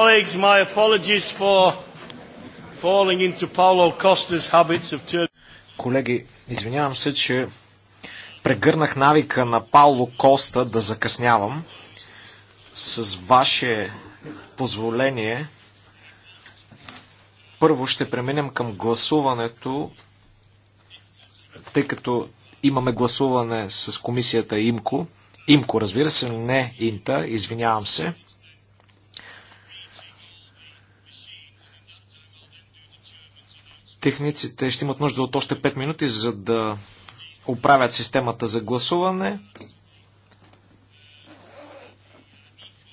Colleagues, my apologies for falling into Paulo Costa's habits of Колеги, извинявам се, че прегърнах навика на Пауло Коста да закъснявам. С ваше позволение, първо ще преминем към гласуването, тъй като имаме гласуване с комисията ИМКО. ИМКО, разбира се, не Инта, извинявам се. Техниците ще имат нужда от още 5 минути, за да оправят системата за гласуване.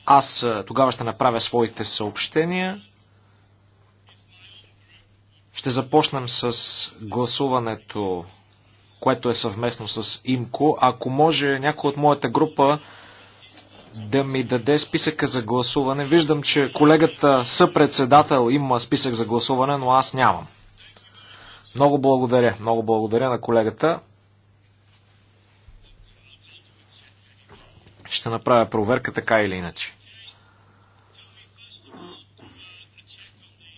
Аз е, тогава ще направя своите съобщения. Ще започнем с гласуването, което е съвместно с ИМКО. Ако може някой от моята група да ми даде списъка за гласуване. Виждам, че колегата съпредседател има списък за гласуване, но аз нямам. Много благодаря. Много благодаря на колегата. Ще направя проверка така или иначе.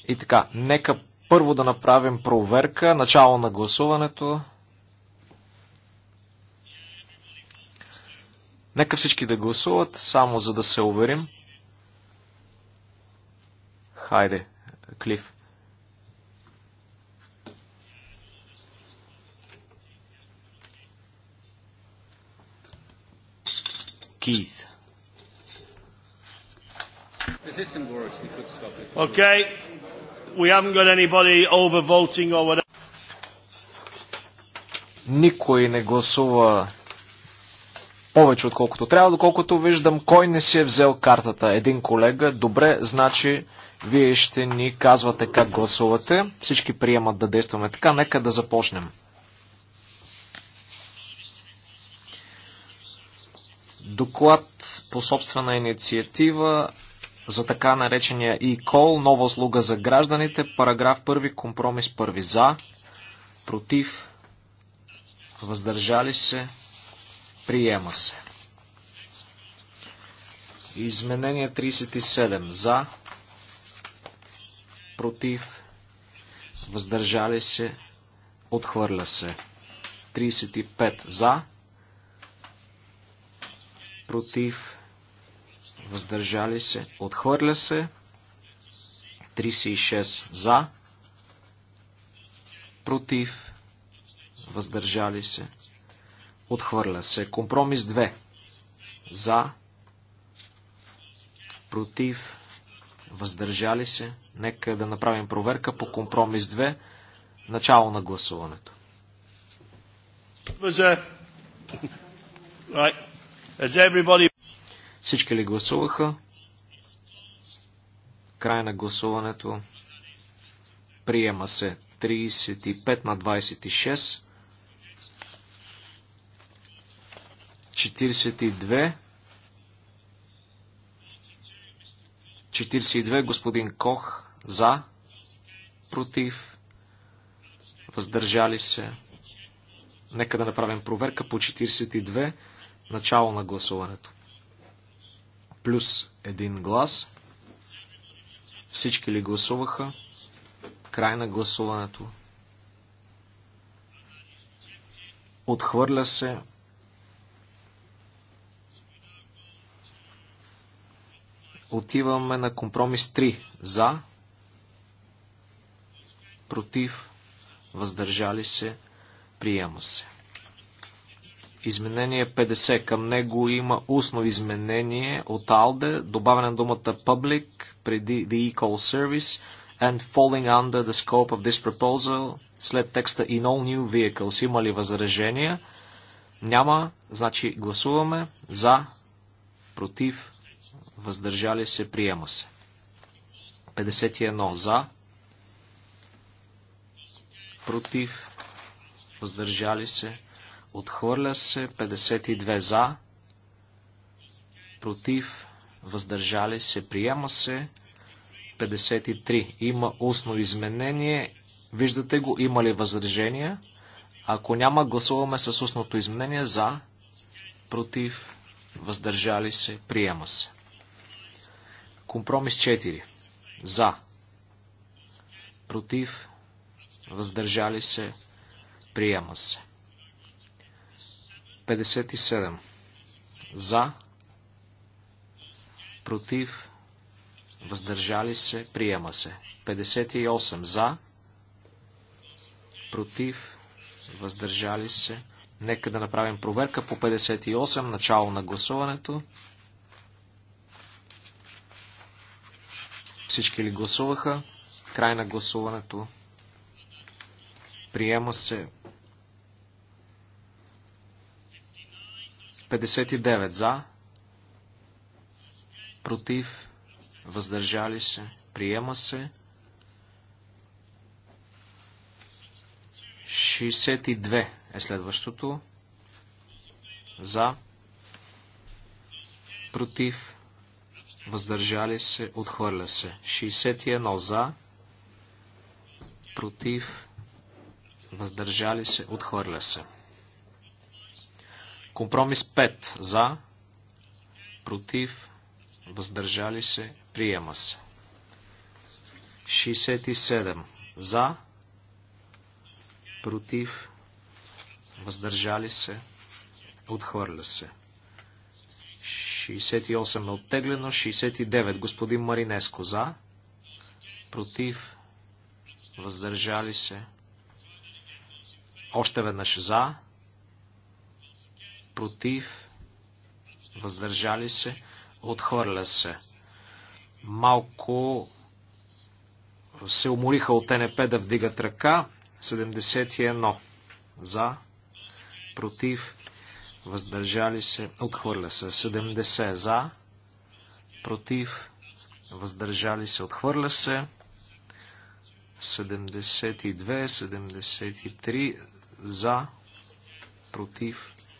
И така, нека първо да направим проверка. Начало на гласуването. Нека всички да гласуват, само за да се уверим. Хайде, Клиф. Keys. The system works. We could stop it. Okay. We haven't got anybody voting or whatever. Никой не гласува повече отколкото трябва, доколкото виждам кой не си е взел картата. Един колега. Добре, значи вие ще ни казвате как гласувате. Всички приемат да действаме така. Нека да започнем. Доклад по собствена инициатива за така наречения e-call, нова услуга за гражданите, параграф 1, компромис 1 за, против, въздържали се, приема се. Изменение 37 за, против, въздържали се, отхвърля се. 35 за, против, въздържали се, отхвърля се, 36 за, против, въздържали се, отхвърля се. Компромис 2 за, против, въздържали се. Нека да направим проверка по компромис 2, начало на гласуването. Right. Всички ли гласуваха? Край на гласуването. Приема се 35 на 26. 42. 42. Господин Кох. За. Против. Въздържали се. Нека да направим проверка по 42. Начало на гласуването. Плюс един глас. Всички ли гласуваха? Край на гласуването. Отхвърля се. Отиваме на компромис 3. За. Против. Въздържали се. Приема се. Изменение 50. Към него има устно изменение от Алде. добавяне на думата public преди the e-call service and falling under the scope of this proposal след текста in all new vehicles. Има ли възражения? Няма. Значи гласуваме за, против, въздържали се, приема се. 51 за, против, въздържали се, Отхвърля се 52 за. Против. Въздържали се. Приема се 53. Има устно изменение. Виждате го. Има ли възражения? Ако няма, гласуваме с устното изменение за. Против. Въздържали се. Приема се. Компромис 4. За. Против. Въздържали се. Приема се. 57. За. Против. Въздържали се. Приема се. 58. За. Против. Въздържали се. Нека да направим проверка по 58. Начало на гласуването. Всички ли гласуваха? Край на гласуването. Приема се 59 за, против, въздържали се, приема се. 62 е следващото. За, против, въздържали се, отхвърля се. 61 за, против, въздържали се, отхвърля се. Компромис 5 за, против, въздържали се, приема се. 67 за, против, въздържали се, отхвърля се. 68 е оттеглено, 69 господин Маринеско за, против, въздържали се, още веднъж за, против, въздържали се, отхвърля се. Малко се умориха от НП да вдигат ръка. 71 за, против, въздържали се, отхвърля се. 70 за, против, въздържали се, отхвърля се. 72, 73 за, против,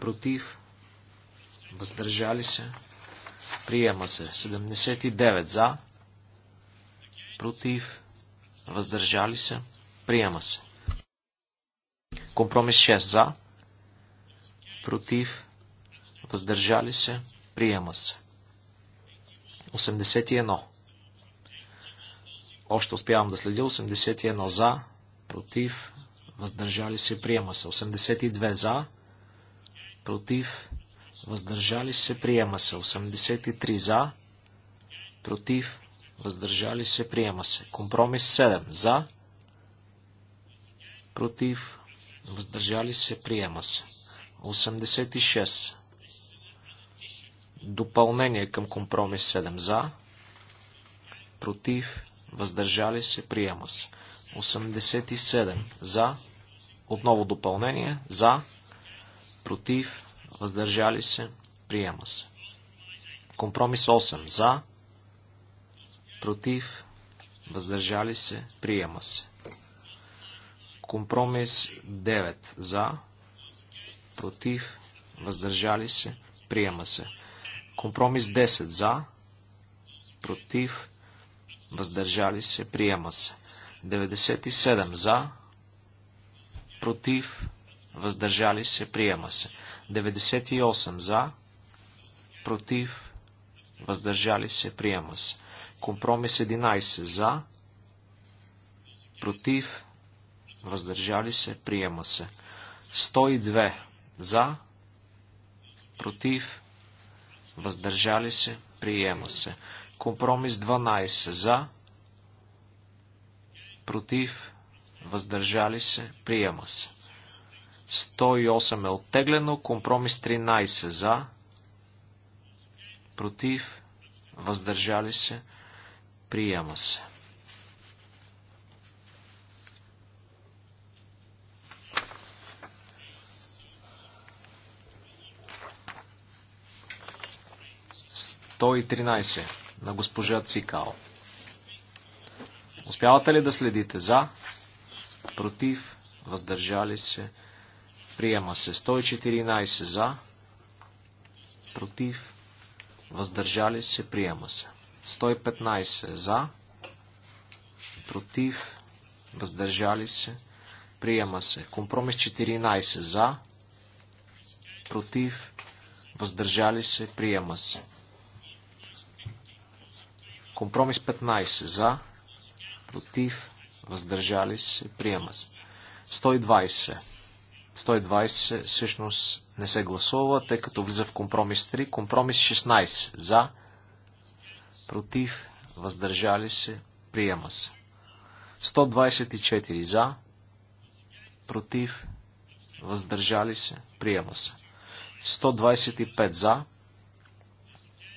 против, въздържали се, приема се. 79 за, против, въздържали се, приема се. Компромис 6 за, против, въздържали се, приема се. 81. Още успявам да следя. 81 за, против, въздържали се, приема се. 82 за, против, въздържали се, приема се. 83 за, против, въздържали се, приема се. Компромис 7 за, против, въздържали се, приема се. 86. Допълнение към компромис 7 за, против, въздържали се, приема се. 87 за, отново допълнение, за, против, въздържали се, приема се. Компромис 8 за, против, въздържали се, приема се. Компромис 9 за, против, въздържали се, приема се. Компромис 10 за, против, въздържали се, приема се. 97 за, против, въздържали се, приема се. 98 за, против, въздържали се, приема се. Компромис 11 за, против, въздържали се, приема се. 102 за, против, въздържали се, приема се. Компромис 12 за, против, въздържали се, приема се. 108 е оттеглено. Компромис 13 за. Против. Въздържали се. Приема се. Той 13 на госпожа Цикао. Успявате ли да следите за, против, въздържали се, Приема се 114 за, против, въздържали се, приема се. 115 за, против, въздържали се, приема се. Компромис 14 за, против, въздържали се, приема се. Компромис 15 за, против, въздържали се, приема се. 120 120 всъщност не се гласува, тъй като влиза в компромис 3. Компромис 16 за, против, въздържали се, приема се. 124 за, против, въздържали се, приема се. 125 за,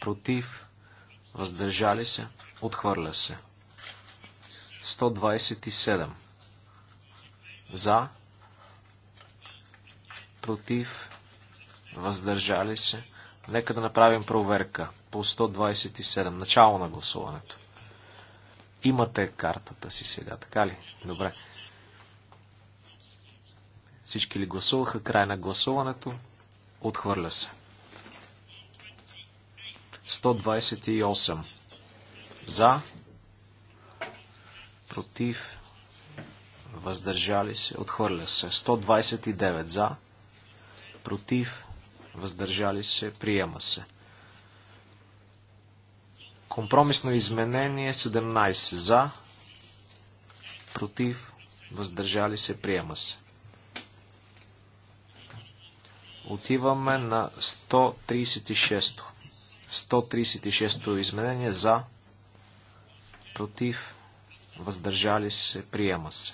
против, въздържали се, отхвърля се. 127 за, против, въздържали се. Нека да направим проверка по 127, начало на гласуването. Имате картата си сега, така ли? Добре. Всички ли гласуваха? Край на гласуването. Отхвърля се. 128. За. Против. Въздържали се. Отхвърля се. 129. За против, въздържали се, приема се. Компромисно изменение 17 за, против, въздържали се, приема се. Отиваме на 136. 136 изменение за, против, въздържали се, приема се.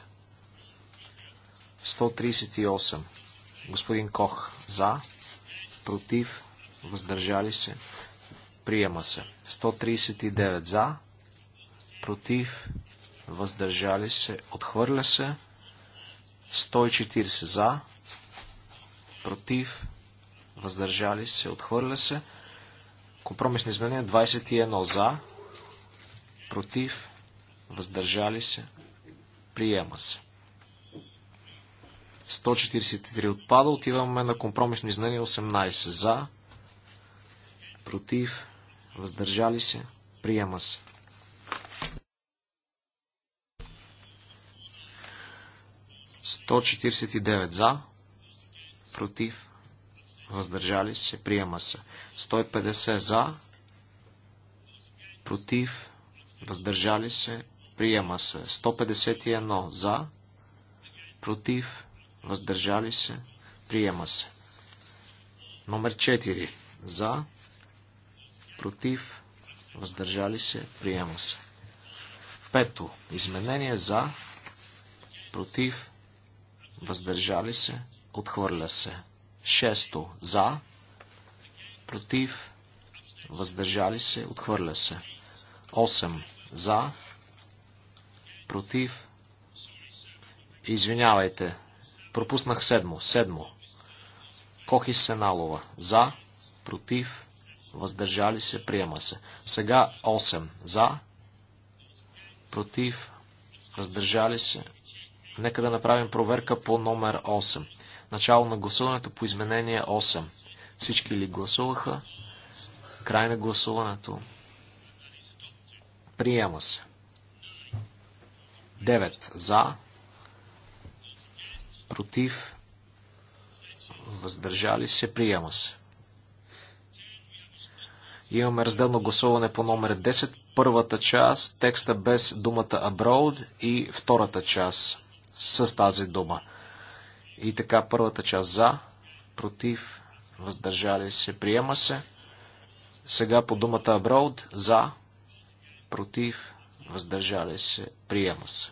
138 Господин Кох за, против, въздържали се, приема се. 139 за, против, въздържали се, отхвърля се. 140 за, против, въздържали се, отхвърля се. Компромисно изменение 21 за, против, въздържали се, приема се. 143 отпада. Отиваме на компромисно изменение 18. За, против, въздържали се, приема се. Сто девет за, против, въздържали се, приема се. 150 за, против, въздържали се, приема се. 151 за, против, въздържали се, приема се. Номер 4. За, против, въздържали се, приема се. Пето. Изменение за, против, въздържали се, отхвърля се. Шесто. За, против, въздържали се, отхвърля се. 8. За, против, извинявайте, Пропуснах седмо. Седмо. Кохи Сеналова. За, против, въздържали се, приема се. Сега 8. За, против, въздържали се. Нека да направим проверка по номер 8. Начало на гласуването по изменение 8. Всички ли гласуваха? Край на гласуването. Приема се. 9. За, против, въздържали се, приема се. Имаме разделно гласуване по номер 10, първата част, текста без думата abroad и втората част с тази дума. И така, първата част за, против, въздържали се, приема се. Сега по думата abroad, за, против, въздържали се, приема се.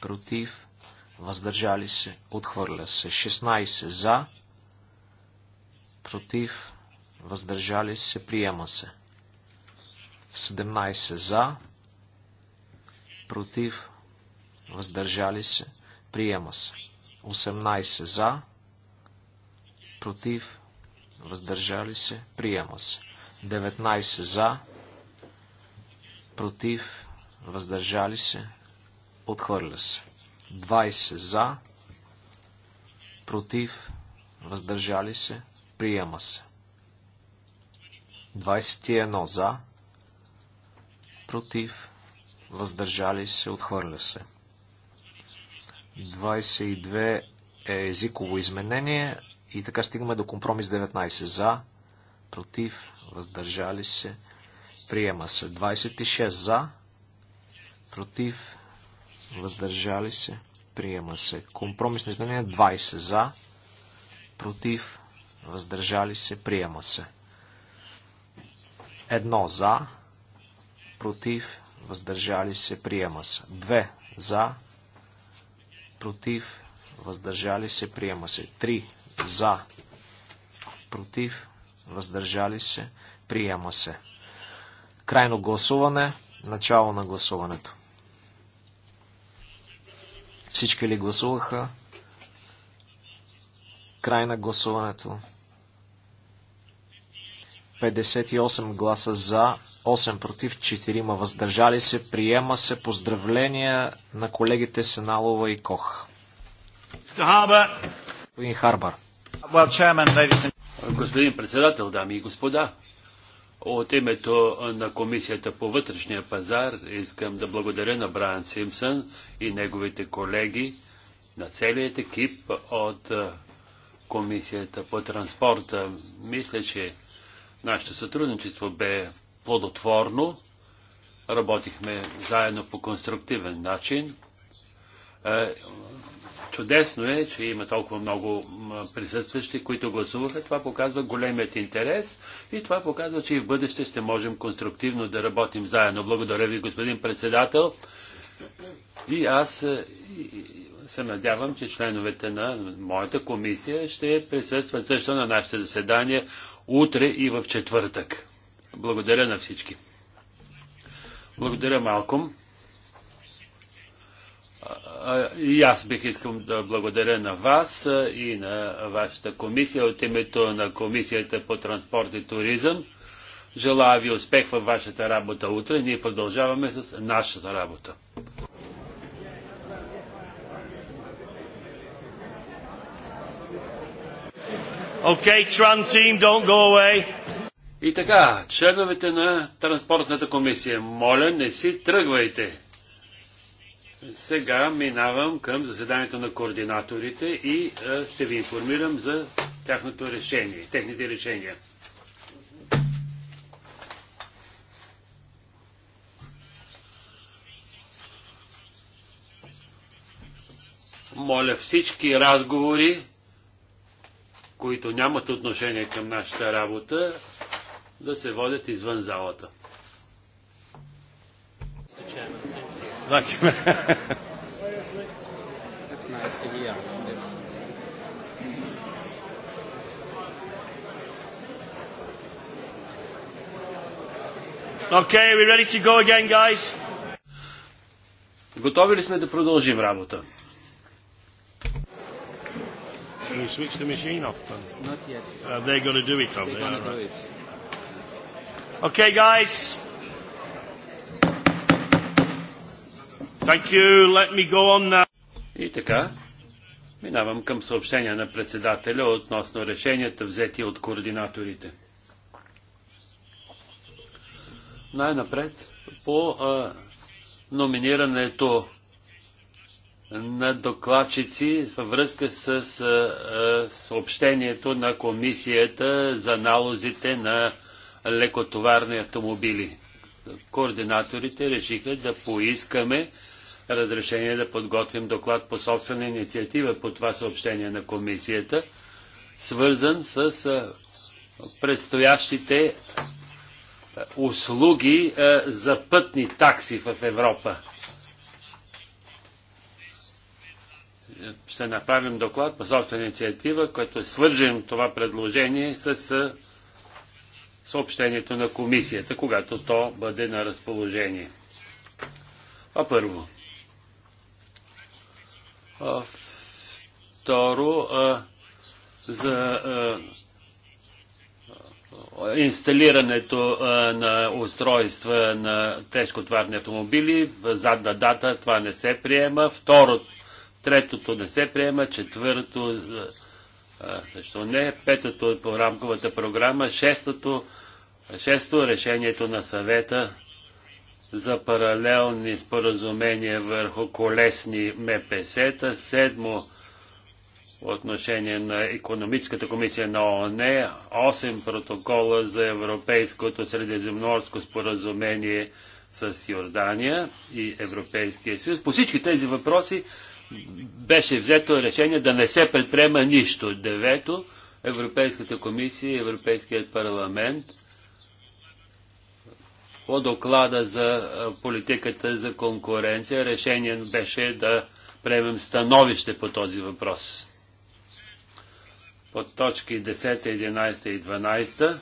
против, въздържали се, отхвърля се. 16 за, против, въздържали се, приема се. 17 за, против, въздържали се, приема се. 18 за, против, въздържали се, приема се. 19 за, против, въздържали се, Отхвърля се. 20 за, против, въздържали се, приема се. 21 за, против, въздържали се, отхвърля се. 22 е езиково изменение и така стигаме до компромис 19 за, против, въздържали се, приема се. 26 за, против, въздържали се, приема се. Компромисно изменение 20 за, против, въздържали се, приема се. Едно за, против, въздържали се, приема се. Две за, против, въздържали се, приема се. Три за, против, въздържали се, приема се. Крайно гласуване, начало на гласуването. Всички ли гласуваха? Край на гласуването. 58 гласа за, 8 против, 4 въздържали се. Приема се поздравления на колегите Сеналова и Кох. Господин Харбър. Господин председател, дами и господа, от името на Комисията по вътрешния пазар искам да благодаря на Брайан Симпсън и неговите колеги, на целият екип от Комисията по транспорта. Мисля, че нашето сътрудничество бе плодотворно. Работихме заедно по конструктивен начин. Е, Чудесно е, че има толкова много присъстващи, които гласуваха. Това показва големият интерес и това показва, че и в бъдеще ще можем конструктивно да работим заедно. Благодаря ви, господин председател. И аз е, се надявам, че членовете на моята комисия ще присъстват също на нашите заседания утре и в четвъртък. Благодаря на всички. Благодаря, Малком и аз бих искал да благодаря на вас и на вашата комисия от името на Комисията по транспорт и туризъм. Желая ви успех във вашата работа утре. Ние продължаваме с нашата работа. Okay, Tran team, don't go away. И така, членовете на Транспортната комисия, моля, не си тръгвайте. Сега минавам към заседанието на координаторите и е, ще ви информирам за тяхното решение, техните решения. Моля всички разговори, които нямат отношение към нашата работа, да се водят извън залата. Thank you. That's nice to hear. Okay, we ready to go again, guys? Готови ли сме да продължим работа? Can you switch the machine off then? Not yet. Uh, they're going to do it, aren't they? They're going to do it. Okay, guys, Thank you. Let me go on now. И така, минавам към съобщения на председателя относно решенията взети от координаторите. Най-напред по а, номинирането на докладчици във връзка с а, а, съобщението на комисията за налозите на лекотоварни автомобили. Координаторите решиха да поискаме разрешение да подготвим доклад по собствена инициатива по това съобщение на комисията, свързан с предстоящите услуги за пътни такси в Европа. Ще направим доклад по собствена инициатива, който свържем това предложение с съобщението на комисията, когато то бъде на разположение. А първо. Второ, за инсталирането на устройства на тежкотварни автомобили. Задна дата това не се приема. Второ, третото не се приема. Четвърто, защо не? Петото по рамковата програма. Шестото, шесто решението на съвета за паралелни споразумения върху колесни МПС-та. Седмо отношение на економическата комисия на ООН. Осем протокола за Европейското средиземноморско споразумение с Йордания и Европейския съюз. По всички тези въпроси беше взето решение да не се предприема нищо. Девето, Европейската комисия и Европейският парламент – по доклада за политиката за конкуренция решение беше да приемем становище по този въпрос. По точки 10, 11 и 12,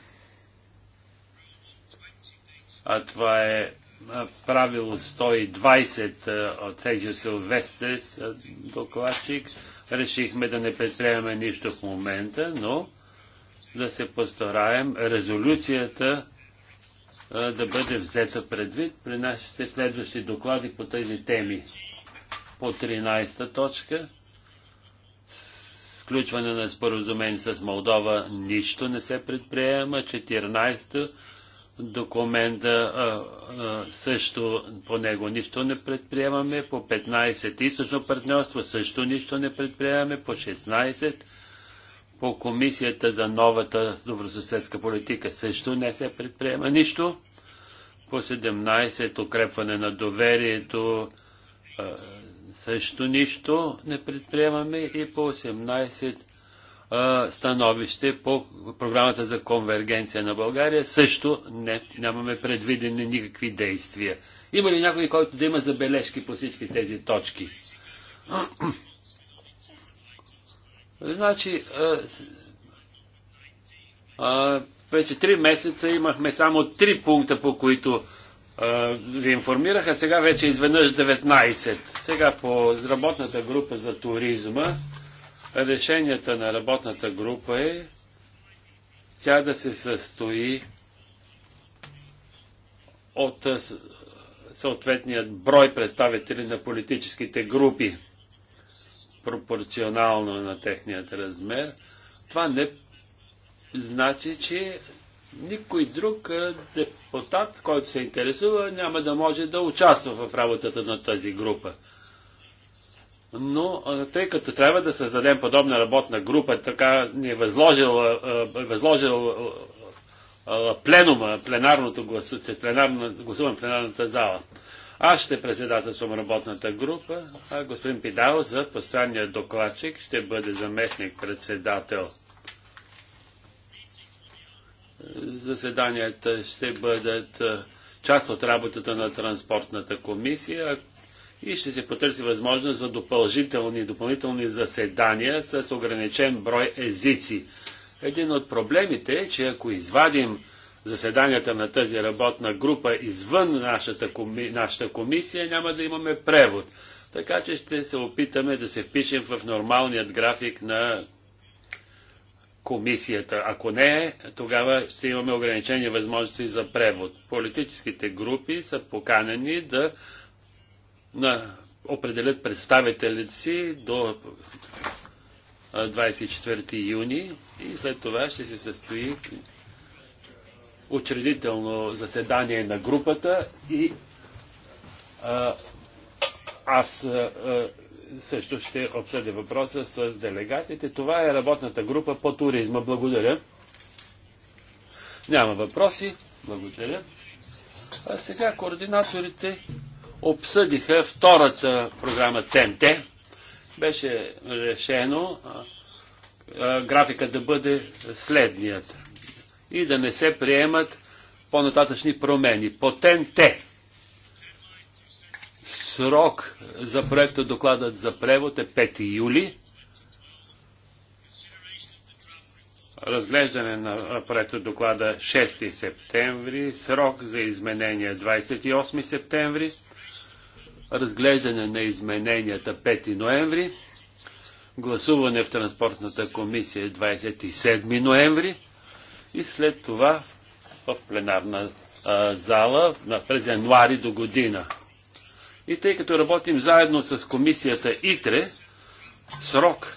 а това е правило 120 от тези Силвестри докладчик, решихме да не предприемаме нищо в момента, но да се постараем резолюцията да бъде взета предвид при нашите следващи доклади по тези теми. По 13-та точка сключване на споразумение с Молдова нищо не се предприема. 14-та документа също по него нищо не предприемаме. По 15 източно партньорство също нищо не предприемаме. По 16 по комисията за новата добросъседска политика също не се предприема нищо. По 17 укрепване на доверието също нищо не предприемаме и по 18 становище по програмата за конвергенция на България също не, нямаме предвидени никакви действия. Има ли някой, който да има забележки по всички тези точки? Значи, а, а, вече три месеца имахме само три пункта, по които а, ви информираха, сега вече изведнъж 19. Сега по работната група за туризма, решенията на работната група е тя да се състои от съответният брой представители на политическите групи пропорционално на техният размер, това не значи, че никой друг депутат, който се интересува, няма да може да участва в работата на тази група. Но тъй като трябва да създадем подобна работна група, така ни е възложил, възложил пленума, пленарното гласуване, пленарно, гласуване пленарната зала. Аз ще председателствам работната група, а господин Пидал за постоянния докладчик ще бъде заместник председател. Заседанията ще бъдат част от работата на транспортната комисия и ще се потърси възможност за допълнителни, допълнителни заседания с ограничен брой езици. Един от проблемите е, че ако извадим заседанията на тази работна група извън нашата, нашата комисия, няма да имаме превод. Така че ще се опитаме да се впишем в нормалният график на комисията. Ако не, тогава ще имаме ограничени възможности за превод. Политическите групи са поканени да на, определят представителите си до 24 юни и след това ще се състои учредително заседание на групата и а, аз а, също ще обсъдя въпроса с делегатите. Това е работната група по туризма. Благодаря. Няма въпроси. Благодаря. А сега координаторите обсъдиха втората програма ТНТ. Беше решено а, а, графика да бъде следният и да не се приемат по-нататъчни промени. Потен те. Срок за проекта докладът за превод е 5 юли. Разглеждане на проекта доклада 6 септември. Срок за изменение 28 септември. Разглеждане на измененията 5 ноември. Гласуване в Транспортната комисия 27 ноември и след това в пленарна а, зала на през януари до година. И тъй като работим заедно с комисията ИТРЕ, срок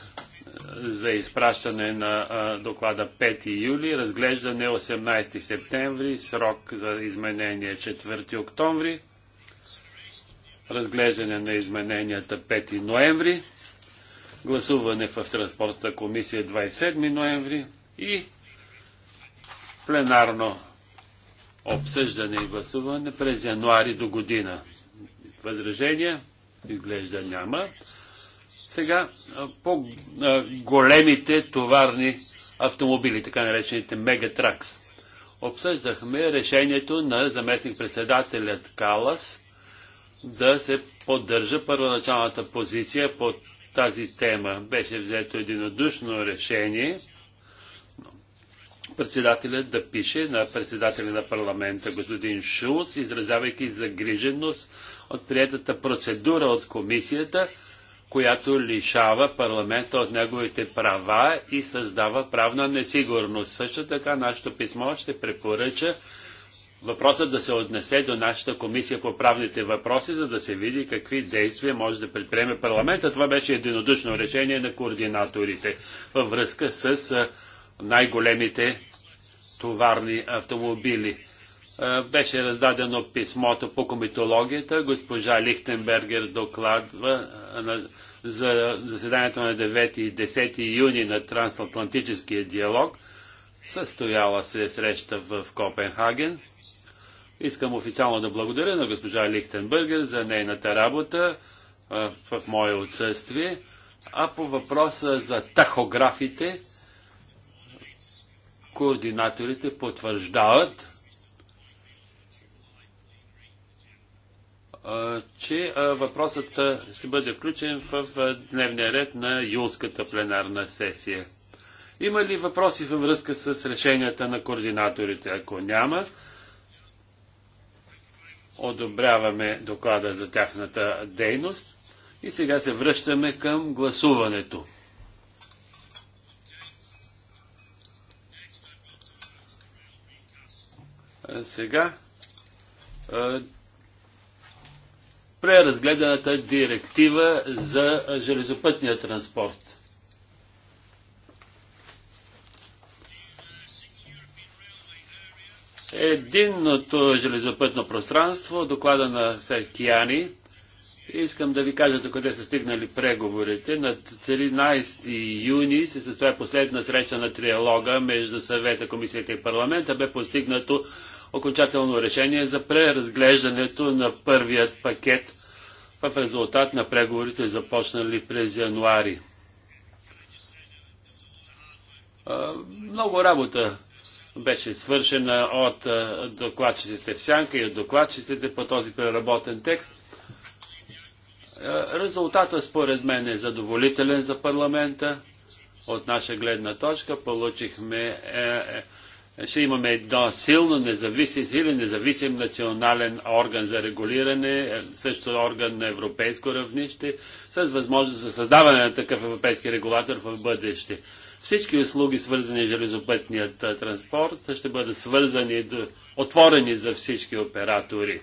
за изпращане на а, доклада 5 юли, разглеждане 18 септември, срок за изменение 4 октомври, разглеждане на измененията 5 ноември, гласуване в транспортната комисия 27 ноември и пленарно обсъждане и гласуване през януари до година. Възражения изглежда няма. Сега по големите товарни автомобили, така наречените мегатракс. Обсъждахме решението на заместник-председателят Калас да се поддържа първоначалната позиция по тази тема. Беше взето единодушно решение – председателят да пише на председателя на парламента господин Шулц, изразявайки загриженост от приятата процедура от комисията, която лишава парламента от неговите права и създава правна несигурност. Също така нашето писмо ще препоръча въпросът да се отнесе до нашата комисия по правните въпроси, за да се види какви действия може да предприеме парламента. Това беше единодушно решение на координаторите във връзка с най-големите товарни автомобили. Е, беше раздадено писмото по комитологията. Госпожа Лихтенбергер докладва е, за заседанието на 9 и 10 юни на трансатлантическия диалог. Състояла се среща в Копенхаген. Искам официално да благодаря на госпожа Лихтенбергер за нейната работа е, в мое отсъствие. А по въпроса за тахографите, координаторите потвърждават, че въпросът ще бъде включен в дневния ред на юлската пленарна сесия. Има ли въпроси във връзка с решенията на координаторите? Ако няма, одобряваме доклада за тяхната дейност и сега се връщаме към гласуването. Сега преразгледаната директива за железопътния транспорт. Единното железопътно пространство, доклада на Саркияни, искам да ви кажа до къде са стигнали преговорите. На 13 юни се състоя последна среща на триалога между съвета, комисията и парламента. Бе постигнато окончателно решение за преразглеждането на първият пакет в резултат на преговорите, започнали през януари. Много работа беше свършена от докладчиците в Сянка и от докладчиците по този преработен текст. Резултата според мен е задоволителен за парламента. От наша гледна точка получихме е, е, ще имаме едно силно независим, силен независим национален орган за регулиране, е, също орган на европейско равнище, с възможност за създаване на такъв европейски регулатор в бъдеще. Всички услуги, свързани с железопътният транспорт, ще бъдат свързани, отворени за всички оператори.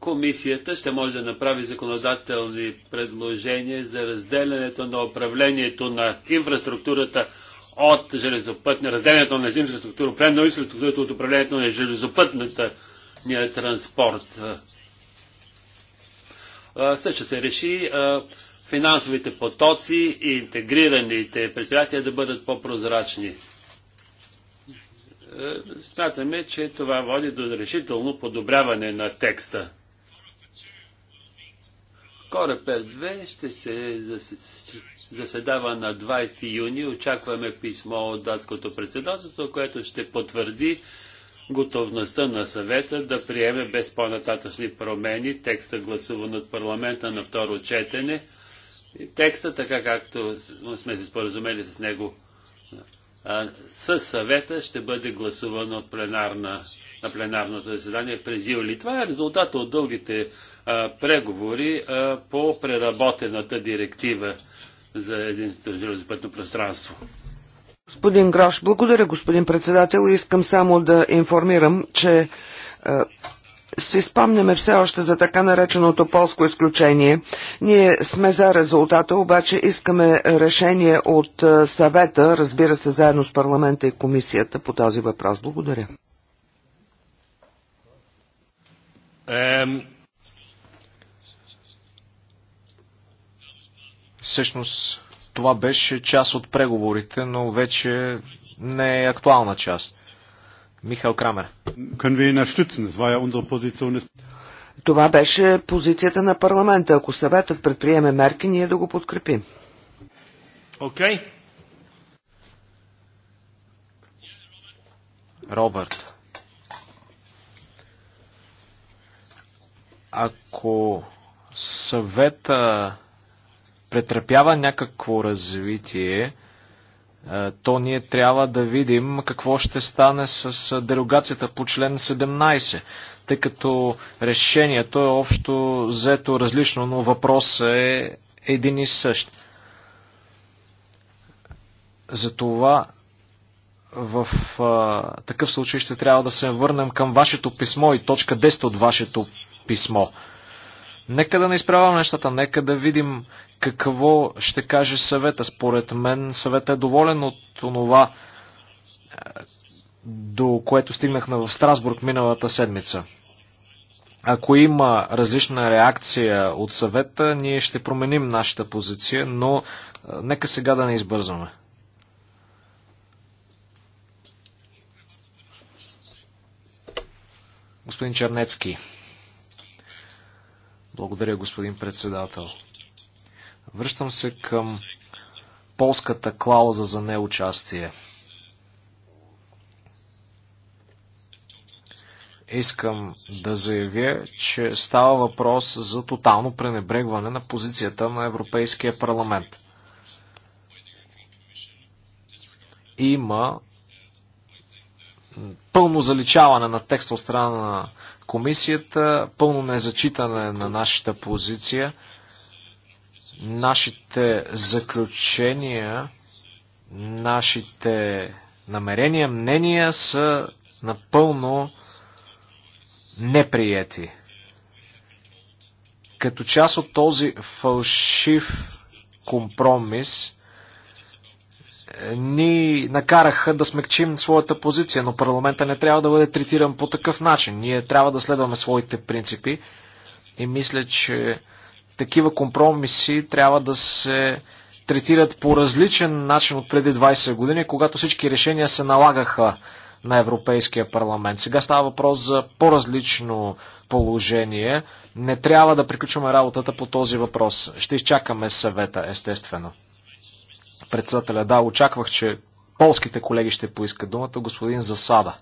комисията ще може да направи законодателни предложения за разделянето на управлението на инфраструктурата от железопътна, разделянето на инфраструктура, прено инфраструктурата от управлението на железопътната ния транспорт. също се реши финансовите потоци и интегрираните предприятия да бъдат по-прозрачни. Смятаме, че това води до решително подобряване на текста. Корепер 2 ще се заседава на 20 юни. Очакваме писмо от датското председателство, което ще потвърди готовността на съвета да приеме без по-нататъчни промени текста гласуван от парламента на второ четене. Текста, така както сме се споразумели с него със съвета ще бъде гласувано от пленарна, на пленарното заседание през юли. Това е резултат от дългите а, преговори а, по преработената директива за единството железопътно пространство. Господин Грош, благодаря господин председател. Искам само да информирам, че си спомняме все още за така нареченото полско изключение. Ние сме за резултата, обаче искаме решение от е, съвета, разбира се, заедно с парламента и комисията по този въпрос. Благодаря. Ем... Всъщност това беше част от преговорите, но вече не е актуална част. Михал Крамер. Това беше позицията на парламента. Ако съветът предприеме мерки, ние да го подкрепим. Окей. Okay. Робърт. Ако съвета претърпява някакво развитие, е, то ние трябва да видим какво ще стане с е, дерогацията по член 17, тъй като решението е общо взето различно, но въпросът е един и същ. Затова в а, е, такъв случай ще трябва да се върнем към вашето писмо и точка 10 от вашето писмо. Нека да не изправяме нещата, нека да видим какво ще каже съвета. Според мен съвета е доволен от това, е, до което стигнахме в Страсбург миналата седмица. Ако има различна реакция от съвета, ние ще променим нашата позиция, но е, нека сега да не избързваме. Господин Чернецки. Благодаря, господин председател. Връщам се към полската клауза за неучастие. Искам да заявя, че става въпрос за тотално пренебрегване на позицията на Европейския парламент. Има пълно заличаване на текста от страна на комисията, пълно незачитане на нашата позиция. Нашите заключения, нашите намерения, мнения са напълно неприяти. Като част от този фалшив компромис, ни накараха да смекчим своята позиция, но парламента не трябва да бъде третиран по такъв начин. Ние трябва да следваме своите принципи и мисля, че такива компромиси трябва да се третират по различен начин от преди 20 години, когато всички решения се налагаха на Европейския парламент. Сега става въпрос за по-различно положение. Не трябва да приключваме работата по този въпрос. Ще изчакаме съвета, естествено. Председателя, да, очаквах, че полските колеги ще поискат думата. Господин Засада.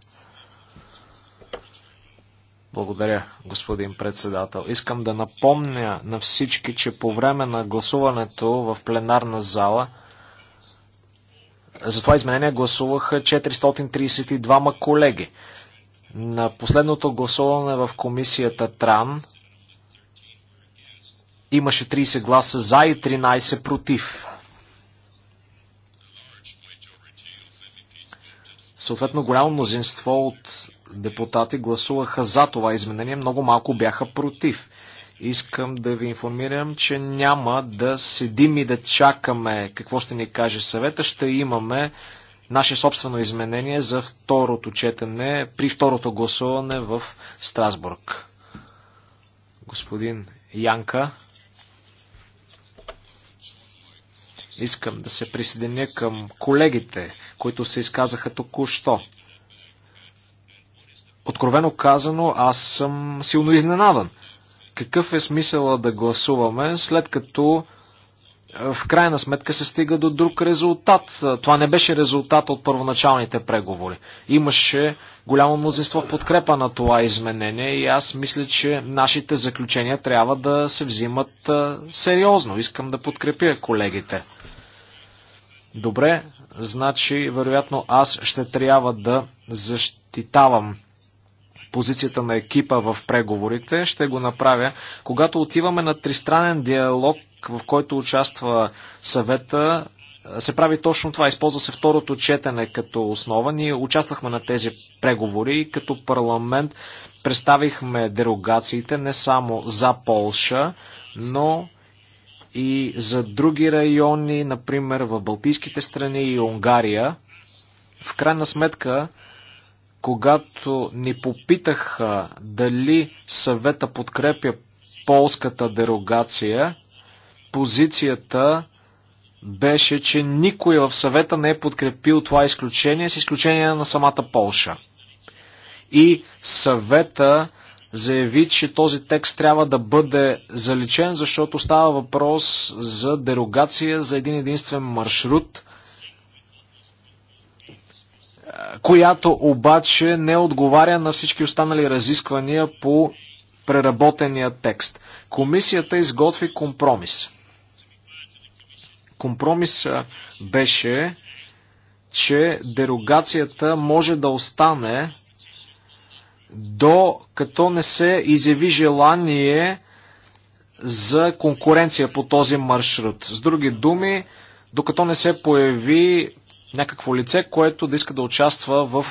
Благодаря, господин председател. Искам да напомня на всички, че по време на гласуването в пленарна зала за това изменение гласуваха 432 колеги. На последното гласуване в комисията Тран имаше 30 гласа за и 13 против. Съответно, голямо мнозинство от депутати гласуваха за това изменение, много малко бяха против. Искам да ви информирам, че няма да седим и да чакаме какво ще ни каже съвета. Ще имаме наше собствено изменение за второто четене, при второто гласуване в Страсбург. Господин Янка, искам да се присъединя към колегите, които се изказаха току-що. Откровено казано, аз съм силно изненадан. Какъв е смисъла да гласуваме, след като е, в крайна сметка се стига до друг резултат. Това не беше резултат от първоначалните преговори. Имаше голямо мнозинство в подкрепа на това изменение и аз мисля, че нашите заключения трябва да се взимат е, сериозно. Искам да подкрепя колегите. Добре, значи вероятно аз ще трябва да защитавам позицията на екипа в преговорите. Ще го направя. Когато отиваме на тристранен диалог, в който участва съвета, се прави точно това. Използва се второто четене като основа. Ние участвахме на тези преговори и като парламент представихме дерогациите не само за Полша, но и за други райони, например в Балтийските страни и Унгария. В крайна сметка, когато ни попитаха дали съвета подкрепя полската дерогация, позицията беше, че никой в съвета не е подкрепил това изключение, с изключение на самата Полша. И съвета заяви, че този текст трябва да бъде заличен, защото става въпрос за дерогация за един единствен маршрут, която обаче не отговаря на всички останали разисквания по преработения текст. Комисията изготви компромис. Компромис беше, че дерогацията може да остане до като не се изяви желание за конкуренция по този маршрут. С други думи, докато не се появи някакво лице, което да иска да участва в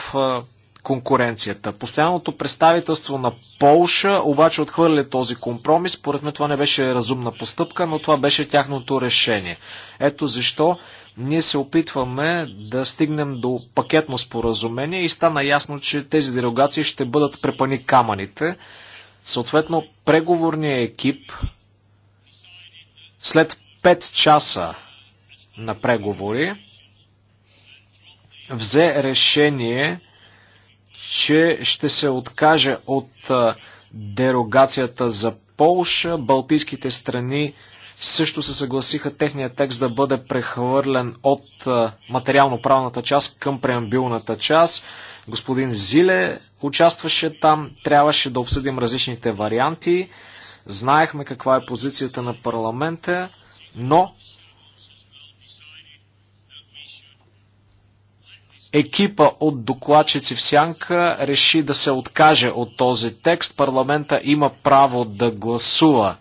конкуренцията. Постоянното представителство на Полша обаче отхвърли този компромис. Поред мен това не беше разумна постъпка, но това беше тяхното решение. Ето защо ние се опитваме да стигнем до пакетно споразумение и стана ясно, че тези дерогации ще бъдат препани камъните. Съответно, преговорният екип след 5 часа на преговори взе решение, че ще се откаже от дерогацията за Полша, Балтийските страни също се съгласиха техният текст да бъде прехвърлен от материално-правната част към преамбилната част. Господин Зиле участваше там, трябваше да обсъдим различните варианти, знаехме каква е позицията на парламента, но екипа от докладчици в Сянка реши да се откаже от този текст. Парламента има право да гласува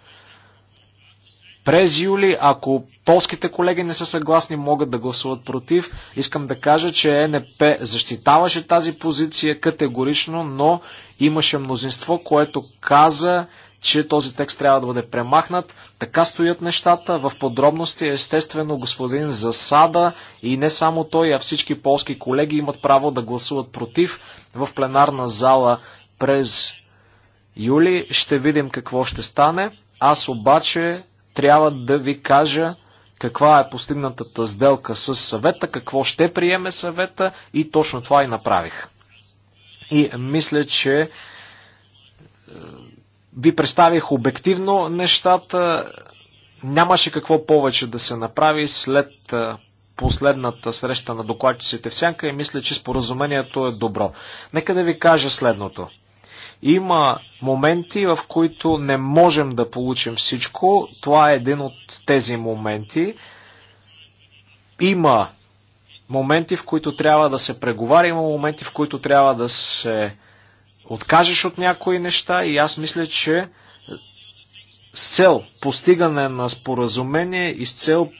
през юли. Ако полските колеги не са съгласни, могат да гласуват против. Искам да кажа, че е НП защитаваше тази позиция категорично, но имаше мнозинство, което каза, че този текст трябва да бъде премахнат. Така стоят нещата. В подробности, естествено, господин Засада и не само той, а всички полски колеги имат право да гласуват против в пленарна зала през юли. Ще видим какво ще стане. Аз обаче трябва да ви кажа каква е постигнатата сделка с съвета, какво ще приеме съвета и точно това и направих. И мисля, че е, ви представих обективно нещата. Нямаше какво повече да се направи след е, последната среща на докладчиците в Сянка и мисля, че споразумението е добро. Нека да ви кажа следното. Има моменти, в които не можем да получим всичко. Това е един от тези моменти. Има моменти, в които трябва да се преговаря, има моменти, в които трябва да се откажеш от някои неща и аз мисля, че с цел постигане на споразумение и с цел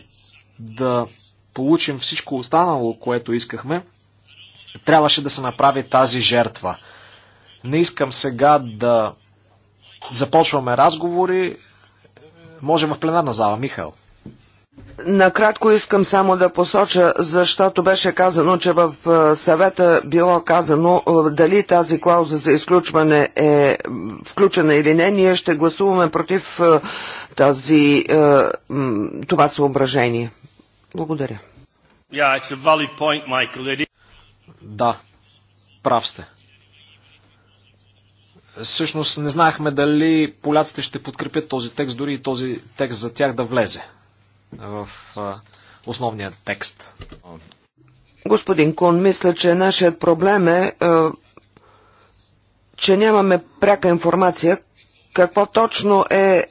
да получим всичко останало, което искахме, трябваше да се направи тази жертва. Не искам сега да започваме разговори. Може в пленарна зала, Михаил. Накратко искам само да посоча, защото беше казано, че в съвета било казано дали тази клауза за изключване е включена или не. Ние ще гласуваме против тази, това съображение. Благодаря. да, прав сте. Всъщност не знаехме дали поляците ще подкрепят този текст, дори и този текст за тях да влезе в основния текст. Господин Кун, мисля, че нашият проблем е, е че нямаме пряка информация какво точно е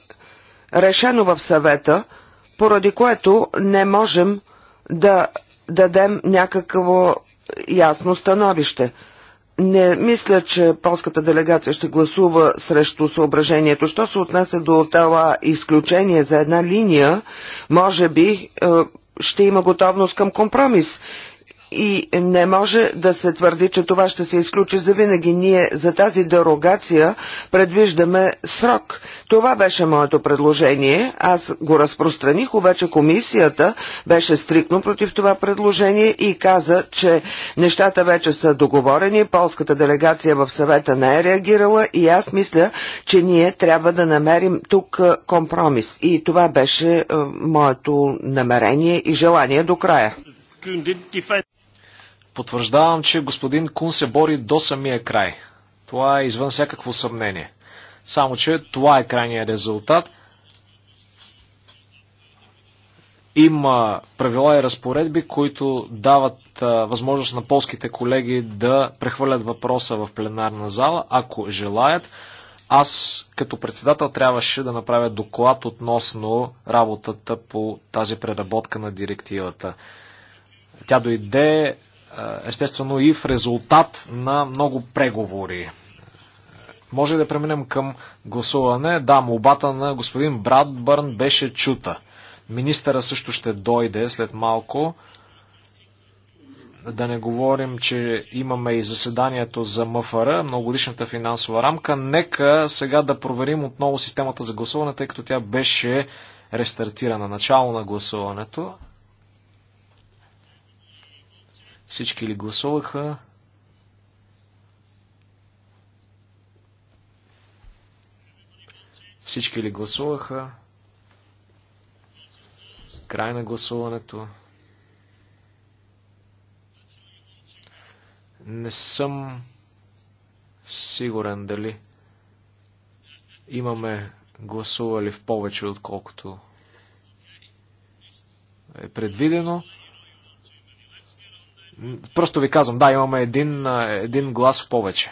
решено в съвета, поради което не можем да дадем някакво ясно становище. Не мисля, че полската делегация ще гласува срещу съображението. Що се отнася до това изключение за една линия, може би е, ще има готовност към компромис и не може да се твърди, че това ще се изключи за винаги. Ние за тази дерогация предвиждаме срок. Това беше моето предложение. Аз го разпространих, обаче комисията беше стрикно против това предложение и каза, че нещата вече са договорени, полската делегация в съвета не е реагирала и аз мисля, че ние трябва да намерим тук компромис. И това беше моето намерение и желание до края. Потвърждавам, че господин Кун се бори до самия край. Това е извън всякакво съмнение. Само, че това е крайният резултат. Има правила и разпоредби, които дават а, възможност на полските колеги да прехвърлят въпроса в пленарна зала, ако желаят. Аз като председател трябваше да направя доклад относно работата по тази преработка на директивата. Тя дойде естествено и в резултат на много преговори. Може да преминем към гласуване. Да, молбата на господин Брадбърн беше чута. Министъра също ще дойде след малко. Да не говорим, че имаме и заседанието за МФР, многодишната финансова рамка. Нека сега да проверим отново системата за гласуване, тъй като тя беше рестартирана. Начало на гласуването. Всички ли гласуваха? Всички ли гласуваха? Край на гласуването. Не съм сигурен дали имаме гласували в повече, отколкото е предвидено. Просто ви казвам, да, имаме един, един глас повече.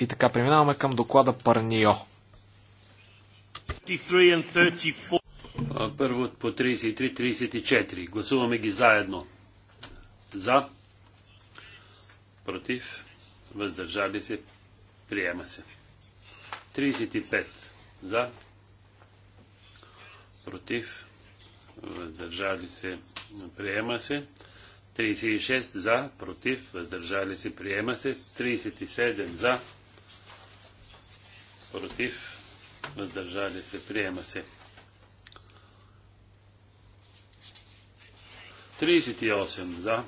И така, преминаваме към доклада Парнио. Първо по 33-34. Гласуваме ги заедно. За, против, въздържали се, приема се. 35. За, против, въздържали се, приема се. 36 за, против, въздържали се, приема се. 37 за, против, въздържали се, приема се. 38 за,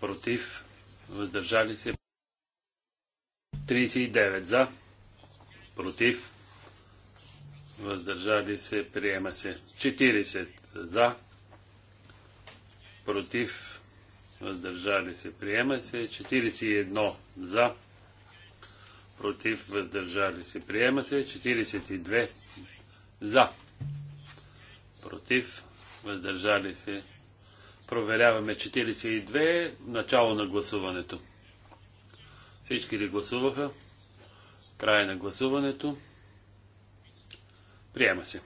против, въздържали се. 39 за, против, въздържали се, приема се. 40 за, против, въздържали се, приема се. 41 за, против, въздържали се, приема се. 42 за, против, въздържали се. Проверяваме 42, начало на гласуването. Всички ли гласуваха? Край на гласуването. Приема се.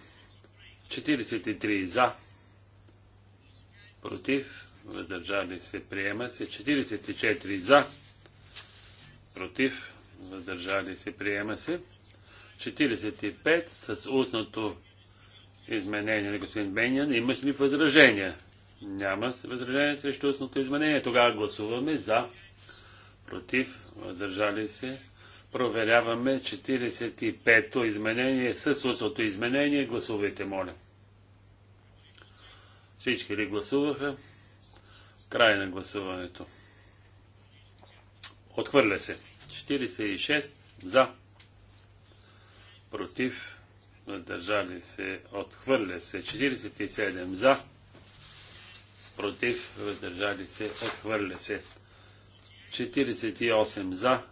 43 за, против, въздържали се, приема се. 44 за, против, въздържали се, приема се. 45 с устното изменение на господин Бенян. Имаш ли възражения? Няма възражение срещу устното изменение. Тогава гласуваме за, против, въздържали се. Проверяваме 45-то изменение с устното изменение. Гласувайте, моля. Всички ли гласуваха? Край на гласуването. Отхвърля се. 46 за. Против. Въздържали се. Отхвърля се. 47 за. Против. Въздържали се. Отхвърля се. 48 за.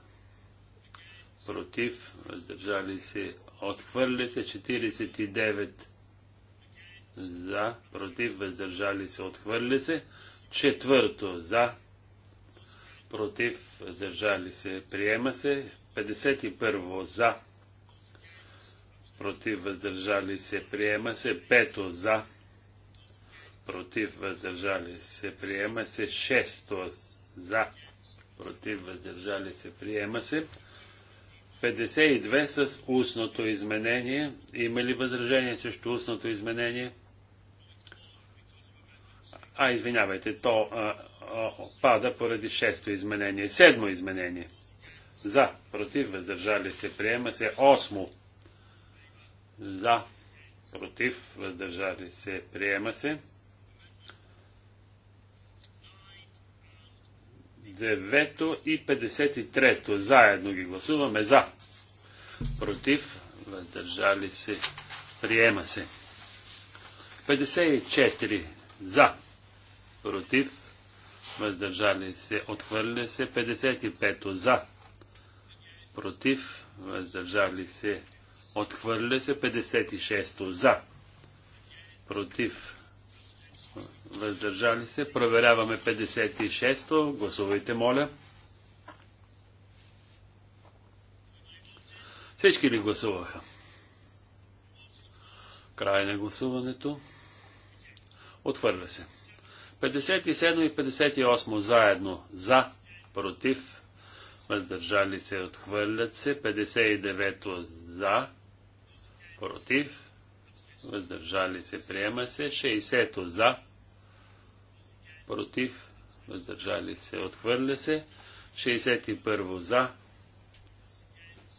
Против. Въздържали се. Отхвърля се. 49 за, против, въздържали се, отхвърли се. Четвърто за, против, въздържали се, приема се. 51 за, против, въздържали се, приема се. Пето за, против, въздържали се, приема се. Шесто за, против, въздържали се, приема се. 52 с устното изменение. Има ли възражение срещу устното изменение? А, извинявайте, то пада поради шесто изменение. Седмо изменение. За, против, въздържали се, приема се. Осмо. За, против, въздържали се, приема се. Девето и 53-то. Заедно ги гласуваме. За, против, въздържали се, приема се. 54 за, против, въздържали се, отхвърля се. 55 за, против, въздържали се, отхвърля се. 56 за, против, въздържали се. Проверяваме 56 Гласувайте, моля. Всички ли гласуваха? Край на гласуването. Отхвърля се. 57 и 58 заедно. За, против, въздържали се, отхвърлят се. 59 за, против, въздържали се, приема се. 60 за, против, въздържали се, отхвърля се. 61 за,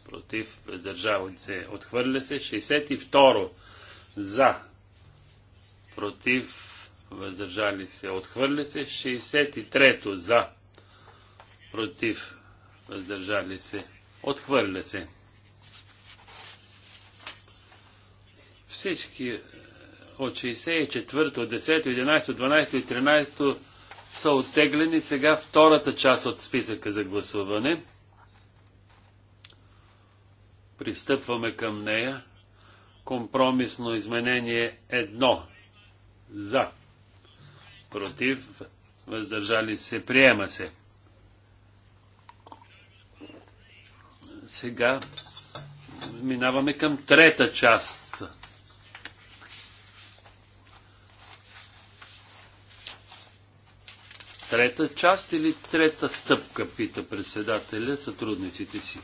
против, въздържали се, отхвърля се. 62 за, против, въздържали се, отхвърли се. 63-то за, против, въздържали се, отхвърля се. Всички е, от 64-то, 10-то, 11-то, 12-то и 13-то са оттеглени. Сега втората част от списъка за гласуване. Пристъпваме към нея. Компромисно изменение 1. За против, въздържали се, приема се. Сега минаваме към трета част. Трета част или трета стъпка, пита председателя сътрудниците си.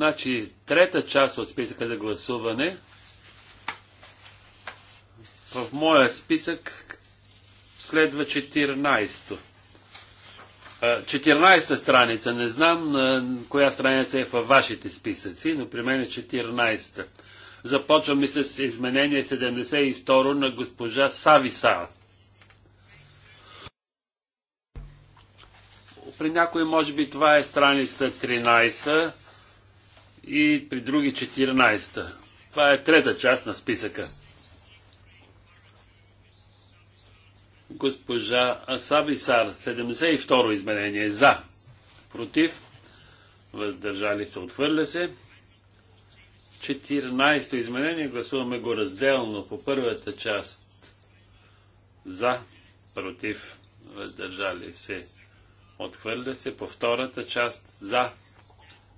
Значи, трета част от списъка за гласуване. В моя списък следва 14-то. 14-та страница. Не знам на коя страница е във вашите списъци, но при мен е 14-та. Започваме с изменение 72 на госпожа Сависа. При някой, може би, това е страница 13 и при други 14-та. Това е трета част на списъка. Госпожа Асабисар, 72-ро изменение. За. Против. Въздържали се. Отхвърля се. 14-то изменение. Гласуваме го разделно по първата част. За. Против. Въздържали се. Отхвърля се по втората част. За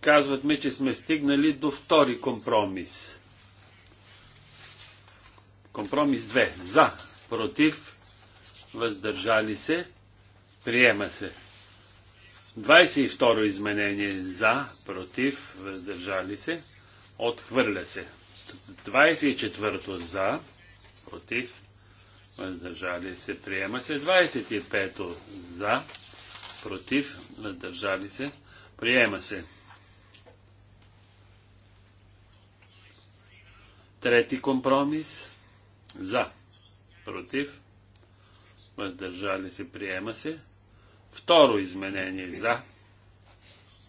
казват ми, че сме стигнали до втори компромис. Компромис 2. За, против, въздържали се, приема се. 22 изменение за, против, въздържали се, отхвърля се. 24 за, против, въздържали се, приема се. 25 за, против, въздържали се, Приема се. Трети компромис. За. Против. Въздържали се. Приема се. Второ изменение. За.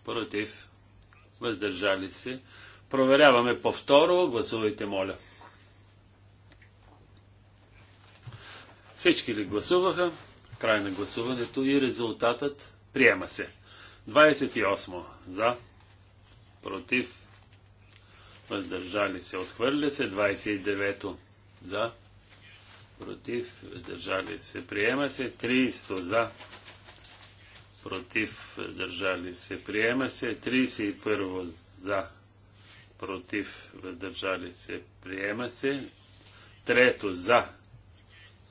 Против. Въздържали се. Проверяваме по второ. Гласувайте, моля. Всички ли гласуваха? Край на гласуването и резултатът приема се. 28 за, против, въздържали се, отхвърля се. 29 за, против, въздържали се, приема се. 30 за, против, въздържали се, приема се. 31 за, против, въздържали се, приема се. Трето за,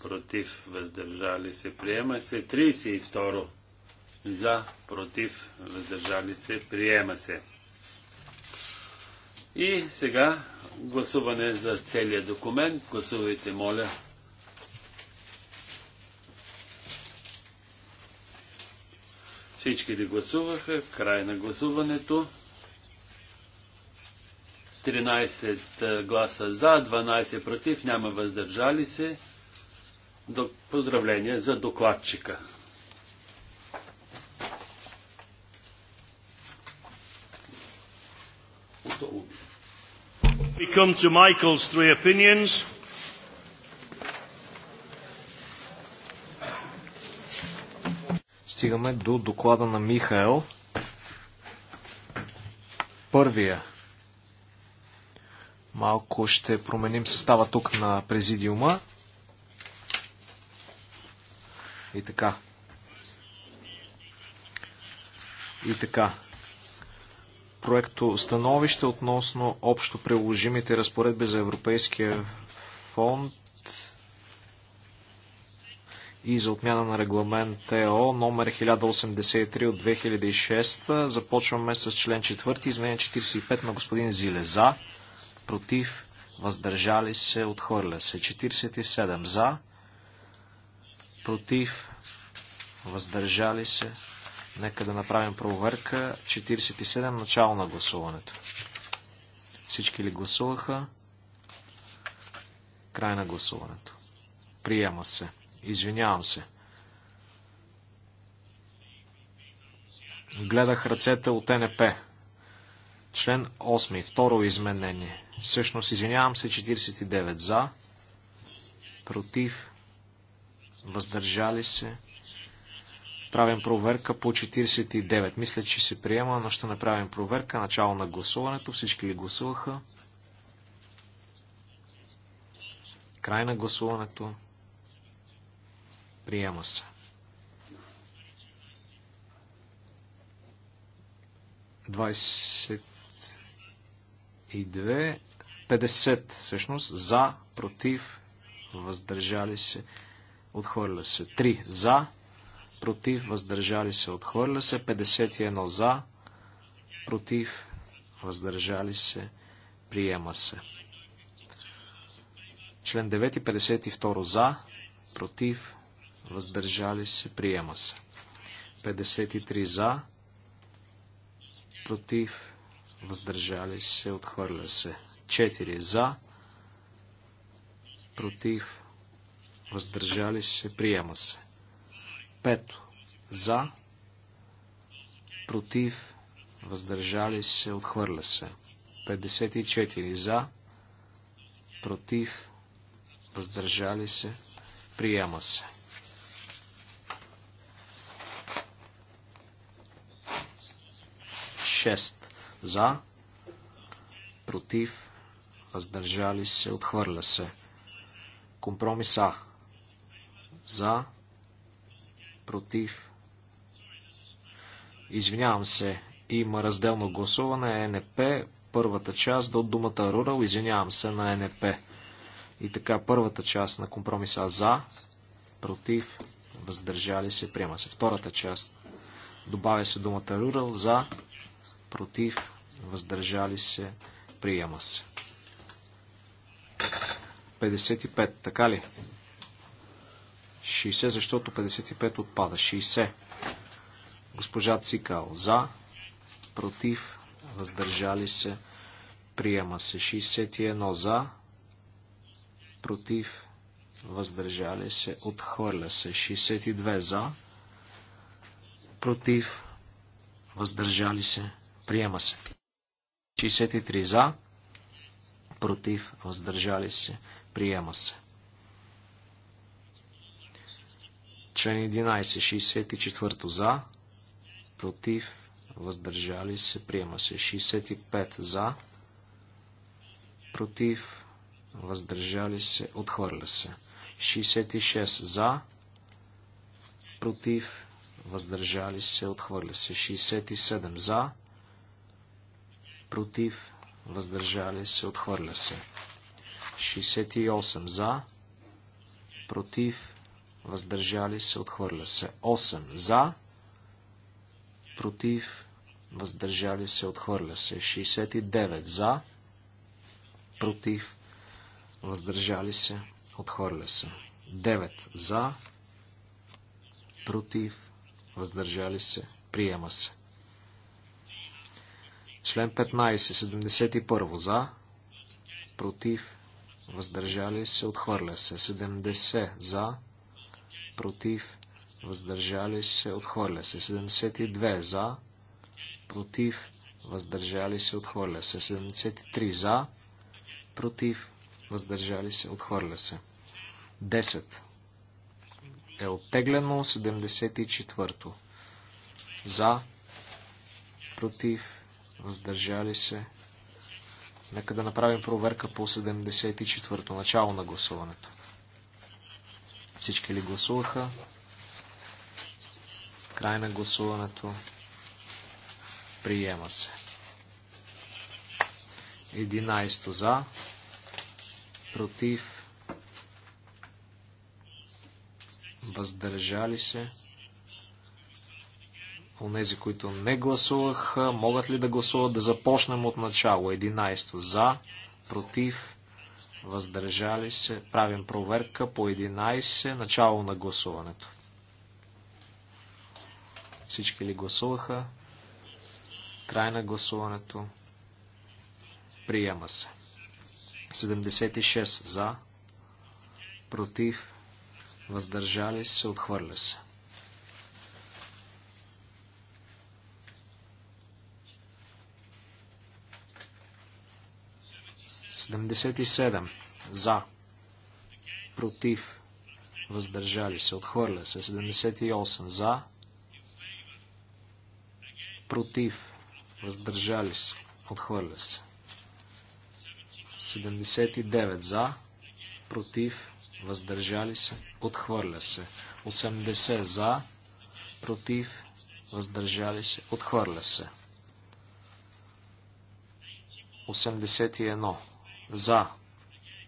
против, въздържали се, приема се. 32 за, против, въздържали се, приема се. И сега гласуване за целия документ. Гласувайте, моля. Всички ли гласуваха? Край на гласуването. 13 гласа за, 12 против, няма въздържали се. Поздравления за докладчика. we come to Michael's three opinions. Стигаме до доклада на Михаел. Първия. Малко ще променим състава тук на президиума. И така. И така проекто становище относно общо приложимите разпоредби за Европейския фонд и за отмяна на регламент ЕО номер 1083 от 2006. Започваме с член 4, изменение 45 на господин Зиле. За, против, въздържали се, отхвърля се. 47 за, против, въздържали се, Нека да направим проверка. 47. Начало на гласуването. Всички ли гласуваха? Край на гласуването. Приема се. Извинявам се. Гледах ръцете от НП. Член 8. Второ изменение. Всъщност, извинявам се, 49 за, против, въздържали се, правим проверка по 49. Мисля, че се приема, но ще направим проверка. Начало на гласуването. Всички ли гласуваха? Край на гласуването. Приема се. 22, 50 всъщност, за, против, въздържали се, отхвърля се. 3 за, против, въздържали се, отхвърля се. 51 за, против, въздържали се, приема се. Член 9, 52 за, против, въздържали се, приема се. 53 за, против, въздържали се, отхвърля се. 4 за, против, въздържали се, приема се. Пето. За. Против. Въздържали се. Отхвърля се. 54. За. Против. Въздържали се. Приема се. Шест. За. Против. Въздържали се. Отхвърля се. Компромиса. За против. Извинявам се, има разделно гласуване е НП, първата част до думата Рурал, извинявам се на е НП. И така, първата част на компромиса за, против, въздържали се, приема се. Втората част, добавя се думата Рурал, за, против, въздържали се, приема се. 55, така ли? 60, защото 55 отпада. 60. Госпожа Цикал. За. Против. Въздържали се. Приема се. 61. За. Против. Въздържали се. Отхвърля се. 62. За. Против. Въздържали се. Приема се. 63. За. Против. Въздържали се. Приема се. Член 11, 64 за, против, въздържали се, приема се. 65 за, против, въздържали се, отхвърля се. 66 за, против, въздържали се, отхвърля се. 67 за, против, въздържали се, отхвърля се. 68 за, против, въздържали се, отхвърля се. 8 за, против, въздържали се, отхвърля се. 69 за, против, въздържали се, отхвърля се. 9 за, против, въздържали се, приема се. Член 15, 71 за, против, въздържали се, отхвърля се. 70 за, против, въздържали се, отхвърля се. 72 за, против, въздържали се, отхвърля се. 73 за, против, въздържали се, отхвърля се. 10 е оттеглено, 74 за, против, въздържали се. Нека да направим проверка по 74-то, начало на гласуването. Всички ли гласуваха? Край на гласуването. Приема се. 11 за. Против. Въздържали се. Онези, които не гласуваха, могат ли да гласуват да започнем от начало? 11 за. Против въздържали се. Правим проверка по 11, начало на гласуването. Всички ли гласуваха? Край на гласуването. Приема се. 76 за, против, въздържали се, отхвърля се. 77 за, против, въздържали се, отхвърля се. 78 за, против, въздържали се, отхвърля се. 79 за, против, въздържали се, отхвърля се. 80 за, против, въздържали се, отхвърля се. 81 за,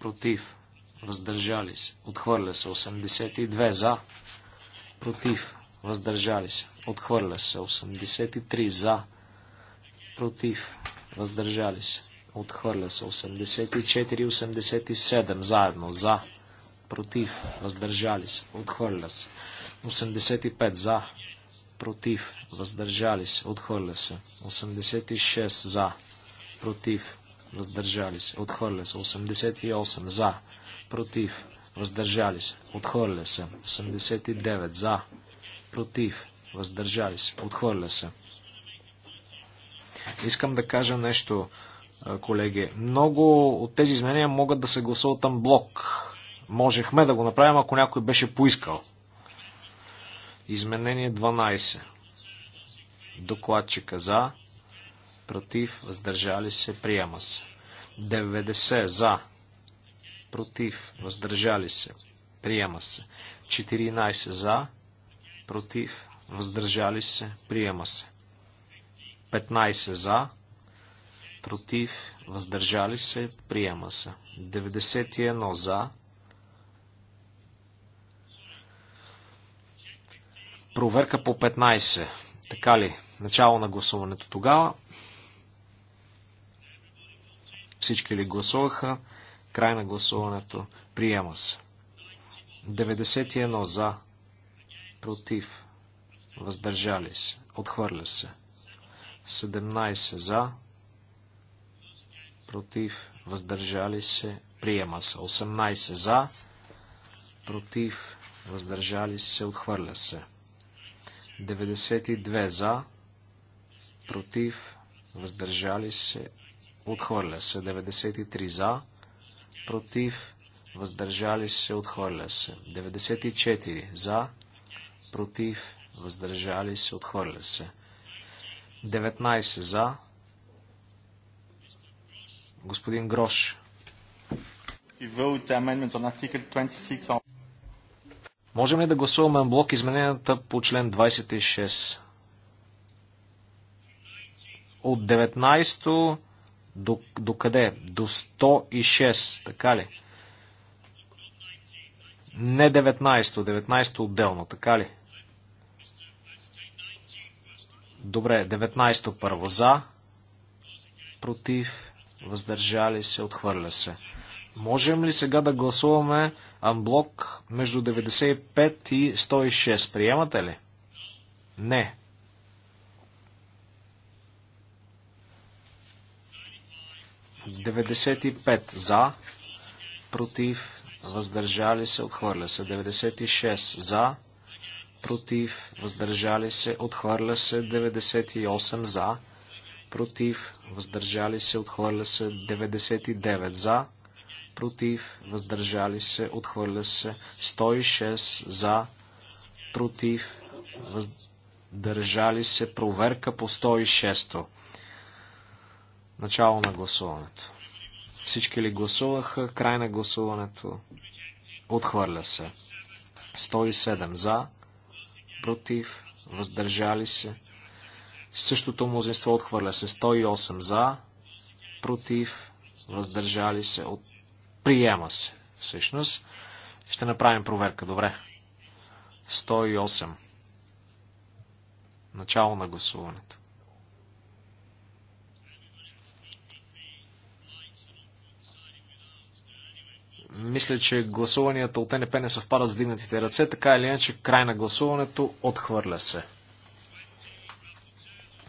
против, въздържали се, отхвърля се. 82 за, против, въздържали се, отхвърля се. 83 за, против, въздържали се, отхвърля се. 84 87 заедно за, против, въздържали се, отхвърля се. 85 за, против, въздържали се, отхвърля се. 86 за, против, въздържали се, отхвърля се. 88 за, против, въздържали се, отхвърля се. 89 за, против, въздържали се, отхвърля се. Искам да кажа нещо, колеги. Много от тези изменения могат да се гласуват блок. Можехме да го направим, ако някой беше поискал. Изменение 12. Докладчика за, против, въздържали се, приема се. 90 за, против, въздържали се, приема се. 14 за, против, въздържали се, приема се. 15 за, против, въздържали се, приема се. 91 за, проверка по 15. Така ли? Начало на гласуването тогава. Всички ли гласуваха? Край на гласуването. Приема се. 91 за. Против. Въздържали се. Отхвърля се. 17 за. Против. Въздържали се. Приема се. 18 за. Против. Въздържали се. Отхвърля се. 92 за. Против. Въздържали се. Отхвърля се. 93 за. Против. Въздържали се. Отхвърля се. 94 за. Против. Въздържали се. Отхвърля се. 19 за. Господин Грош. Можем ли да гласуваме блок измененията по член 26? От 19 до, до къде? До 106, така ли? Не 19, 19 отделно, така ли? Добре, 19 първо за, против, въздържали се, отхвърля се. Можем ли сега да гласуваме анблок между 95 и 106? Приемате ли? Не. 95 за, против, въздържали се, отхвърля се. 96 за, против, въздържали се, отхвърля се. 98 за, против, въздържали се, отхвърля се. 99 за, против, въздържали се, отхвърля се. 106 за, против, въздържали се, проверка по 106. Начало на гласуването. Всички ли гласуваха? Край на гласуването. Отхвърля се. 107 за, против, въздържали се. Същото мнозинство отхвърля се. 108 за, против, въздържали се. От... Приема се, всъщност. Ще направим проверка, добре. 108. Начало на гласуване. Мисля, че гласуванията от НП не съвпадат с дигнатите ръце, така или иначе край на гласуването отхвърля се.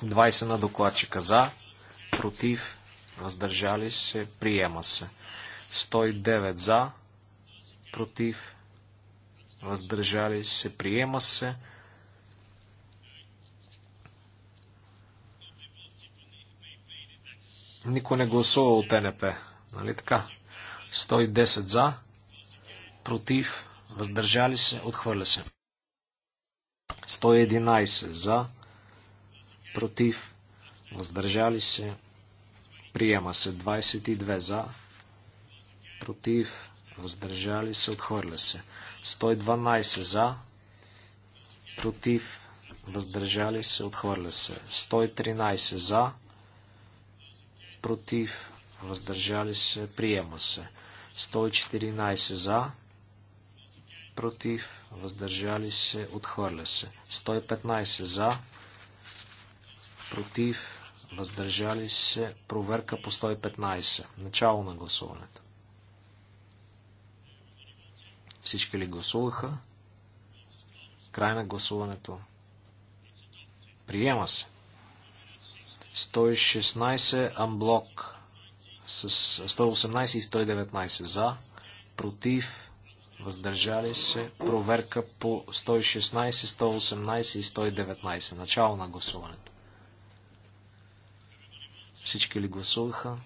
20 на докладчика за, против, въздържали се, приема се. 109 за, против, въздържали се, приема се. Никой не гласува от НП, нали така? 110 за, против, въздържали се, отхвърля се. 111 за, против, въздържали се, приема се. 22 за, против, въздържали се, отхвърля се. 112 за, против, въздържали се, отхвърля се. 113 за, против, въздържали се, приема се. 114 за, против, въздържали се, отхвърля се. 115 за, против, въздържали се, проверка по 115. Начало на гласуването. Всички ли гласуваха? Край на гласуването. Приема се. 116 амблок с 118 и 119 за, против, въздържали се, проверка по 116, 118 и 119. Начало на гласуването. Всички ли гласуваха?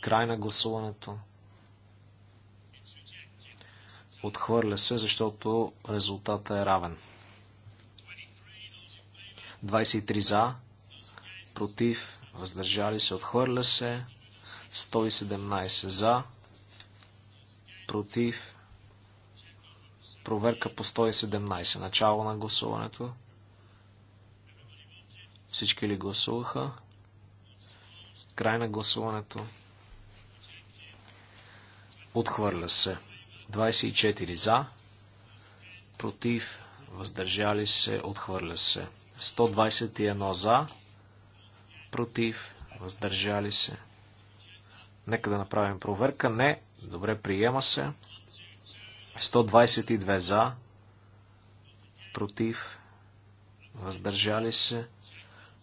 Край на гласуването. Отхвърля се, защото резултата е равен. 23 за, против, въздържали се, отхвърля се. 117 за, против, проверка по 117, начало на гласуването. Всички ли гласуваха? Край на гласуването. Отхвърля се. 24 за, против, въздържали се, отхвърля се. 121 за, против, въздържали се. Нека да направим проверка. Не, добре, приема се. 122 за, против, въздържали се.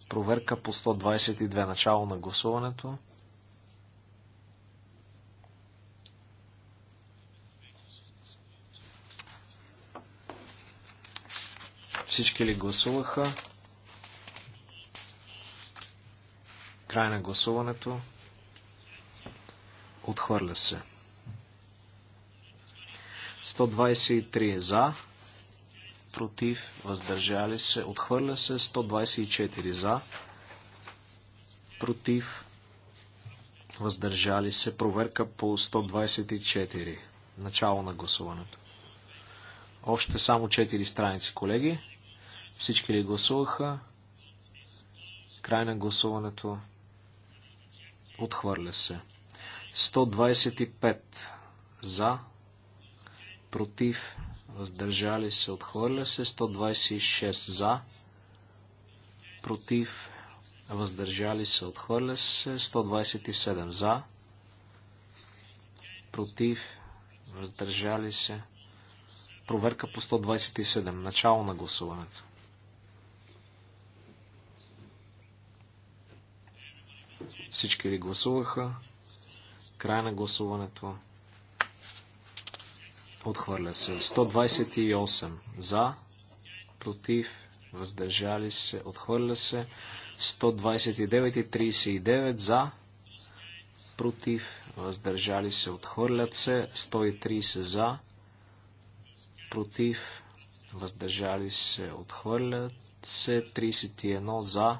Проверка по 122, начало на гласуването. Всички ли гласуваха? Край на гласуването. Отхвърля се. 123 е за, против, въздържали се. Отхвърля се 124 за, против, въздържали се. Проверка по 124. Начало на гласуването. Още само 4 страници, колеги. Всички ли гласуваха? Край на гласуването. Отхвърля се. 125 за, против, въздържали се, отхвърля се. 126 за, против, въздържали се, отхвърля се. 127 за, против, въздържали се. Проверка по 127. Начало на гласуването. Всички ли гласуваха? Край на гласуването. Отхвърля се. 128 за, против, въздържали се, отхвърля се. 129 и 39 за, против, въздържали се, отхвърлят се. 130 за, против, въздържали се, отхвърлят се. 31 за,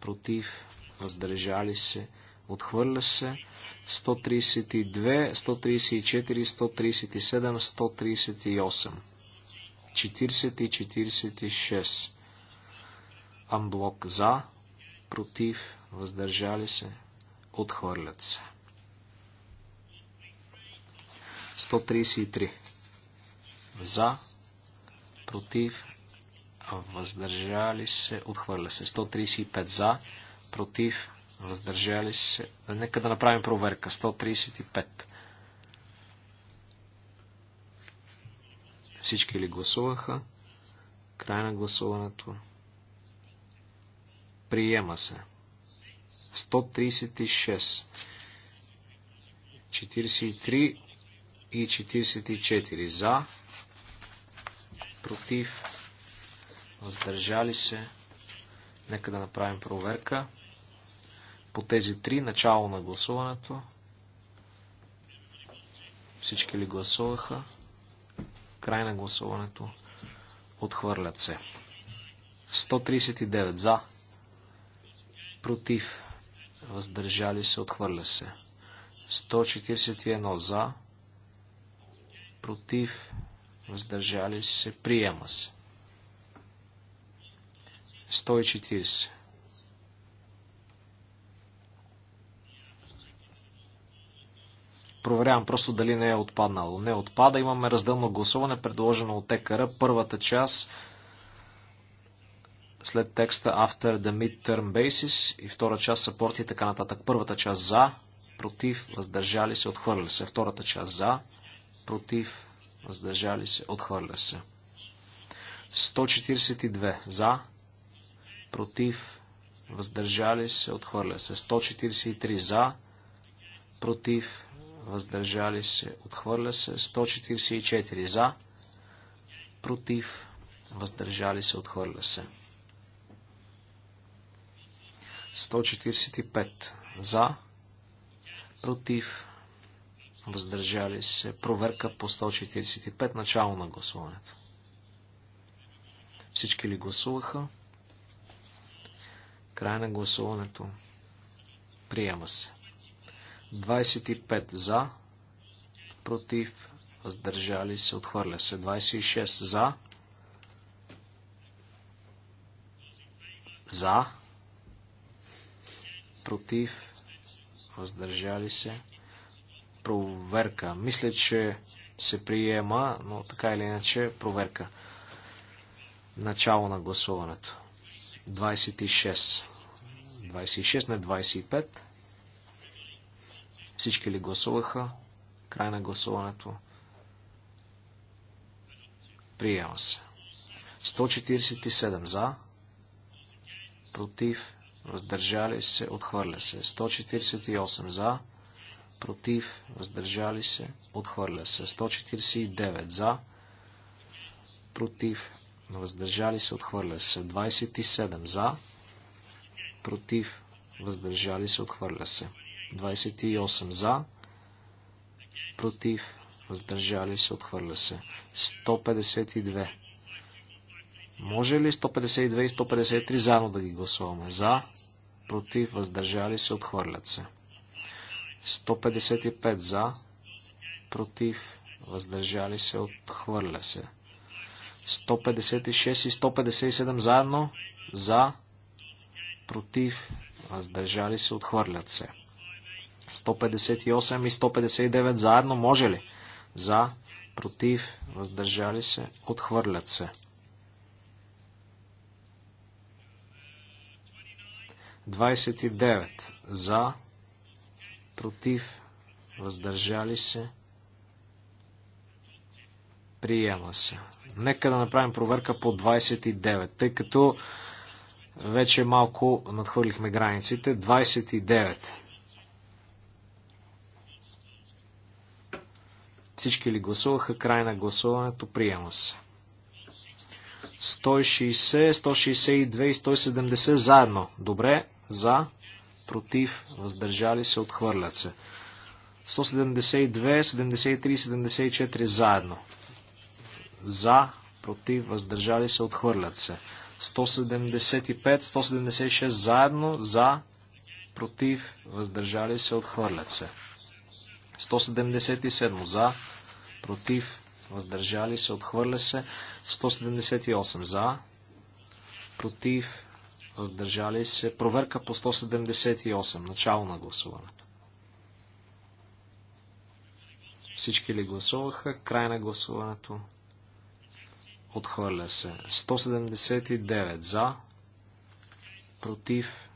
против, въздържали се, отхвърля се. 132, 134, 137, 138, 40 и 46. Амблок за, против, въздържали се, отхвърлят се. 133. За, против, въздържали се, отхвърля се. 135 за, против, въздържали се. Нека да направим проверка. 135. Всички ли гласуваха? Край на гласуването. Приема се. 136. 43 и 44 за. Против. Въздържали се. Нека да направим проверка по тези три. Начало на гласуването. Всички ли гласуваха? Край на гласуването. Отхвърлят се. 139 за. Против. Въздържали се. Отхвърля се. 141 за. Против. Въздържали се. Приема се. 140 Проверявам просто дали не е отпаднало. Не отпада. Имаме разделно гласуване, предложено от ЕКР. Първата част след текста After the Midterm Basis и втора част Support и така нататък. Първата част за, против, въздържали се, отхвърля се. Втората част за, против, въздържали се, отхвърля се. 142 за, против, въздържали се, отхвърля се. 143 за, против, въздържали се, отхвърля се. 144 за, против, въздържали се, отхвърля се. 145 за, против, въздържали се. Проверка по 145, начало на гласуването. Всички ли гласуваха? Край на гласуването. Приема се. 25 за, против, въздържали се, отхвърля се. 26 за, за, против, въздържали се. Проверка. Мисля, че се приема, но така или иначе проверка. Начало на гласуването. 26. 26 на 25. Всички ли гласуваха? Край на гласуването. Приема се. 147 за, против, въздържали се, отхвърля се. 148 за, против, въздържали се, отхвърля се. 149 за, против, въздържали се, отхвърля се. 27 за, против, въздържали се, отхвърля се. 28 за, против, въздържали се, отхвърля се. 152. Може ли 152 и 153 заедно да ги гласуваме? За, против, въздържали се, отхвърлят се. 155 за, против, въздържали се, отхвърля се. 156 и 157 заедно, за, против, въздържали се, отхвърлят се. 158 и 159 заедно може ли? За, против, въздържали се, отхвърлят се. 29 за, против, въздържали се, приема се. Нека да направим проверка по 29, тъй като вече малко надхвърлихме границите. 29. Всички ли гласуваха? Край на гласуването. Приема се. 160, 162 и 170 заедно. Добре. За. Против. Въздържали се. Отхвърлят се. 172, 73 и 74 заедно. За. Против. Въздържали се. Отхвърлят се. 175, 176 заедно. За. Против. Въздържали се. Отхвърлят се. 177 за, против, въздържали се, отхвърля се. 178 за, против, въздържали се. Проверка по 178, начало на гласуването. Всички ли гласуваха? Край на гласуването. Отхвърля се. 179 за, против,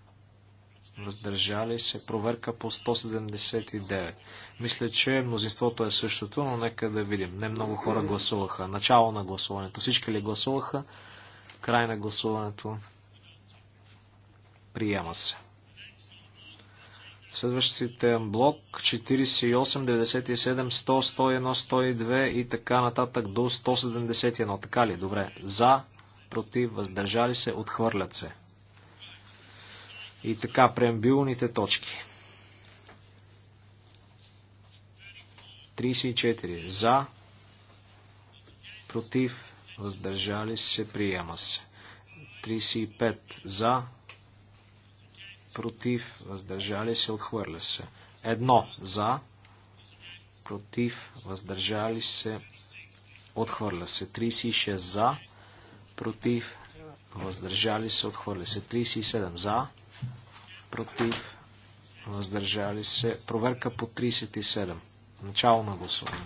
въздържали се, проверка по 179. Мисля, че мнозинството е същото, но нека да видим. Не много хора гласуваха. Начало на гласуването. Всички ли гласуваха? Край на гласуването. Приема се. следващите блок 48, 97, 100, 101, 102 и така нататък до 171. Така ли? Добре. За, против, въздържали се, отхвърлят се. И така, преамбилните точки. 34. За, против, въздържали се, приема се. 35. За, против, въздържали се, отхвърля се. Едно За, против, въздържали се, отхвърля се. 36. За, против, въздържали се, отхвърля се. 37. За, против, въздържали се. Проверка по 37. Начало на гласуване.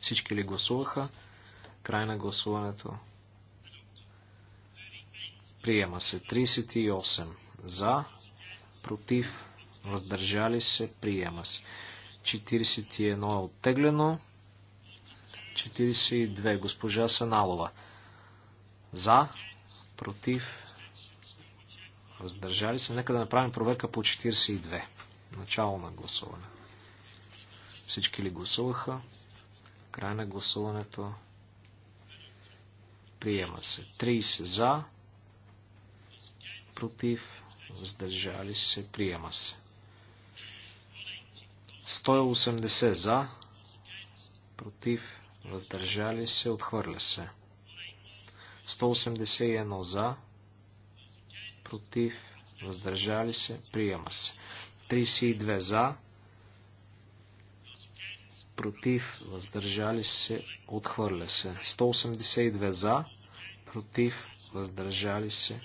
Всички ли гласуваха? Край на гласуването. Приема се 38 за, против, въздържали се, приема се. 41 е оттеглено. 42 госпожа Саналова. За, против, въздържали се. Нека да направим проверка по 42. Начало на гласуване. Всички ли гласуваха? Край на гласуването. Приема се. 30 за, против, въздържали се, приема се. 180 за, против, въздържали се, отхвърля се. 181 за, против, въздържали се, приема се. 32 за, против, въздържали се, отхвърля се. 182 за, против, въздържали се,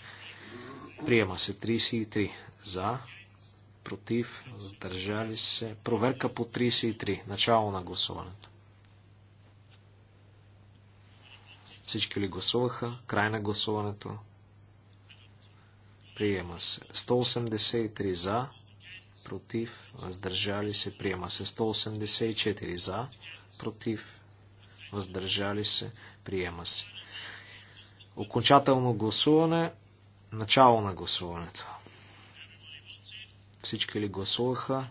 приема се. 33 за, против, въздържали се. Проверка по 33. Начало на гласуването. Всички ли гласуваха? Край на гласуването приема се. 183 за, против, въздържали се, приема се. 184 за, против, въздържали се, приема се. Окончателно гласуване, начало на гласуването. Всички ли гласуваха?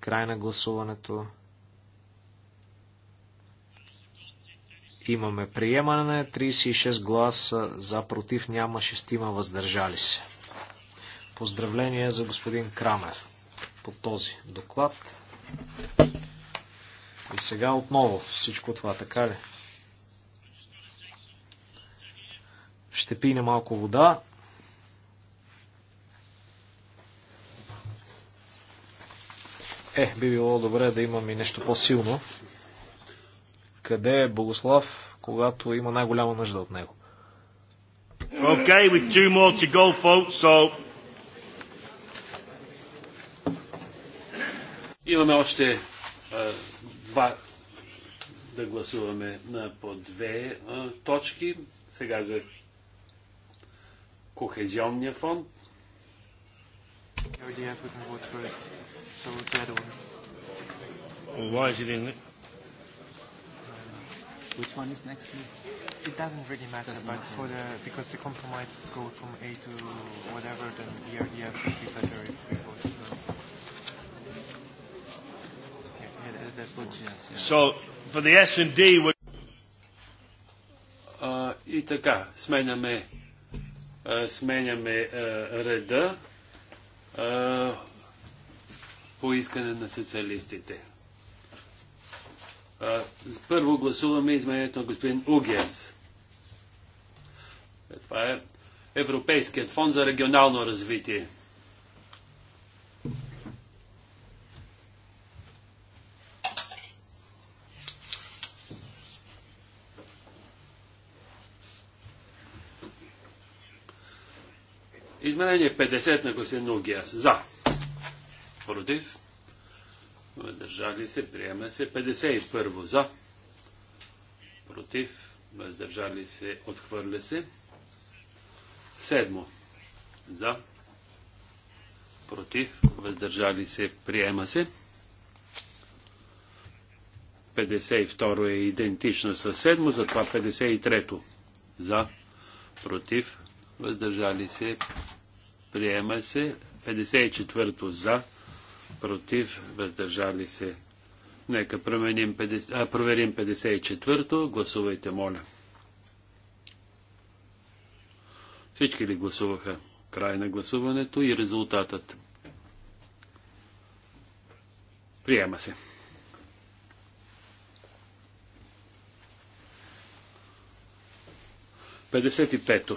Край на гласуването. имаме приемане, 36 гласа за против няма, 6 има въздържали се. Поздравление за господин Крамер по този доклад. И сега отново всичко това, така ли? Ще пине малко вода. Е, би било добре да имам и нещо по-силно къде е Богослав, когато има най-голяма нужда от него. Okay, with two more to go, folks, so... Имаме още два да гласуваме на по две а, точки. Сега за Кохезионния фонд. Why is it in there? Which one is next? It doesn't really matter, doesn't but matter. for the because the compromises go from A to whatever, then ERDF would be better if we go to that's what, So for the S and D. We're... Uh, и така, сменяме, uh, сменяме uh, реда uh, по искане на социалистите. Първо гласуваме изменението на господин Угиас. Е, това е Европейският фонд за регионално развитие. Изменение 50 на господин Угиас. За. Против въздържали се, приема се 51 за, против, въздържали се, отхвърля се. Седмо за, против, въздържали се, приема се. 52 е идентично с 7, затова 53 за, против, въздържали се, приема се. 54 за, против, въздържали се. Нека променим 50, а, проверим 54-то. Гласувайте, моля. Всички ли гласуваха? Край на гласуването и резултатът. Приема се. Петдесет и пето.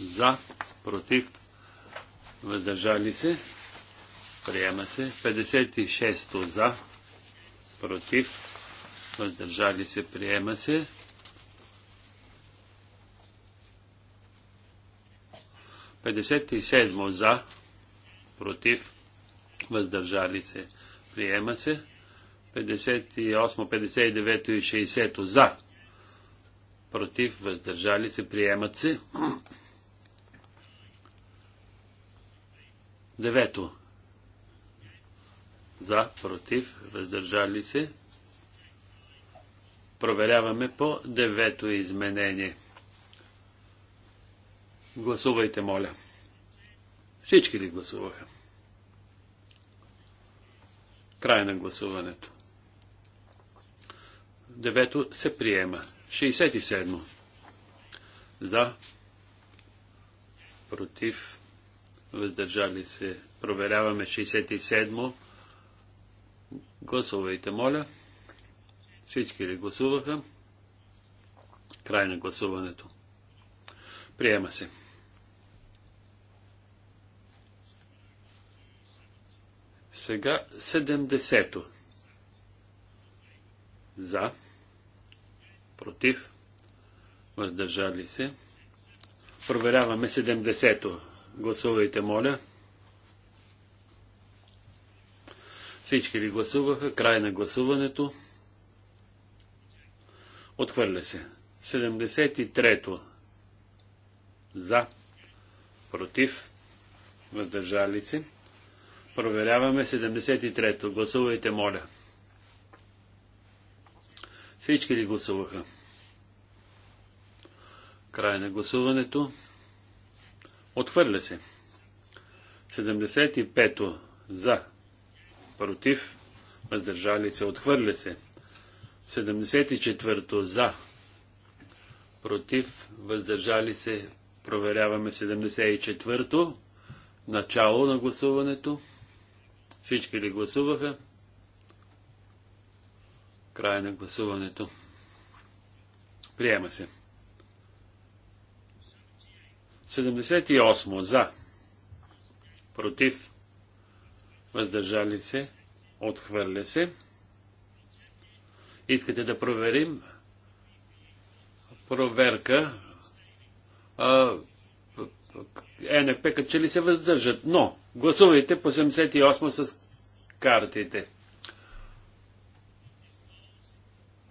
За, против, въздържали се. Приема се. 56 за. Против. Въздържали се. Приема се. Петдесет и седмо за, против, въздържали се, приема се. 58, 59 и 60 за. Против, въздържали се, приемат се. Девето. За, против, въздържали се. Проверяваме по девето изменение. Гласувайте, моля. Всички ли гласуваха? Край на гласуването. Девето се приема. 67. За. Против. Въздържали се. Проверяваме 67. Гласувайте, моля. Всички ли гласуваха? Край на гласуването. Приема се. Сега 70-то. За. Против. Въздържали се. Проверяваме 70-то. Гласувайте, моля. Всички ли гласуваха? Край на гласуването. Отхвърля се. 73-то. За. Против. Въздържали се. Проверяваме 73-то. Гласувайте, моля. Всички ли гласуваха? Край на гласуването. Отхвърля се. 75-то. За против, въздържали се, отхвърля се. 74-то за, против, въздържали се, проверяваме 74-то, начало на гласуването. Всички ли гласуваха? Край на гласуването. Приема се. 78 за. Против въздържали се, отхвърля се. Искате да проверим? Проверка. А, ЕНП като че ли се въздържат, но гласувайте по 78 с картите.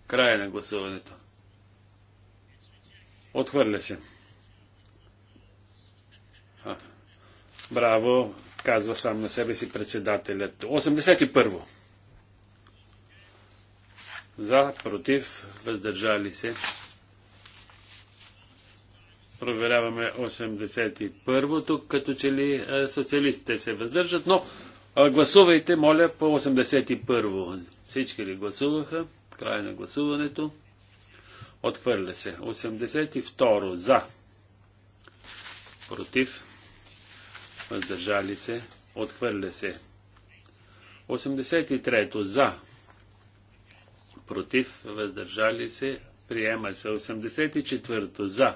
Края на гласуването. Отхвърля се. А, браво, казва сам на себе си председателят. 81-во. За, против, въздържали се. Проверяваме 81-то, като че ли социалистите се въздържат, но гласувайте, моля, по 81-во. Всички ли гласуваха? Край на гласуването. Отхвърля се. 82 за. Против въздържали се, отхвърля се. 83-то за, против, въздържали се, приема се. 84-то за,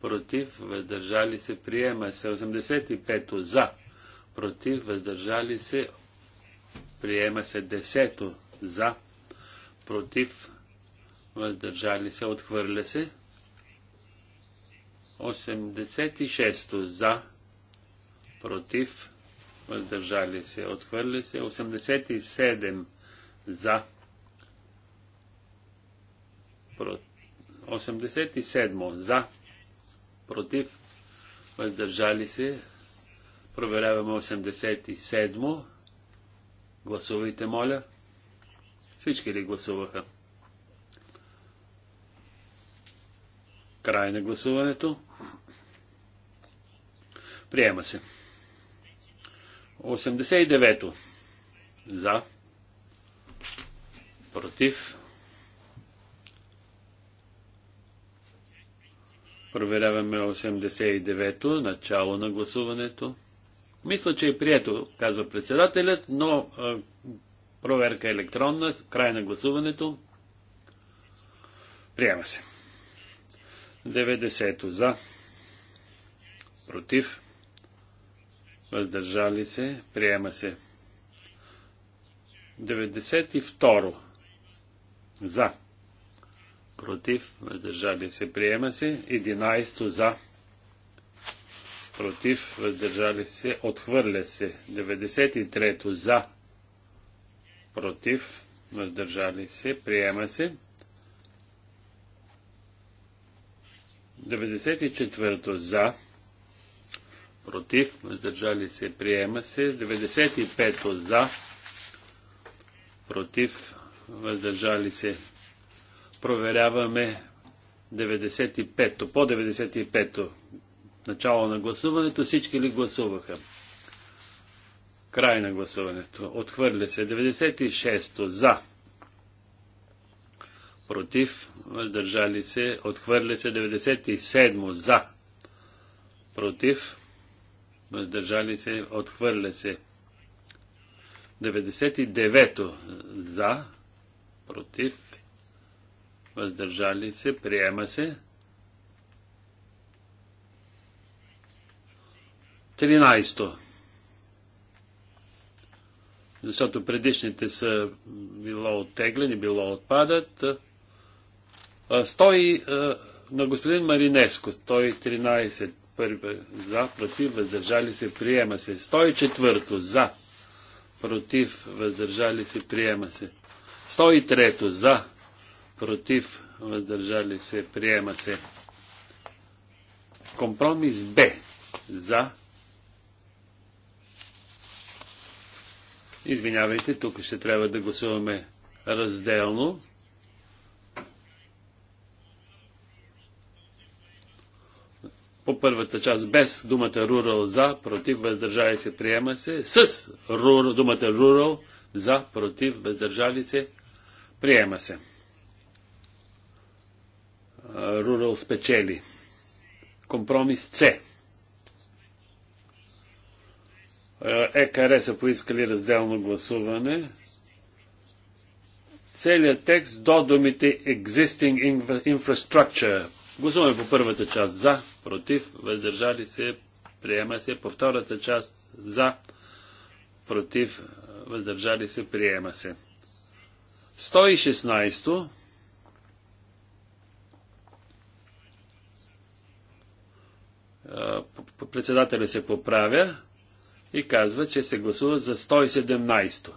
против, въздържали се, приема се. 85-то за, против, въздържали се, приема се. 10-то за, против, въздържали се, отхвърля се. 86-то за, против, въздържали се, отхвърли се. 87 за, 87 за, против, въздържали се. Проверяваме 87. Гласувайте, моля. Всички ли гласуваха? Край на гласуването. Приема се. 89-то. За. Против. Проверяваме 89-то, начало на гласуването. Мисля, че е прието, казва председателят, но а, проверка е електронна, край на гласуването. Приема се. 90-то за. Против въздържали се, приема се. 92. За. Против, въздържали се, приема се. 11. За. Против, въздържали се, отхвърля се. 93. За. Против, въздържали се, приема се. 94. За против, въздържали се, приема се. 95 за, против, въздържали се. Проверяваме 95-то, по 95-то. Начало на гласуването, всички ли гласуваха? Край на гласуването. Отхвърля се. 96-то за. Против. Въздържали се. Отхвърля се. 97-то за. Против въздържали се, отхвърля се. 99-то за, против, въздържали се, приема се. 13-то. Защото предишните са било оттеглени, било отпадат. 100 на господин Маринеско, 113 Първи за, против, въздържали се, приема се. 104 за, против, въздържали се, приема се. 103 за, против, въздържали се, приема се. Компромис Б за. Извинявайте, тук ще трябва да гласуваме разделно. по първата част без думата rural за, против, въздържали се, приема се. С rural, думата rural за, против, въздържали се, приема се. Rural спечели. Компромис С. ЕКР са поискали разделно гласуване. Целият текст до думите Existing Infrastructure. Гласуваме по първата част за, против, въздържали се, приема се. По втората част за, против, въздържали се, приема се. 116. Председателя се поправя и казва, че се гласува за 117.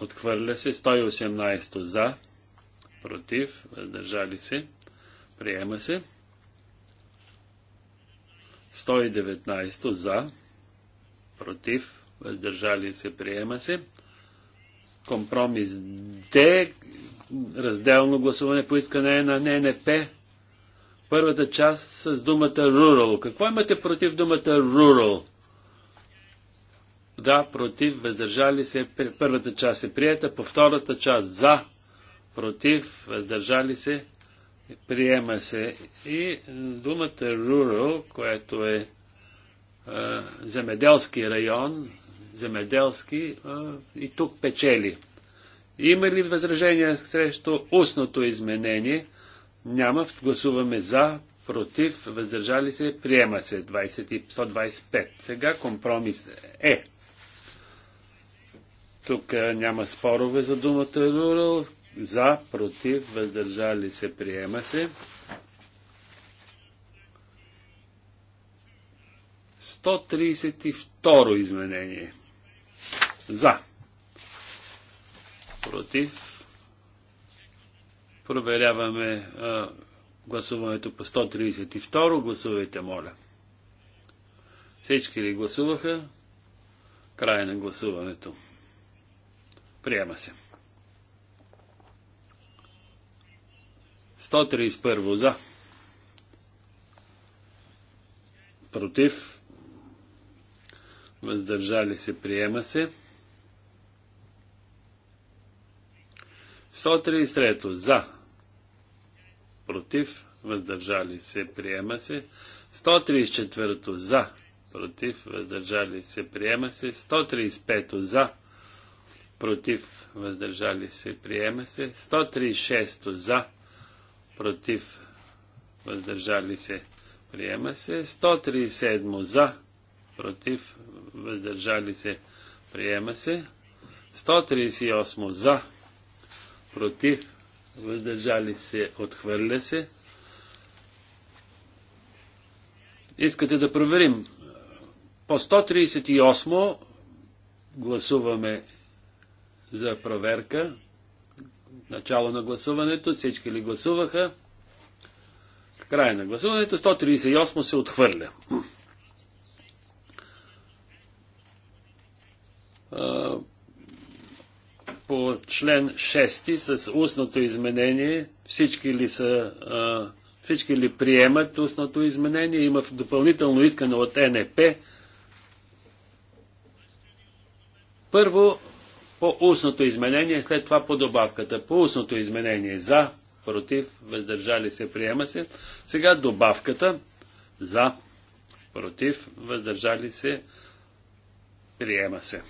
Отхвърля се 118 за, против, въздържали се. Приема се. 119 за, против, въздържали се, приема се. Компромис Д, разделно гласуване по искане на ННП. Първата част с думата rural. Какво имате против думата rural? Да, против, въздържали се. Първата част е прията, по втората част за, против, въздържали се, Приема се и думата rural, което е а, земеделски район, земеделски, а, и тук печели. Има ли възражения срещу устното изменение? Няма. Гласуваме за, против, въздържали се, приема се 20, 125. Сега компромис е. Тук няма спорове за думата Rural. За, против, въздържали се, приема се. 132 изменение. За. Против. Проверяваме а, гласуването по 132. Гласувайте, моля. Всички ли гласуваха? Край на гласуването. Приема се. 131 за. Против. Въздържали се. Приема се. 133 за. Против. Въздържали се. Приема се. 134 за. Против. Въздържали се. Приема се. 135 за против, въздържали се, приема се. 136 за, против, въздържали се, приема се. 137 за, против, въздържали се, приема се. 138 за, против, въздържали се, отхвърля се. Искате да проверим. По 138 гласуваме за проверка. Начало на гласуването. Всички ли гласуваха? Край на гласуването. 138 се отхвърля. По член 6 с устното изменение всички ли са всички ли приемат устното изменение? Има допълнително искане от НП. Първо по устното изменение, след това по добавката. По устното изменение за, против, въздържали се, приема се. Сега добавката за, против, въздържали се, приема се.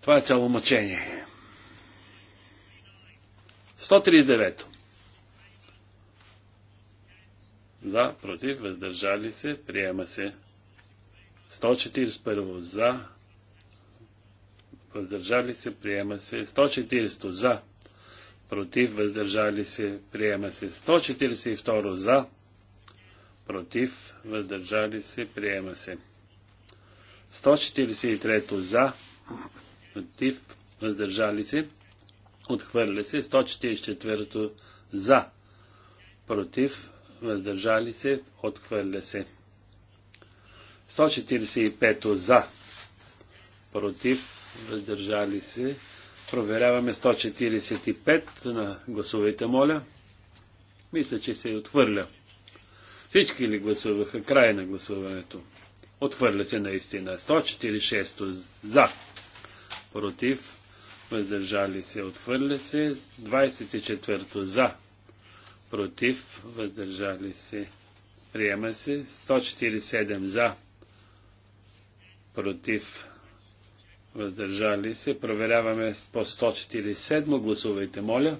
Това е цяло мъчение. 139. За, против, въздържали се, приема се. 141 за, въздържали се, приема се. 140 за, против, въздържали се, приема се. 142 за, против, въздържали се, приема се. 143 за, против, въздържали се, отхвърля се. 144 за, против, въздържали се, отхвърля се. 145 за, против, въздържали се. Проверяваме 145 на гласовете, моля. Мисля, че се е отхвърля. Всички ли гласуваха край на гласуването? Отхвърля се наистина. 146 за, против, въздържали се, отхвърля се. 24 за, против, въздържали се, приема се. 147 за, против, въздържали се. Проверяваме по 147. Гласувайте, моля.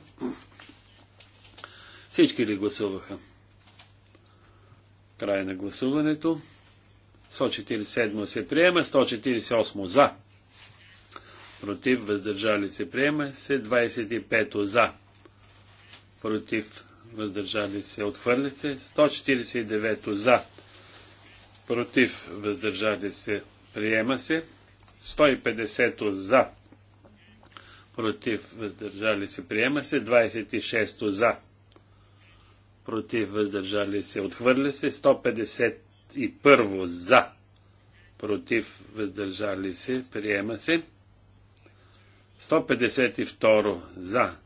Всички ли гласуваха? Край на гласуването. 147 се приема, 148 за. Против, въздържали се приема, се 25 за. Против, въздържали се, отхвърли се. 149 за, против, въздържали се, приема се. 150 за, против, въздържали се, приема се. 26 за, против, въздържали се, отхвърли се. 151 за, против, въздържали се, приема се. 152 за,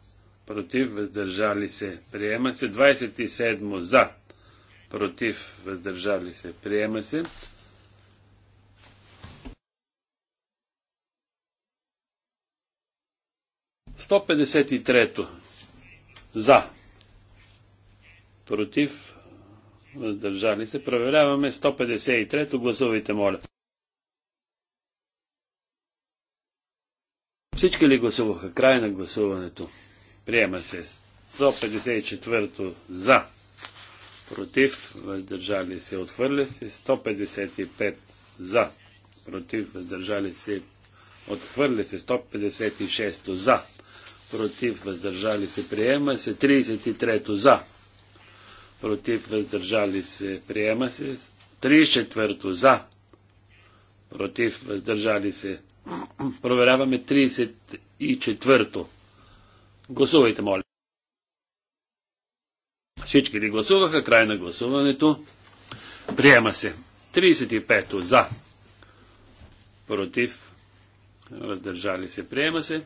против, въздържали се, приема се. 27 за, против, въздържали се, приема се. Сто петдесет и трето. За. Против. Въздържали се. Проверяваме 153 трето. Гласувайте, моля. Всички ли гласуваха? Край на гласуването. Приема се 154 за. Против. Въздържали се. Отхвърля се. 155 за. Против. Въздържали се. Отхвърля се. 156 за. Против. Въздържали се. Приема се. 33 за. Против. Въздържали се. Приема се. 34 за. Против. Въздържали се. Проверяваме 34-то. Гласувайте, моля. Всички ли гласуваха? Край на гласуването. Приема се. 35 за. Против. Въздържали се. Приема се.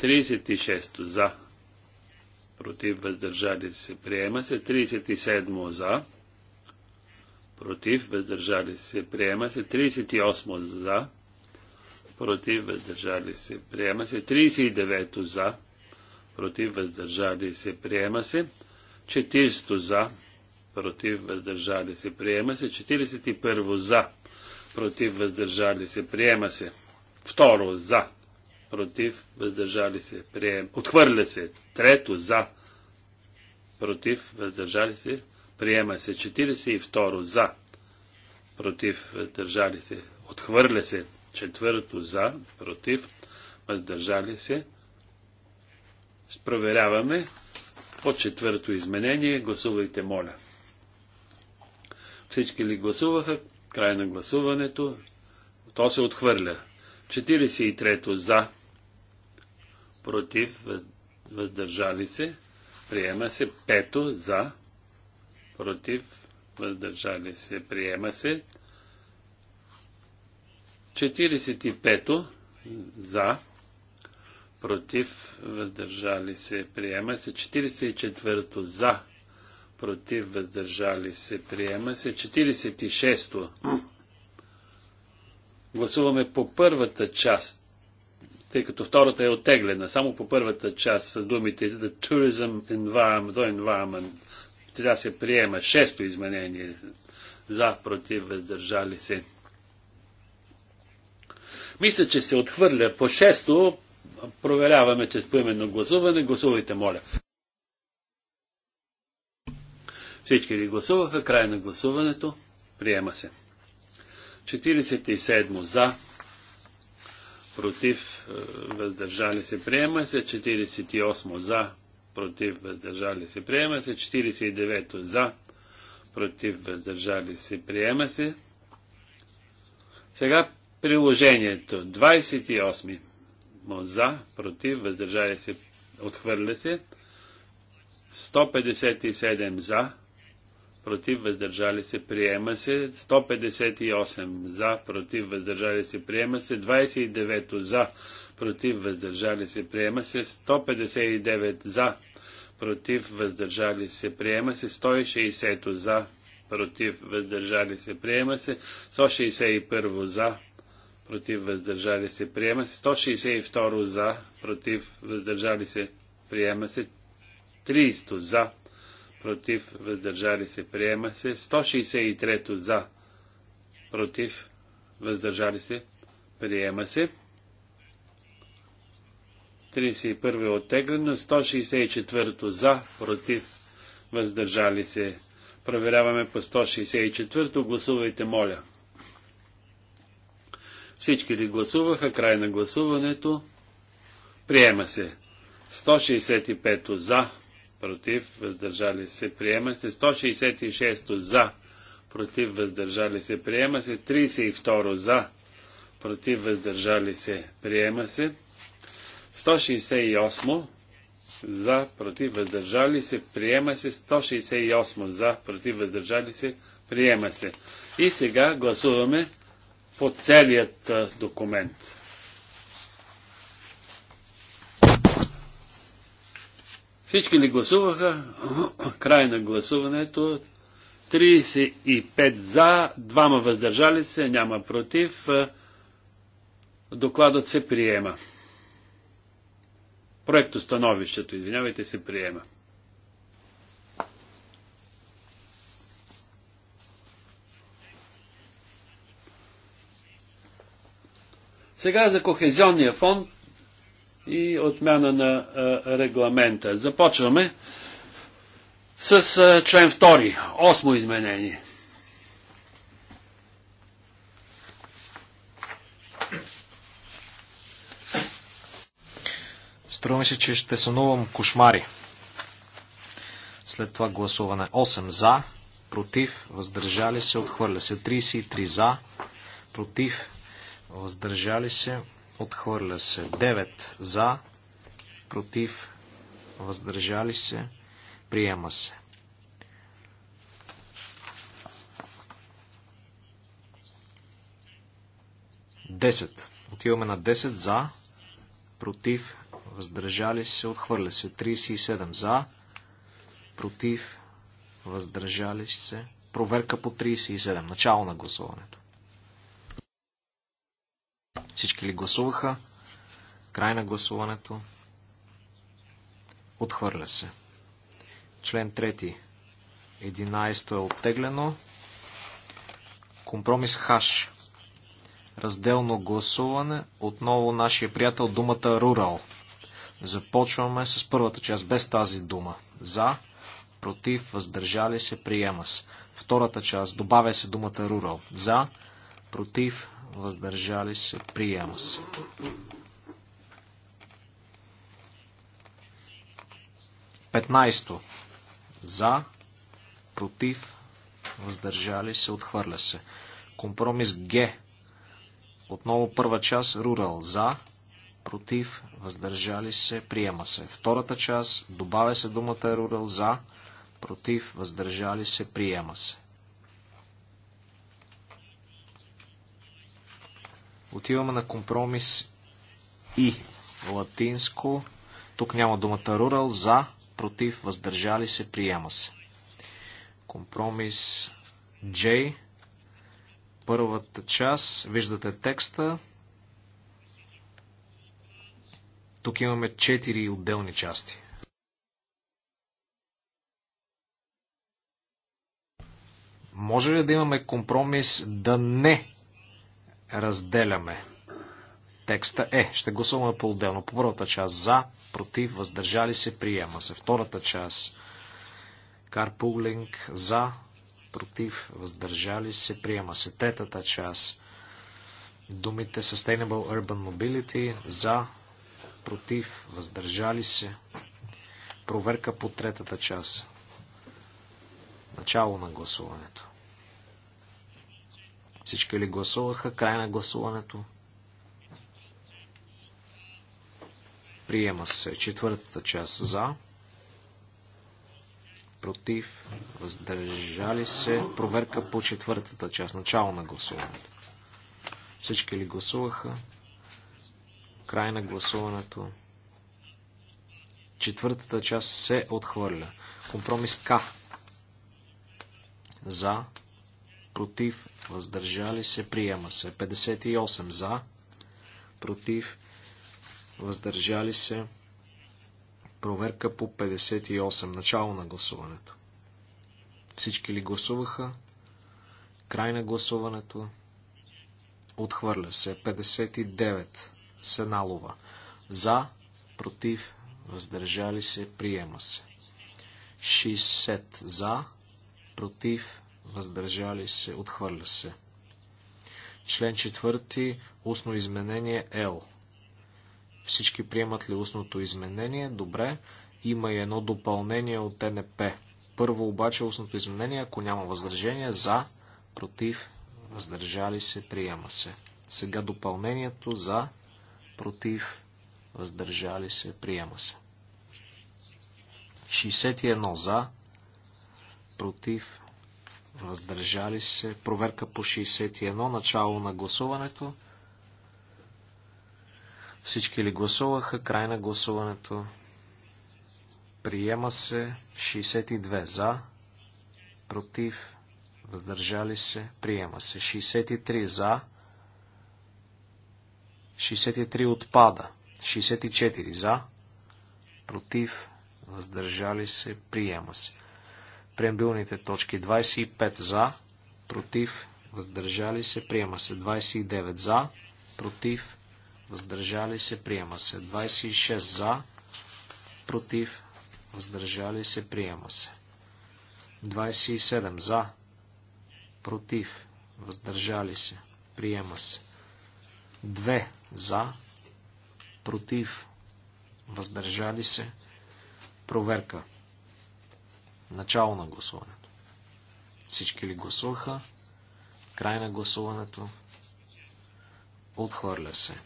36 за. Против. Въздържали се. Приема се. 37 за. Против. Въздържали се. Приема се. 38 за против, въздържали се, приема се. 39 за, против, въздържали се, приема се. 40 за, против, въздържали се, приема се. 41 за, против, въздържали се, приема се. Второ за, против, въздържали се, приема. Отхвърля се. Трето за, против, въздържали се, приема се. 42 за, против, въздържали се, отхвърля се. Четвърто за, против, въздържали се. Проверяваме по четвърто изменение. Гласувайте, моля. Всички ли гласуваха? Край на гласуването. То се отхвърля. 43-то за, против, въздържали се. Приема се. Пето за, против, въздържали се. Приема се. 45-то за, против, въздържали се, приема се. 44-то за, против, въздържали се, приема се. 46-то. Гласуваме по първата част, тъй като втората е отеглена, Само по първата част са думите The Tourism Environment, the environment. Трябва се приема. Шесто изменение за, против, въздържали се. Мисля, че се отхвърля по шесто. Проверяваме че поименно гласуване. Гласувайте, моля. Всички ли гласуваха? Край на гласуването. Приема се. 47 е, за, против, въздържали се, приема се. 48 за, против, въздържали се, приема се. 49 за, против, въздържали се, приема се. Сега Приложението 28. За, против, въздържали се, отхвърля се. 157 за, против, въздържали се, приема се. 158 за, против, въздържали се, приема се. 29 за, против, въздържали се, приема се. 159 за, против, въздържали се, приема се. 160 за, против, въздържали се, приема се. 161 за, против въздържали се, приема се. 162 за, против въздържали се, приема се. 300 за, против въздържали се, приема се. 163 за, против въздържали се, приема се. 31 е оттеглено, 164 за, против въздържали се. Проверяваме по 164. Гласувайте, моля. Всички ли гласуваха? Край на гласуването. Приема се. 165 за, против, въздържали се, приема се. 166 за, против, въздържали се, приема се. 32 за, против, въздържали се, приема се. 168 за, против, въздържали се, приема се. 168 за, против, въздържали се, приема се. И сега гласуваме по целият документ. Всички ли гласуваха? Край на гласуването. 35 за, двама въздържали се, няма против. Докладът се приема. Проектостановището, извинявайте, се приема. Сега за Кохезионния фонд и отмяна на регламента. Започваме с член 2, осмо изменение. Струва ми се, че ще сънувам кошмари. След това гласуване 8 за, против, въздържали се, отхвърля се 33 за, против, въздържали се, отхвърля се. 9 за, против, въздържали се, приема се. Десет. Отиваме на 10 за, против, въздържали се, отхвърля се. 37 за, против, въздържали се. Проверка по 37. Начало на гласуването. Всички ли гласуваха? Край на гласуването. Отхвърля се. Член 3. 11 е оттеглено. Компромис хаш. Разделно гласуване. Отново нашия приятел думата Рурал. Започваме с първата част без тази дума. За, против, въздържали се, приема се. Втората част добавя се думата Рурал. За, против, въздържали се, приема се. Петнайсто. За, против, въздържали се, отхвърля се. Компромис Г. Отново първа част, рурал. За, против, въздържали се, приема се. Втората част, добавя се думата рурал. За, против, въздържали се, приема се. Отиваме на компромис и латинско. Тук няма думата рурал За, против, въздържали се, приема се. Компромис J. Първата част. Виждате текста. Тук имаме 4 отделни части. Може ли да имаме компромис да не разделяме. Текста е. Ще гласуваме по-отделно. По първата част за, против, въздържали се, приема се. Втората част карпулинг за, против, въздържали се, приема се. Третата част думите Sustainable Urban Mobility за, против, въздържали се. Проверка по третата част. Начало на гласуването. Всички ли гласуваха? Край на гласуването. Приема се четвъртата част за. Против. Въздържали се. Проверка по четвъртата част. Начало на гласуването. Всички ли гласуваха? Край на гласуването. Четвъртата част се отхвърля. Компромис К. За против, въздържали се, приема се. 58 за, против, въздържали се. Проверка по 58, начало на гласуването. Всички ли гласуваха? Край на гласуването. Отхвърля се. 59. Сеналова. За, против, въздържали се, приема се. 60 за, против, въздържали се, отхвърля се. Член 4. Устно изменение L. Всички приемат ли устното изменение? Добре. Има и едно допълнение от НП. Първо обаче устното изменение, ако няма въздържение, за, против, въздържали се, приема се. Сега допълнението за, против, въздържали се, приема се. 61 за, против, въздържали се, проверка по 61, начало на гласуването. Всички ли гласуваха? Край на гласуването. Приема се 62 за, против, въздържали се, приема се 63 за, 63 отпада, 64 за, против, въздържали се, приема се. Преамбилните точки 25 за, против, въздържали се, приема се. 29 за, против, въздържали се, приема се. 26 за, против, въздържали се, приема се. 27 за, против, въздържали се, приема се. 2 за, против, въздържали се, проверка. Начало на гласуването. Всички ли гласуваха? Край на гласуването. Отхвърля се.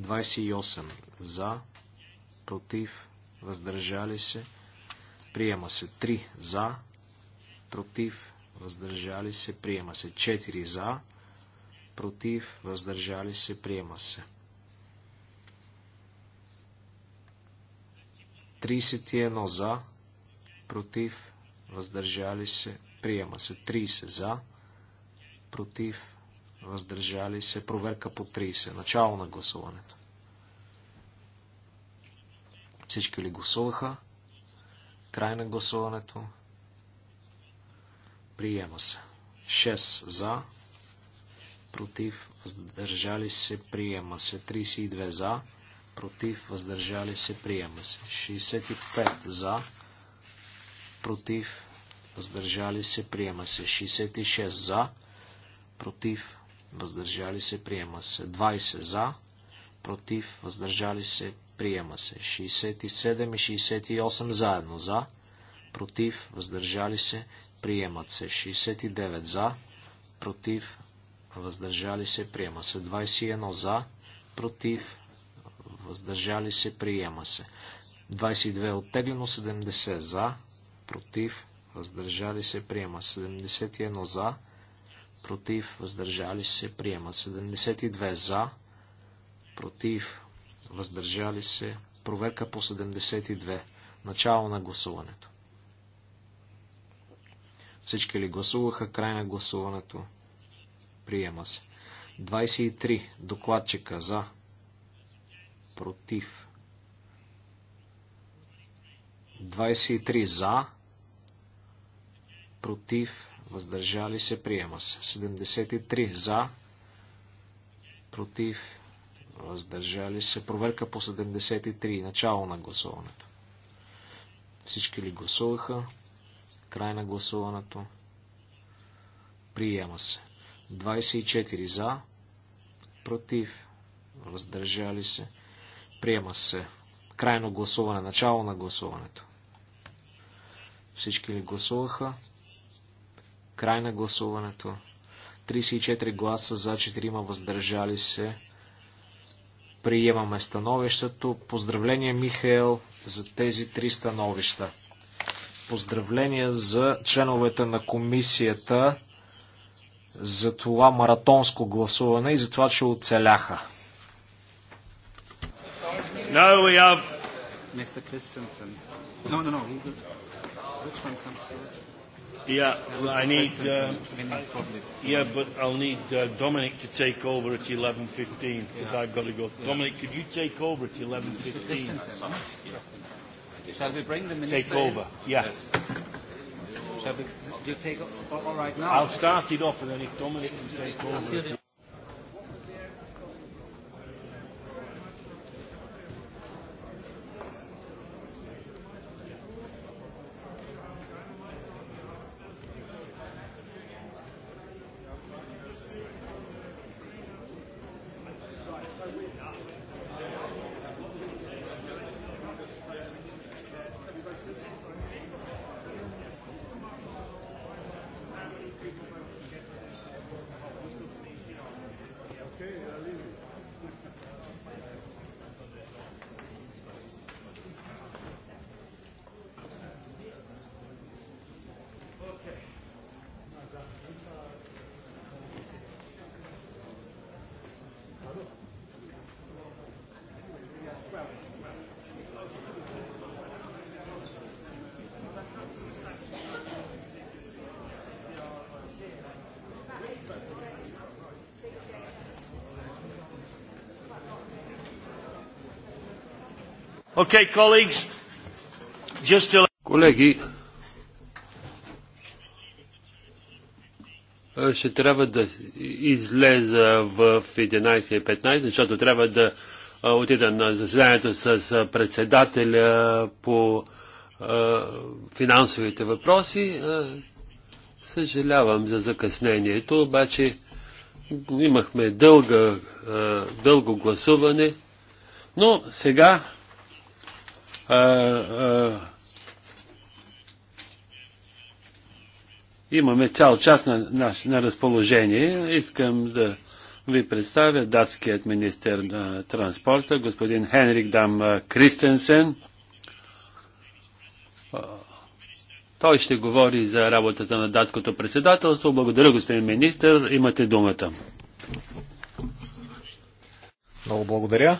28 за, против, въздържали се. Приема се 3 за, против, въздържали се. Приема се 4 за, против, въздържали се. Приема се. 31 за, против, въздържали се, приема се 30 за, против, въздържали се, проверка по 30, начало на гласуването. Всички ли гласуваха? Край на гласуването. Приема се. 6 за, против, въздържали се, приема се. 32 за, против, въздържали се, приема се. 65 за, против, въздържали се, приема се. 66 за, против, въздържали се, приема се. 20 за, против, въздържали се, приема се. 67 и 68 заедно за, против, въздържали се, приемат се. 69 за, против, въздържали се, приема се. 21 за, против, въздържали се, приема се. 22 е оттеглено, 70 за, против, въздържали се, приема 71 за, против, въздържали се, приема 72 за, против, въздържали се, проверка по 72, начало на гласуването. Всички ли гласуваха? Край на гласуването. Приема се. 23. Докладчика за. Против. 23 за, против, въздържали се, приема се. 73 за, против, въздържали се. Проверка по 73, начало на гласуването. Всички ли гласуваха? Край на гласуването. Приема се. 24 за, против, въздържали се. Приема се. Крайно гласуване, начало на гласуването. Всички ли гласуваха? Край на гласуването. 34 гласа за 4 въздържали се. Приемаме становището. Поздравление, Михаел, за тези три становища. Поздравления за членовете на комисията за това маратонско гласуване и за това, че оцеляха. Now we have Mr. Christensen. No, no, no. Which one comes Yeah, well, I need. Uh, yeah, but I'll need uh, Dominic to take over at 11:15 because yeah. I've got to go. Yeah. Dominic, could you take over at 11:15? Shall we bring the minister? Take over. Yeah. Yes. Shall we? Do you take? All right now. I'll start it off, and then if Dominic can take over. Колеги, ще трябва да излеза в 11.15, защото трябва да отида на заседанието с председателя по финансовите въпроси. Съжалявам за закъснението, обаче имахме дълго гласуване, но сега имаме цял час на, на, на разположение. Искам да ви представя датският министр на транспорта, господин Хенрик Дам Кристенсен. Той ще говори за работата на датското председателство. Благодаря, господин министр. Имате думата. Много благодаря.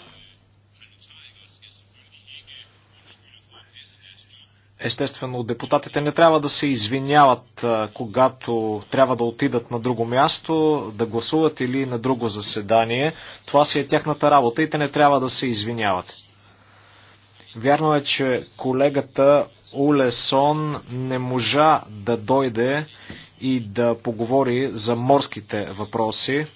Естествено, депутатите не трябва да се извиняват, когато трябва да отидат на друго място, да гласуват или на друго заседание. Това си е тяхната работа и те не трябва да се извиняват. Вярно е, че колегата Улесон не можа да дойде и да поговори за морските въпроси.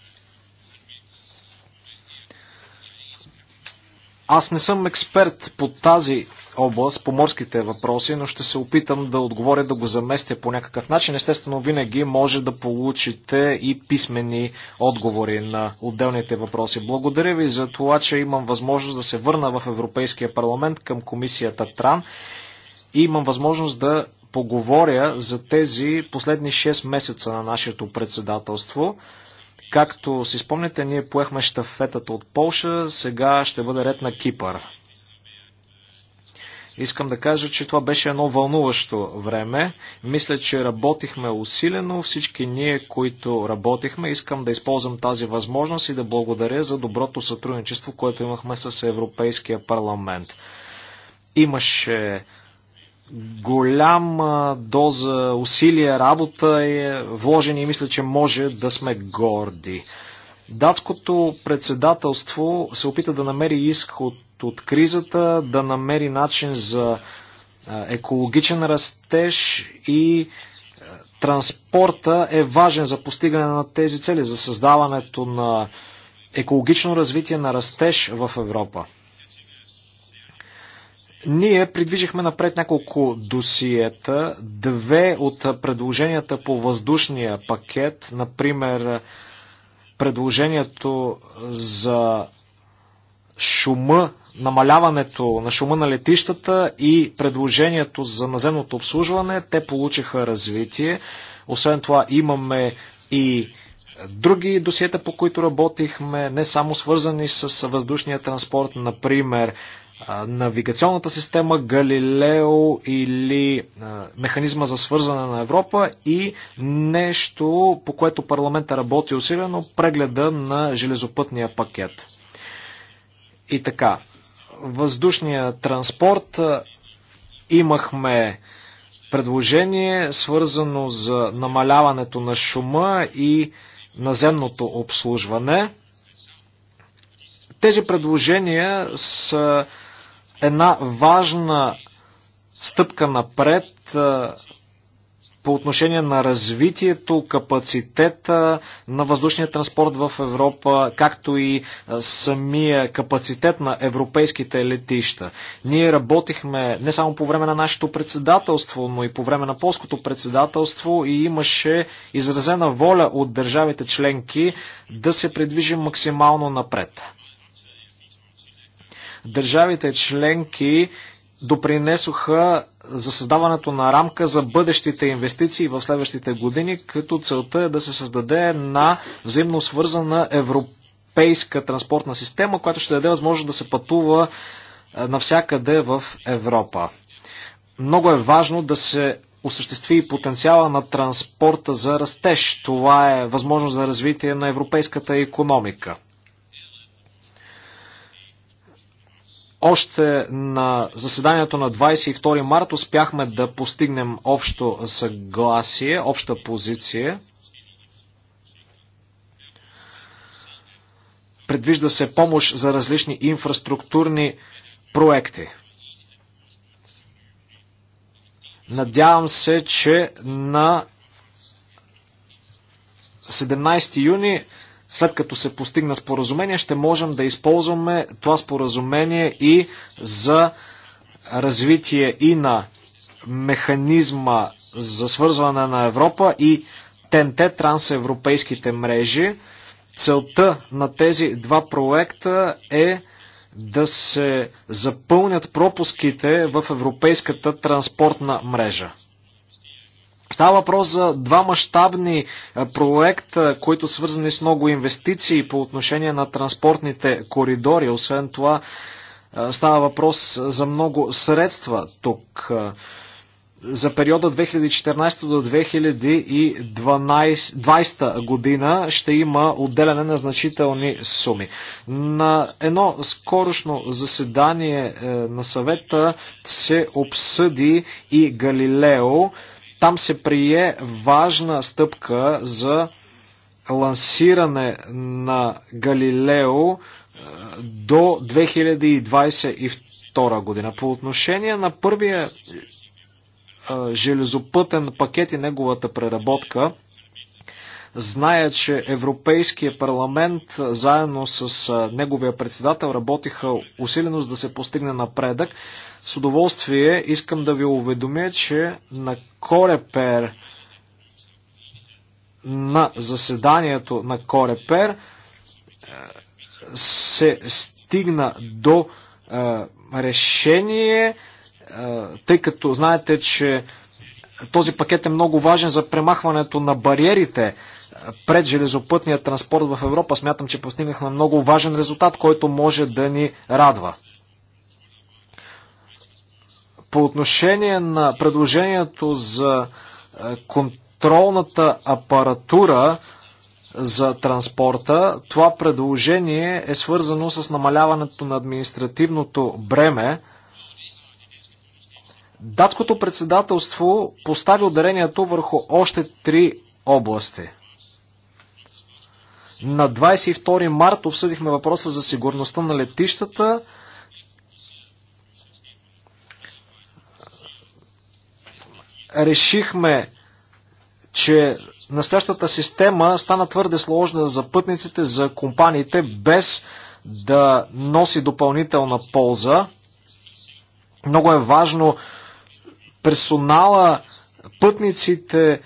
Аз не съм експерт по тази област по морските въпроси, но ще се опитам да отговоря да го заместя по някакъв начин. Естествено, винаги може да получите и писмени отговори на отделните въпроси. Благодаря ви за това, че имам възможност да се върна в Европейския парламент към комисията ТРАН и имам възможност да поговоря за тези последни 6 месеца на нашето председателство. Както си спомняте, ние поехме щафетата от Полша, сега ще бъде ред на Кипър. Искам да кажа, че това беше едно вълнуващо време. Мисля, че работихме усилено. Всички ние, които работихме, искам да използвам тази възможност и да благодаря за доброто сътрудничество, което имахме с Европейския парламент. Имаше голяма доза усилия, работа е вложена и мисля, че може да сме горди. Датското председателство се опита да намери изход от кризата, да намери начин за екологичен растеж и транспорта е важен за постигане на тези цели, за създаването на екологично развитие на растеж в Европа. Ние придвижихме напред няколко досиета, две от предложенията по въздушния пакет, например предложението за шума, намаляването на шума на летищата и предложението за наземното обслужване, те получиха развитие. Освен това имаме и други досиета, по които работихме, не само свързани с въздушния транспорт, например навигационната система Галилео или механизма за свързване на Европа и нещо, по което парламента работи усилено, прегледа на железопътния пакет. И така, въздушния транспорт имахме предложение, свързано за намаляването на шума и наземното обслужване. Тези предложения са една важна стъпка напред по отношение на развитието, капацитета на въздушния транспорт в Европа, както и е, самия капацитет на европейските летища. Ние работихме не само по време на нашето председателство, но и по време на полското председателство и имаше изразена воля от държавите членки да се придвижим максимално напред. Държавите членки допринесоха за създаването на рамка за бъдещите инвестиции в следващите години, като целта е да се създаде на взаимно свързана европейска транспортна система, която ще даде възможност да се пътува е, навсякъде в Европа. Много е важно да се осъществи и потенциала на транспорта за растеж. Това е възможност за развитие на европейската економика. Още на заседанието на 22 март успяхме да постигнем общо съгласие, обща позиция. Предвижда се помощ за различни инфраструктурни проекти. Надявам се, че на 17 юни след като се постигна споразумение, ще можем да използваме това споразумение и за развитие и на механизма за свързване на Европа и ТНТ, трансевропейските мрежи. Целта на тези два проекта е да се запълнят пропуските в европейската транспортна мрежа. Става въпрос за два мащабни е, проекта, които свързани с много инвестиции по отношение на транспортните коридори. Освен това, е, става въпрос за много средства тук. Е, за периода 2014 до 2020 година ще има отделяне на значителни суми. На едно скорошно заседание на съвета се обсъди и Галилео. Там се прие важна стъпка за лансиране на Галилео е, до 2022 година. По отношение на първия е, железопътен пакет и неговата преработка, зная, че Европейския парламент е, заедно с неговия председател работиха усилено за да се постигне напредък. С удоволствие искам да ви уведомя, че на Корепер на заседанието на Корепер е, се стигна до е, решение, е, тъй като знаете, че този пакет е много важен за премахването на бариерите пред железопътния транспорт в Европа. Смятам, че постигнахме много важен резултат, който може да ни радва. По отношение на предложението за е, контролната апаратура за транспорта, това предложение е свързано с намаляването на административното бреме. Датското председателство постави ударението върху още три области. На 22 марта обсъдихме въпроса за сигурността на летищата. решихме, че настоящата система стана твърде сложна за пътниците, за компаниите, без да носи допълнителна полза. Много е важно персонала, пътниците,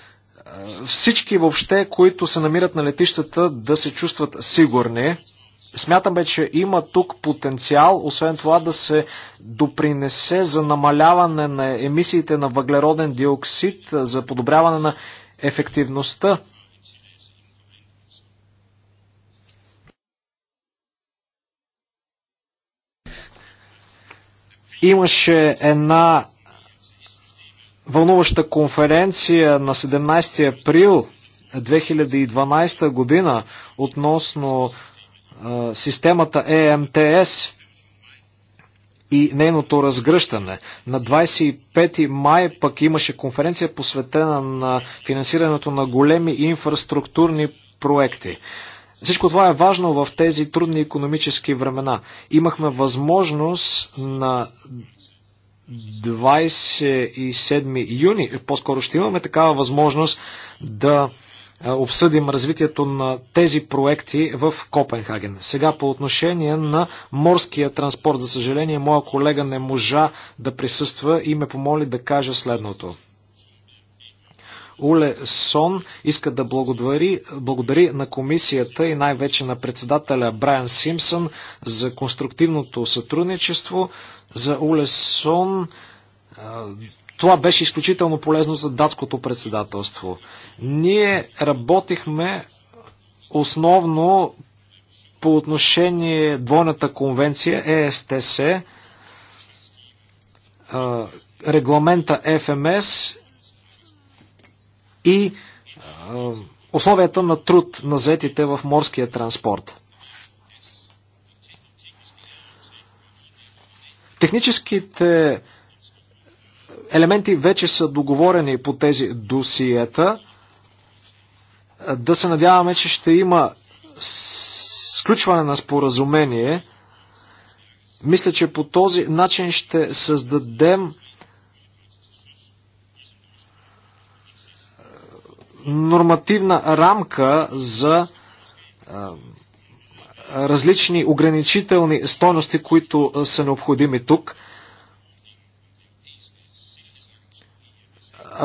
всички въобще, които се намират на летищата, да се чувстват сигурни. Смятаме, че има тук потенциал, освен това да се допринесе за намаляване на емисиите на въглероден диоксид, за подобряване на ефективността имаше една вълнуваща конференция на 17 април 2012 година относно системата ЕМТС e и нейното разгръщане. На 25 май пък имаше конференция посветена на финансирането на големи инфраструктурни проекти. Всичко това е важно в тези трудни економически времена. Имахме възможност на 27 юни, по-скоро ще имаме такава възможност да е, обсъдим развитието на тези проекти в Копенхаген. Сега по отношение на морския транспорт, за съжаление, моя колега не можа да присъства и ме помоли да кажа следното. Уле Сон иска да благодари, благодари на комисията и най-вече на председателя Брайан Симпсън за конструктивното сътрудничество. За Уле Сон е, това беше изключително полезно за датското председателство. Ние работихме основно по отношение двойната конвенция ЕСТС, регламента е ФМС и условията на труд на зетите в морския транспорт. Техническите елементи вече са договорени по тези досиета. Да се надяваме, че ще има сключване на споразумение. Мисля, че по този начин ще създадем нормативна рамка за различни ограничителни стойности, които са необходими тук –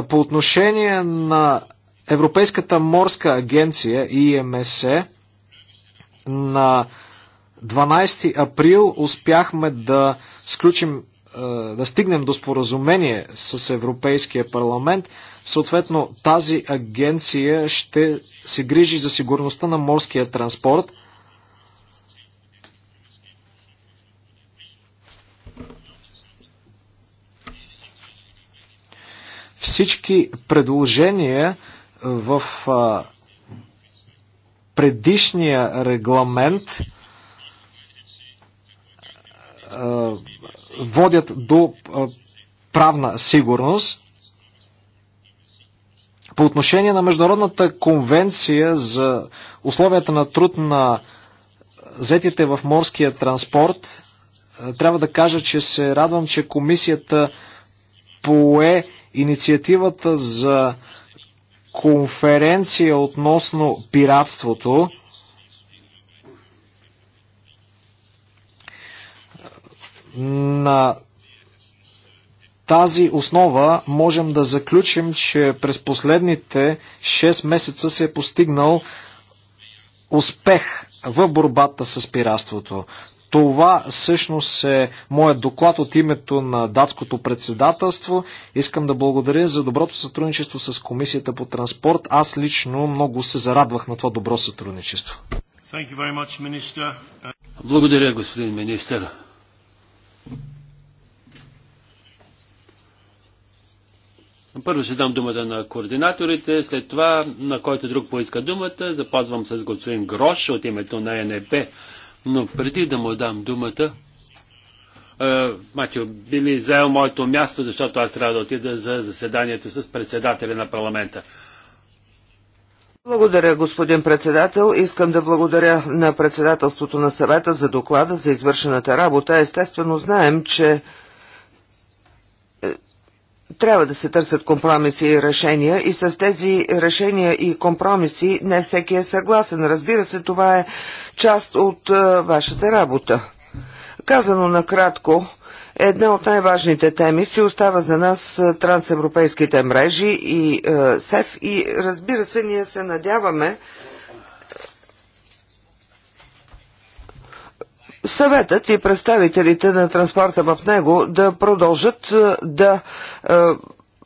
По отношение на Европейската морска агенция ИМС на 12 април успяхме да сключим е, да стигнем до споразумение с Европейския парламент. Съответно, тази агенция ще се грижи за сигурността на морския транспорт – Всички предложения в предишния регламент водят до правна сигурност. По отношение на Международната конвенция за условията на труд на взетите в морския транспорт, трябва да кажа, че се радвам, че комисията пое инициативата за конференция относно пиратството. На тази основа можем да заключим, че през последните 6 месеца се е постигнал успех в борбата с пиратството. Това всъщност е моят доклад от името на датското председателство. Искам да благодаря за доброто сътрудничество с Комисията по транспорт. Аз лично много се зарадвах на това добро сътрудничество. Much, благодаря, господин министър. Първо ще дам думата на координаторите, след това на който друг поиска думата. Запазвам с господин Грош от името на НП. Но преди да му дам думата, е, Матио, ли заел моето място, защото аз трябва да отида за заседанието с председателя на парламента. Благодаря, господин председател. Искам да благодаря на председателството на съвета за доклада за извършената работа. Естествено знаем, че трябва да се търсят компромиси и решения и с тези решения и компромиси не всеки е съгласен. Разбира се, това е част от а, е, вашата работа. Казано накратко, една от най-важните теми си остава за нас е, трансевропейските мрежи и а, е, СЕФ и разбира се, ние се надяваме, съветът и представителите на транспорта в него да продължат е, да е,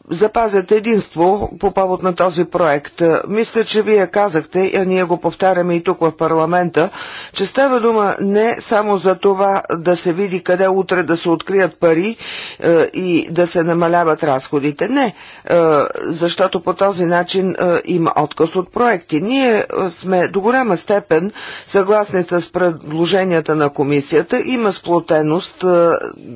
запазят единство по повод на този проект. Мисля, че вие казахте, а ние го повтаряме и тук в парламента, че става дума не само за това да се види къде утре да се открият пари е, и да се намаляват разходите. Не, е, защото по този начин е, има отказ от проекти. Ние е, сме до голяма степен съгласни с предложенията на комисията. Има сплотеност, е,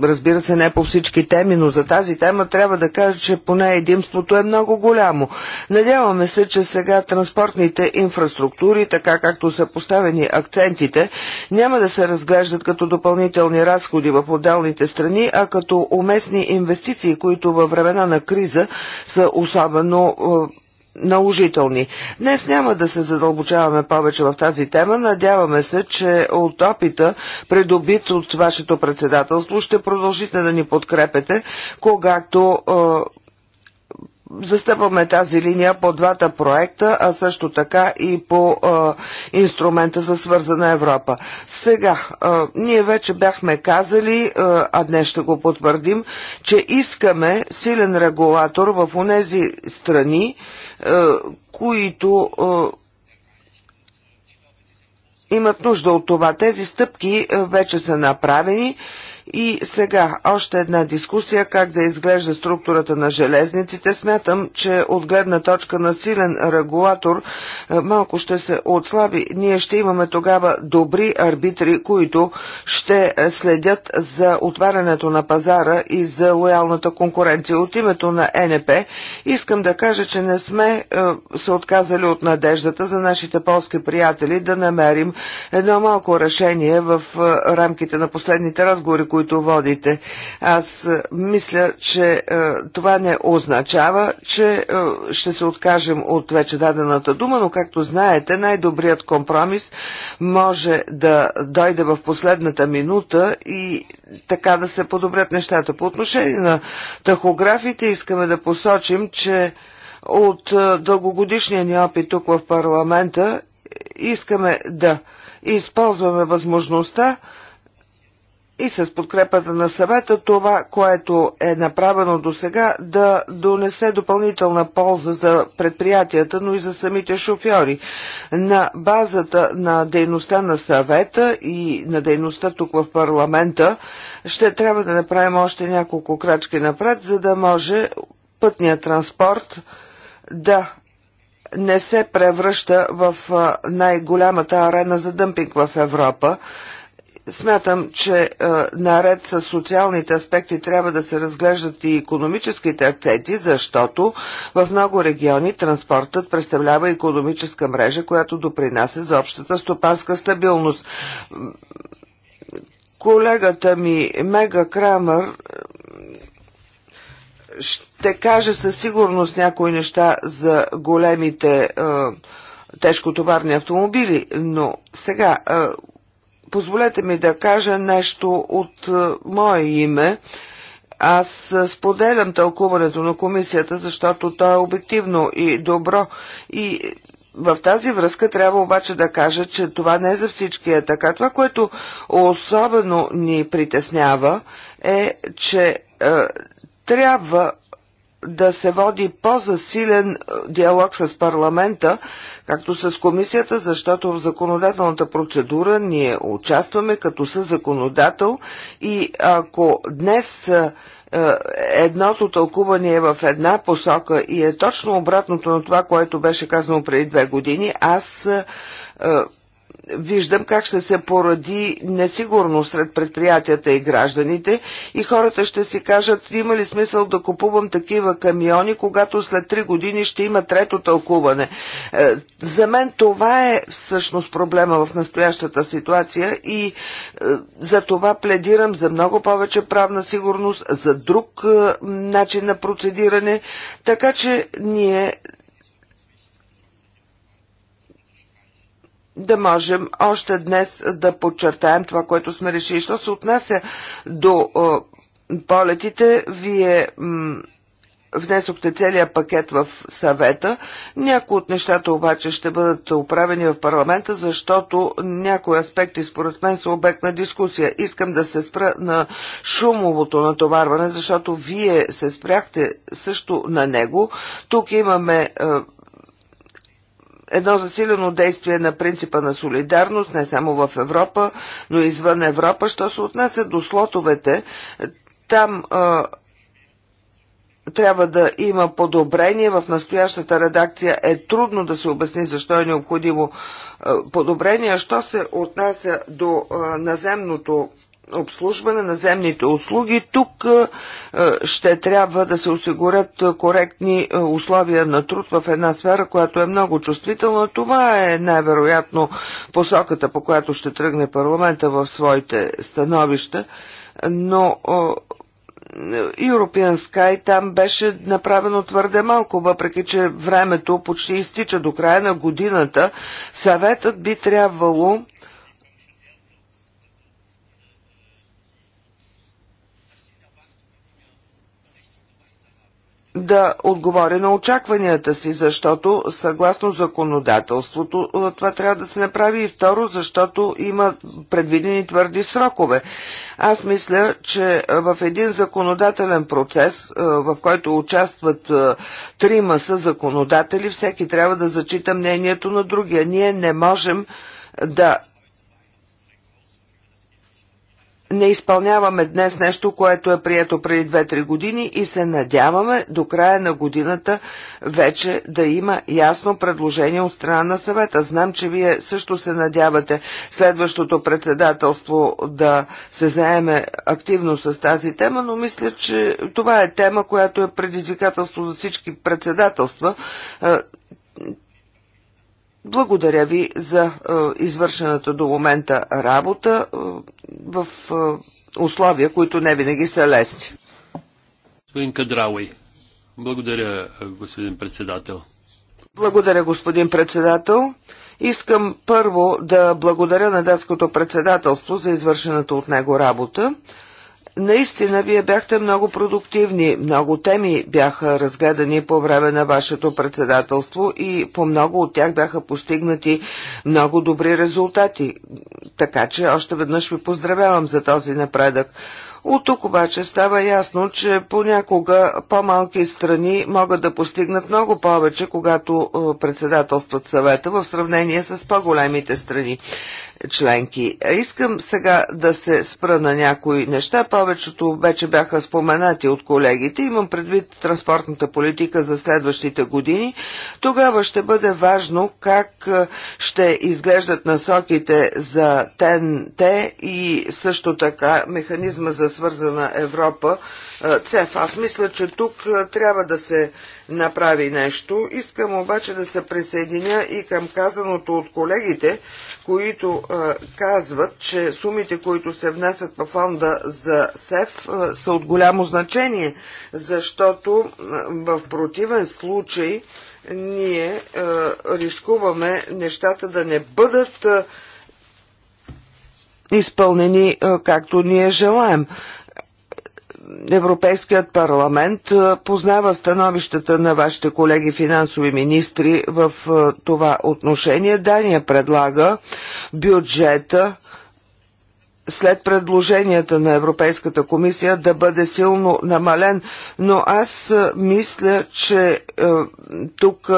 разбира се, не по всички теми, но за тази тема трябва да кажа, че поне на единството е много голямо. Надяваме се, че сега транспортните инфраструктури, така както са поставени акцентите, няма да се разглеждат като допълнителни разходи в отделните страни, а като уместни инвестиции, които във времена на криза са особено е, наложителни. Днес няма да се задълбочаваме повече в тази тема. Надяваме се, че от опита, придобит от вашето председателство, ще продължите да ни подкрепете, когато е, застъпваме тази линия по двата проекта, а също така и по а, инструмента за свързана Европа. Сега, а, ние вече бяхме казали, а днес ще го потвърдим, че искаме силен регулатор в унези страни, а, които а, имат нужда от това. Тези стъпки вече са направени и сега още една дискусия как да изглежда структурата на железниците. Смятам, че от гледна точка на силен регулатор е, малко ще се отслаби. Ние ще имаме тогава добри арбитри, които ще следят за отварянето на пазара и за лоялната конкуренция. От името на НП искам да кажа, че не сме е, се отказали от надеждата за нашите полски приятели да намерим едно малко решение в е, рамките на последните разговори, които водите. Аз е, мисля, че е, това не означава, че е, ще се откажем от вече дадената дума, но както знаете, най-добрият компромис може да дойде в последната минута и така да се подобрят нещата. По отношение на тахографите искаме да посочим, че от дългогодишния ни опит тук в парламента искаме да използваме възможността и с подкрепата на съвета това, което е направено до сега, да донесе допълнителна полза за предприятията, но и за самите шофьори. На базата на дейността на съвета и на дейността тук в парламента ще трябва да направим още няколко крачки напред, за да може пътният транспорт да не се превръща в най-голямата арена за дъмпинг в Европа Смятам, че е, наред с социалните аспекти трябва да се разглеждат и економическите акценти, защото в много региони транспортът представлява економическа мрежа, която допринася за общата стопанска стабилност. Колегата ми Мега Крамър ще каже със сигурност някои неща за големите е, тежкотоварни автомобили, но сега е, позволете ми да кажа нещо от е, мое име. Аз е, споделям тълкуването на комисията, защото то е обективно и добро. И е, в тази връзка трябва обаче да кажа, че това не е за всички е така. Това, което особено ни притеснява е, че е, трябва да се води по-засилен е, диалог с парламента, както с комисията, защото в законодателната процедура ние участваме като със законодател и ако днес е, е, едното тълкуване е в една посока и е точно обратното на това, което беше казано преди две години, аз виждам как ще се поради несигурност сред предприятията и гражданите и хората ще си кажат, има ли смисъл да купувам такива камиони, когато след три години ще има трето тълкуване. Е, за мен това е всъщност проблема в настоящата ситуация и е, за това пледирам за много повече правна сигурност, за друг е, начин на процедиране, така че ние да можем още днес да подчертаем това, което сме решили. Що се отнася до а, е, полетите, вие внесохте целият пакет в съвета. Някои от нещата обаче ще бъдат управени в парламента, защото някои аспекти според мен са обект на дискусия. Искам да се спра на шумовото натоварване, защото вие се спряхте също на него. Тук имаме е, едно засилено действие на принципа на солидарност не само в Европа, но и извън Европа. Що се отнася до слотовете, там а, трябва да има подобрение. В настоящата редакция е трудно да се обясни защо е необходимо подобрение. Що се отнася до наземното обслужване на земните услуги. Тук е, е, ще трябва да се осигурят е, коректни условия на труд в една сфера, която е много чувствителна. Това е най-вероятно посоката, по която ще тръгне парламента в своите становища. Но European Sky там беше направено твърде малко, въпреки че времето почти изтича до края на годината. Съветът би трябвало да отговоря на очакванията си, защото съгласно законодателството това трябва да се направи и второ, защото има предвидени твърди срокове. Аз мисля, че в един законодателен процес, в който участват трима са законодатели, всеки трябва да зачита мнението на другия. Ние не можем да не изпълняваме днес нещо, което е прието преди 2-3 години и се надяваме до края на годината вече да има ясно предложение от страна на съвета. Знам, че вие също се надявате следващото председателство да се заеме активно с тази тема, но мисля, че това е тема, която е предизвикателство за всички председателства благодаря ви за е, извършената до момента работа е, в е, условия, които не винаги са лесни. Господин Кадрауи, благодаря, е, господин председател. Благодаря, господин председател. Искам първо да благодаря на детското председателство за извършената от него работа. Наистина, вие бяхте много продуктивни, много теми бяха разгледани по време на вашето председателство и по много от тях бяха постигнати много добри резултати. Така че още веднъж ви поздравявам за този напредък. От тук обаче става ясно, че понякога по-малки страни могат да постигнат много повече, когато е, председателстват съвета в сравнение с по-големите страни членки. Искам сега да се спра на някои неща. Повечето вече бяха споменати от колегите. Имам предвид транспортната политика за следващите години. Тогава ще бъде важно как ще изглеждат насоките за ТНТ и също така механизма за свързана Европа е, ЦЕФ. Аз мисля, че тук е, трябва да се направи нещо. Искам обаче да се присъединя и към казаното от колегите, които е, казват, че сумите, които се внасят по фонда за СЕФ, са от голямо значение, защото в противен случай ние рискуваме нещата да не бъдат изпълнени както ние желаем. Европейският парламент е, познава становищата на вашите колеги финансови министри в е, това отношение. Дания предлага бюджета след предложенията на Европейската комисия да бъде силно намален, но аз мисля, че е, тук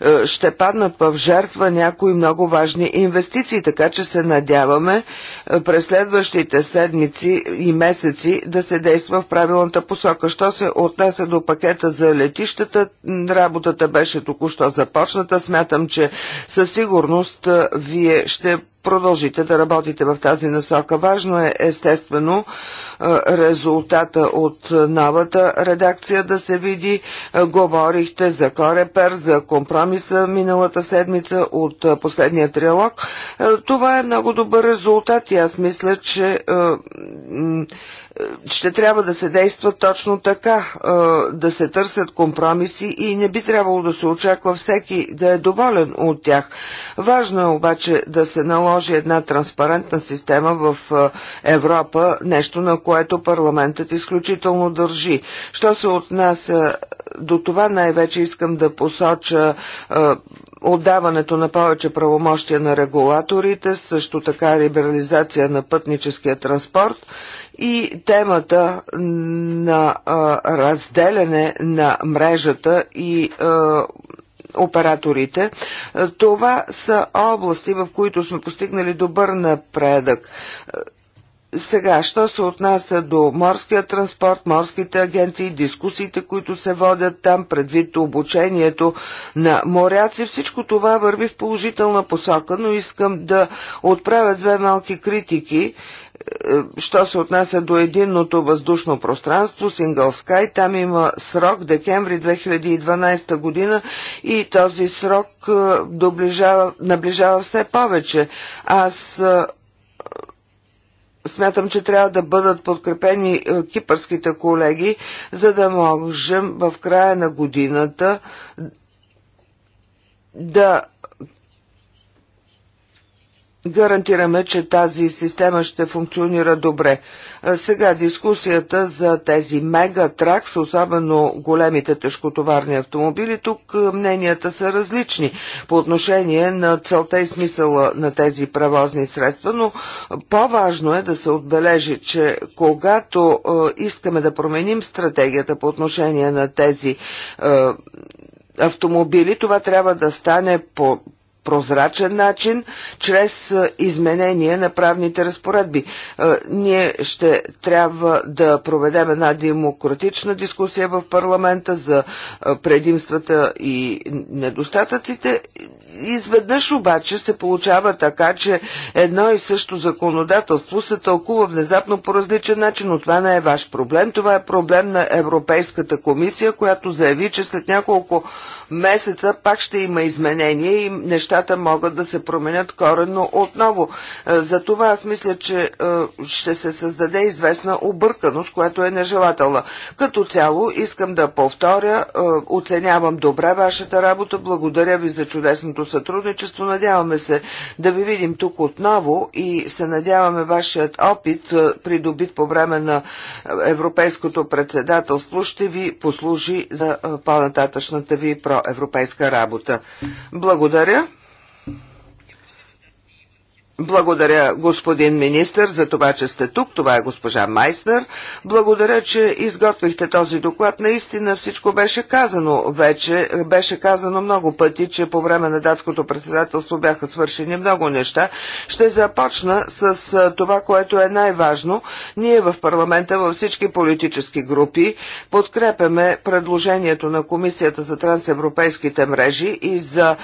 е, ще паднат в жертва някои много важни инвестиции, така че се надяваме е, през следващите седмици и месеци да се действа в правилната посока. Що се отнася до пакета за летищата, работата беше току-що започната. Смятам, че със сигурност вие ще продължите да работите в тази насока. Важно е естествено е, резултата от новата редакция да се види. Е, говорихте за Корепер, за компромиса миналата седмица от е, последния триалог. Това е много добър резултат и аз мисля, че ще трябва да се действа точно така, да се търсят компромиси и не би трябвало да се очаква всеки да е доволен от тях. Важно е обаче да се наложи една транспарентна система в Европа, нещо на което парламентът изключително държи. Що се отнася до това, най-вече искам да посоча отдаването на повече правомощия на регулаторите, също така либерализация на пътническия транспорт и темата на а, разделяне на мрежата и а, операторите. Това са области, в които сме постигнали добър напредък. Сега, що се отнася до морския транспорт, морските агенции, дискусиите, които се водят там, предвид обучението на моряци, всичко това върви в положителна посока, но искам да отправя две малки критики е, що се отнася до единното въздушно пространство, Single Sky, там има срок декември 2012 година и този срок е, доближава, наближава все повече. Аз е, смятам, че трябва да бъдат подкрепени кипърските колеги, за да можем в края на годината да гарантираме, че тази система ще функционира добре. Сега дискусията за тези мегатракс, особено големите тежкотоварни автомобили, тук мненията са различни по отношение на целта и смисъла на тези превозни средства, но по-важно е да се отбележи, че когато искаме да променим стратегията по отношение на тези автомобили, това трябва да стане по прозрачен начин, чрез изменение на правните разпоредби. Ние ще трябва да проведем една демократична дискусия в парламента за предимствата и недостатъците. Изведнъж обаче се получава така, че едно и също законодателство се тълкува внезапно по различен начин, но това не е ваш проблем. Това е проблем на Европейската комисия, която заяви, че след няколко месеца пак ще има изменения и неща нещата могат да се променят коренно отново. Е, за това аз мисля, че е, ще се създаде известна обърканост, която е нежелателна. Като цяло искам да повторя, е, оценявам добре вашата работа, благодаря ви за чудесното сътрудничество, надяваме се да ви видим тук отново и се надяваме вашият опит, придобит по време на европейското председателство, ще ви послужи за по-нататъчната ви проевропейска работа. Благодаря. Благодаря, господин министр, за това, че сте тук. Това е госпожа Майснер. Благодаря, че изготвихте този доклад. Наистина всичко беше казано вече. Беше казано много пъти, че по време на датското председателство бяха свършени много неща. Ще започна с това, което е най-важно. Ние в парламента, във всички политически групи, подкрепяме предложението на Комисията за трансевропейските мрежи и за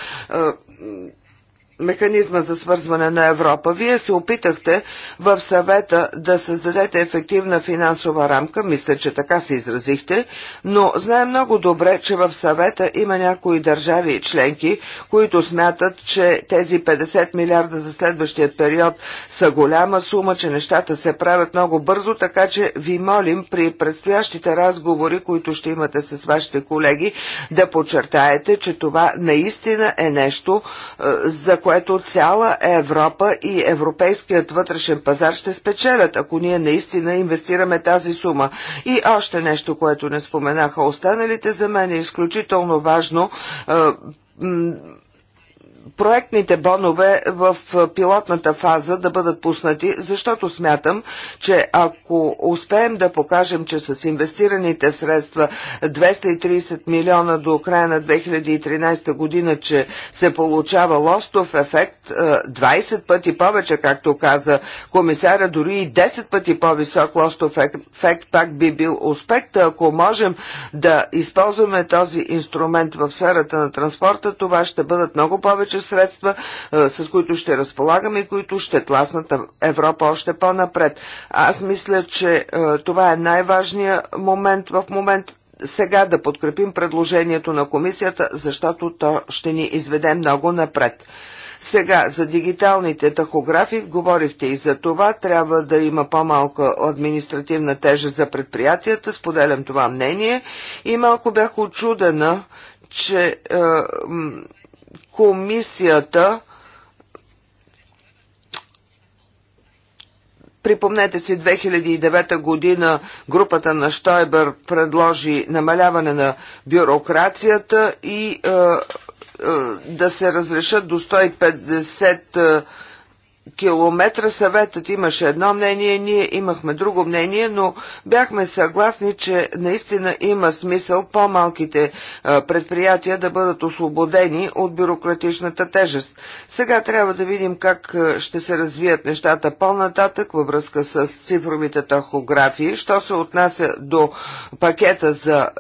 механизма за свързване на Европа. Вие се опитахте в съвета да създадете ефективна финансова рамка, мисля, че така се изразихте, но знае много добре, че в съвета има някои държави и членки, които смятат, че тези 50 милиарда за следващия период са голяма сума, че нещата се правят много бързо, така че ви молим при предстоящите разговори, които ще имате с вашите колеги, да подчертаете, че това наистина е нещо, е, за което цяла Европа и европейският вътрешен пазар ще спечелят, ако ние наистина инвестираме тази сума. И още нещо, което не споменаха останалите, за мен е изключително важно е, проектните бонове в пилотната фаза да бъдат пуснати, защото смятам, че ако успеем да покажем, че с инвестираните средства 230 милиона до края на 2013 година, че се получава лостов ефект 20 пъти повече, както каза комисаря, дори и 10 пъти по-висок лостов ефект пак би бил успех. Ако можем да използваме този инструмент в сферата на транспорта, това ще бъдат много повече повече средства, с които ще разполагаме и които ще тласнат Европа още по-напред. Аз мисля, че това е най-важният момент в момент сега да подкрепим предложението на комисията, защото то ще ни изведе много напред. Сега, за дигиталните тахографи, говорихте и за това, трябва да има по-малка административна тежест за предприятията, споделям това мнение и малко бях очудена, че е, комисията Припомнете си 2009 година групата на Штойбер предложи намаляване на бюрокрацията и е, е, да се разрешат до 150 е, километра съветът имаше едно мнение, ние имахме друго мнение, но бяхме съгласни, че наистина има смисъл по-малките предприятия да бъдат освободени от бюрократичната тежест. Сега трябва да видим как ще се развият нещата по-нататък във връзка с цифровите тахографии. Що се отнася до пакета за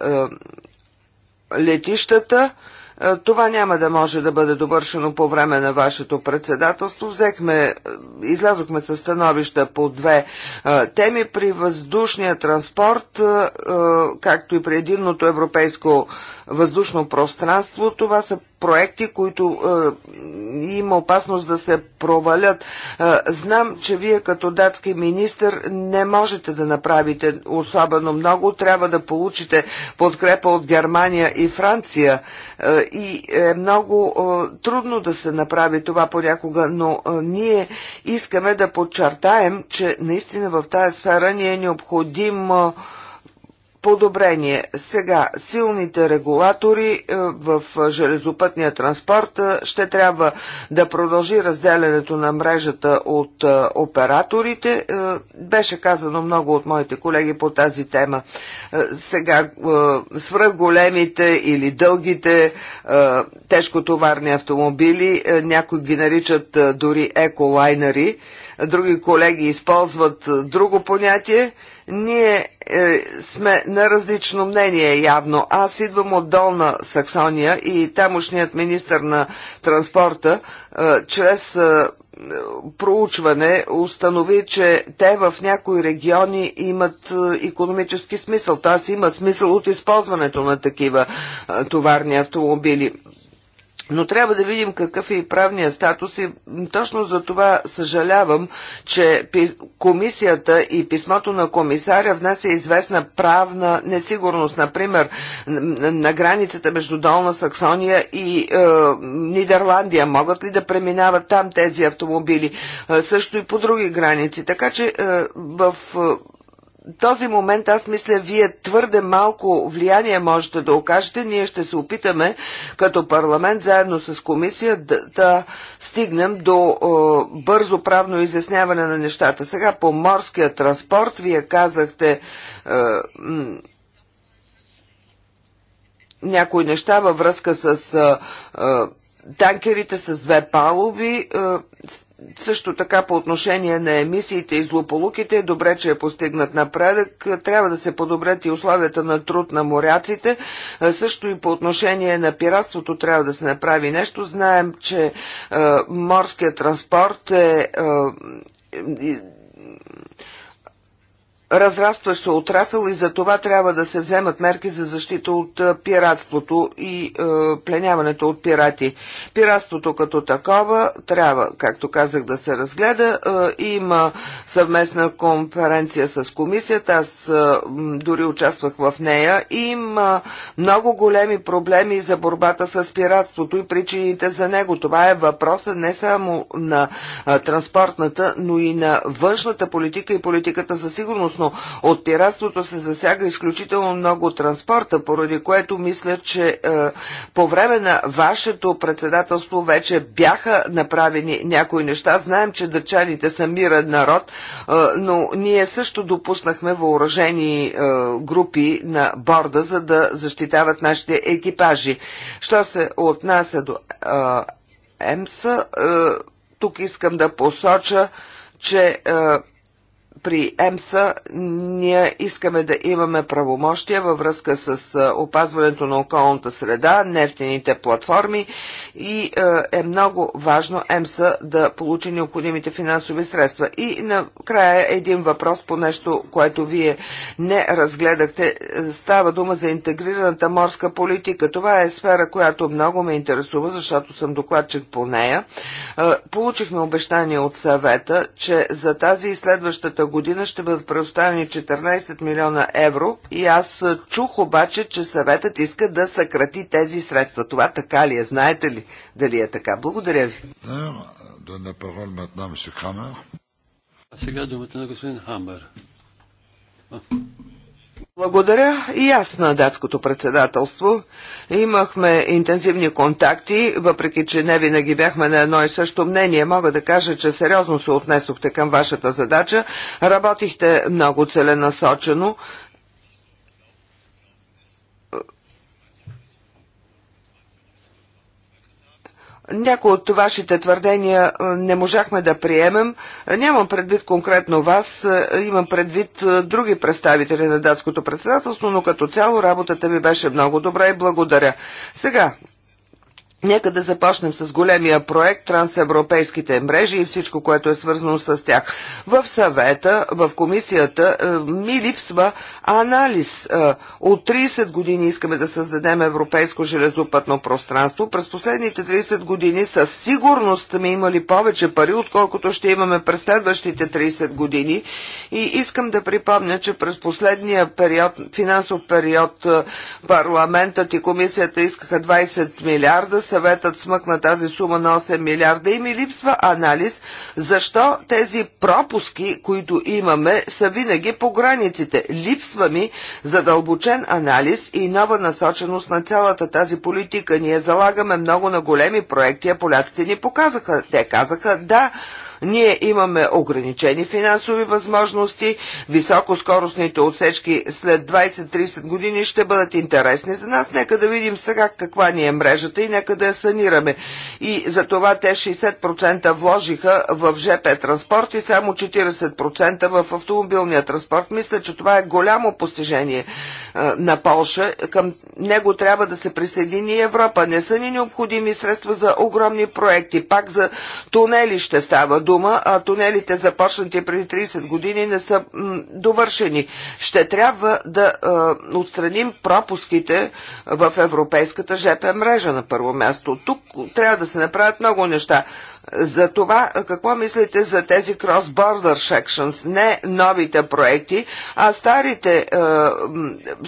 летищата, е, това няма да може да бъде довършено по време на вашето председателство. Взехме, е, излязохме със становища по две е, теми при въздушния транспорт, както и при единното европейско въздушно пространство. Това са проекти, които е, има опасност да се провалят. Е, знам, че вие като датски министр не можете да направите особено много. Трябва да получите подкрепа от Германия и Франция. Е, и е много е, трудно да се направи това понякога, но е, ние искаме да подчертаем, че наистина в тази сфера ни е необходимо е, подобрение. Сега, силните регулатори е, в е, железопътния транспорт е, ще трябва да продължи разделянето на мрежата от операторите. Беше казано много от моите колеги по тази тема. Сега, свръхголемите или дългите тежкотоварни автомобили, някои ги наричат дори еколайнери, други колеги използват е, друго понятие. Ние е, сме на различно мнение явно. Аз идвам от Долна Саксония и тамошният министр на транспорта е, чрез е, проучване установи, че те в някои региони имат економически смисъл, т.е. има смисъл от използването на такива е, товарни автомобили. Но трябва да видим какъв е и правния статус и точно за това съжалявам, че комисията и писмото на комисаря внася известна правна несигурност, например на границата между Долна Саксония и е, Нидерландия. Могат ли да преминават там тези автомобили? Е, също и по други граници. Така че е, в този момент аз мисля, вие твърде малко влияние можете да окажете. Ние ще се опитаме като парламент, заедно с комисия, да, да стигнем до е, бързо правно изясняване на нещата. Сега по морския транспорт, вие казахте. Е, някои неща във връзка с е, е, танкерите с две палуби. Е, също така по отношение на емисиите и злополуките, добре, че е постигнат напредък. Трябва да се подобрят и условията на труд на моряците. Също и по отношение на пиратството трябва да се направи нещо. Знаем, че морският транспорт е разрастващ се отрасъл и за това трябва да се вземат мерки за защита от пиратството и е, пленяването от пирати. Пиратството като такова трябва, както казах, да се разгледа. Е, има съвместна конференция с комисията, аз е, дори участвах в нея. Има много големи проблеми за борбата с пиратството и причините за него. Това е въпроса не само на е, транспортната, но и на външната политика и политиката за сигурност опасно. От пиратството се засяга изключително много транспорта, поради което мисля, че е, по време на вашето председателство вече бяха направени някои неща. Знаем, че дъчаните са мирен народ, е, но ние също допуснахме въоръжени е, групи на борда, за да защитават нашите екипажи. Що се отнася до е, ЕМСА, е, тук искам да посоча, че е, при ЕМСА ние искаме да имаме правомощия във връзка с опазването на околната среда, нефтените платформи и е много важно ЕМСА да получи необходимите финансови средства. И накрая един въпрос по нещо, което вие не разгледахте. Става дума за интегрираната морска политика. Това е сфера, която много ме интересува, защото съм докладчик по нея. Получихме обещание от съвета, че за тази и следващата година ще бъдат предоставени 14 милиона евро и аз чух обаче, че съветът иска да съкрати тези средства. Това така ли е? Знаете ли дали е така? Благодаря ви. А сега думата на господин Хамър. Благодаря и аз на датското председателство. Имахме интензивни контакти, въпреки че не винаги бяхме на едно и също мнение. Мога да кажа, че сериозно се отнесохте към вашата задача. Работихте много целенасочено. някои от вашите твърдения не можахме да приемем. Нямам предвид конкретно вас, имам предвид други представители на датското председателство, но като цяло работата ви беше много добра и благодаря. Сега, Нека да започнем с големия проект Трансевропейските мрежи и всичко, което е свързано с тях. В съвета, в комисията е, ми липсва анализ. Е, от 30 години искаме да създадем европейско железопътно пространство. През последните 30 години със сигурност сме имали повече пари, отколкото ще имаме през следващите 30 години. И искам да припомня, че през последния период, финансов период е, парламентът и комисията искаха 20 милиарда съветът смъкна тази сума на 8 милиарда и ми липсва анализ защо тези пропуски, които имаме, са винаги по границите. Липсва ми задълбочен анализ и нова насоченост на цялата тази политика. Ние залагаме много на големи проекти, а поляците ни показаха. Те казаха да, ние имаме ограничени финансови възможности, високоскоростните отсечки след 20-30 години ще бъдат интересни за нас. Нека да видим сега каква ни е мрежата и нека да я санираме. И за това те 60% вложиха в ЖП транспорт и само 40% в автомобилния транспорт. Мисля, че това е голямо постижение е, на Полша. Към него трябва да се присъедини Европа. Не са ни необходими средства за огромни проекти. Пак за тунели ще става дума, а тунелите започнати преди 30 години не са довършени. Ще трябва да отстраним пропуските в европейската ЖП мрежа на първо място. Тук трябва да се направят много неща за това какво мислите за тези cross-border sections, не новите проекти, а старите е,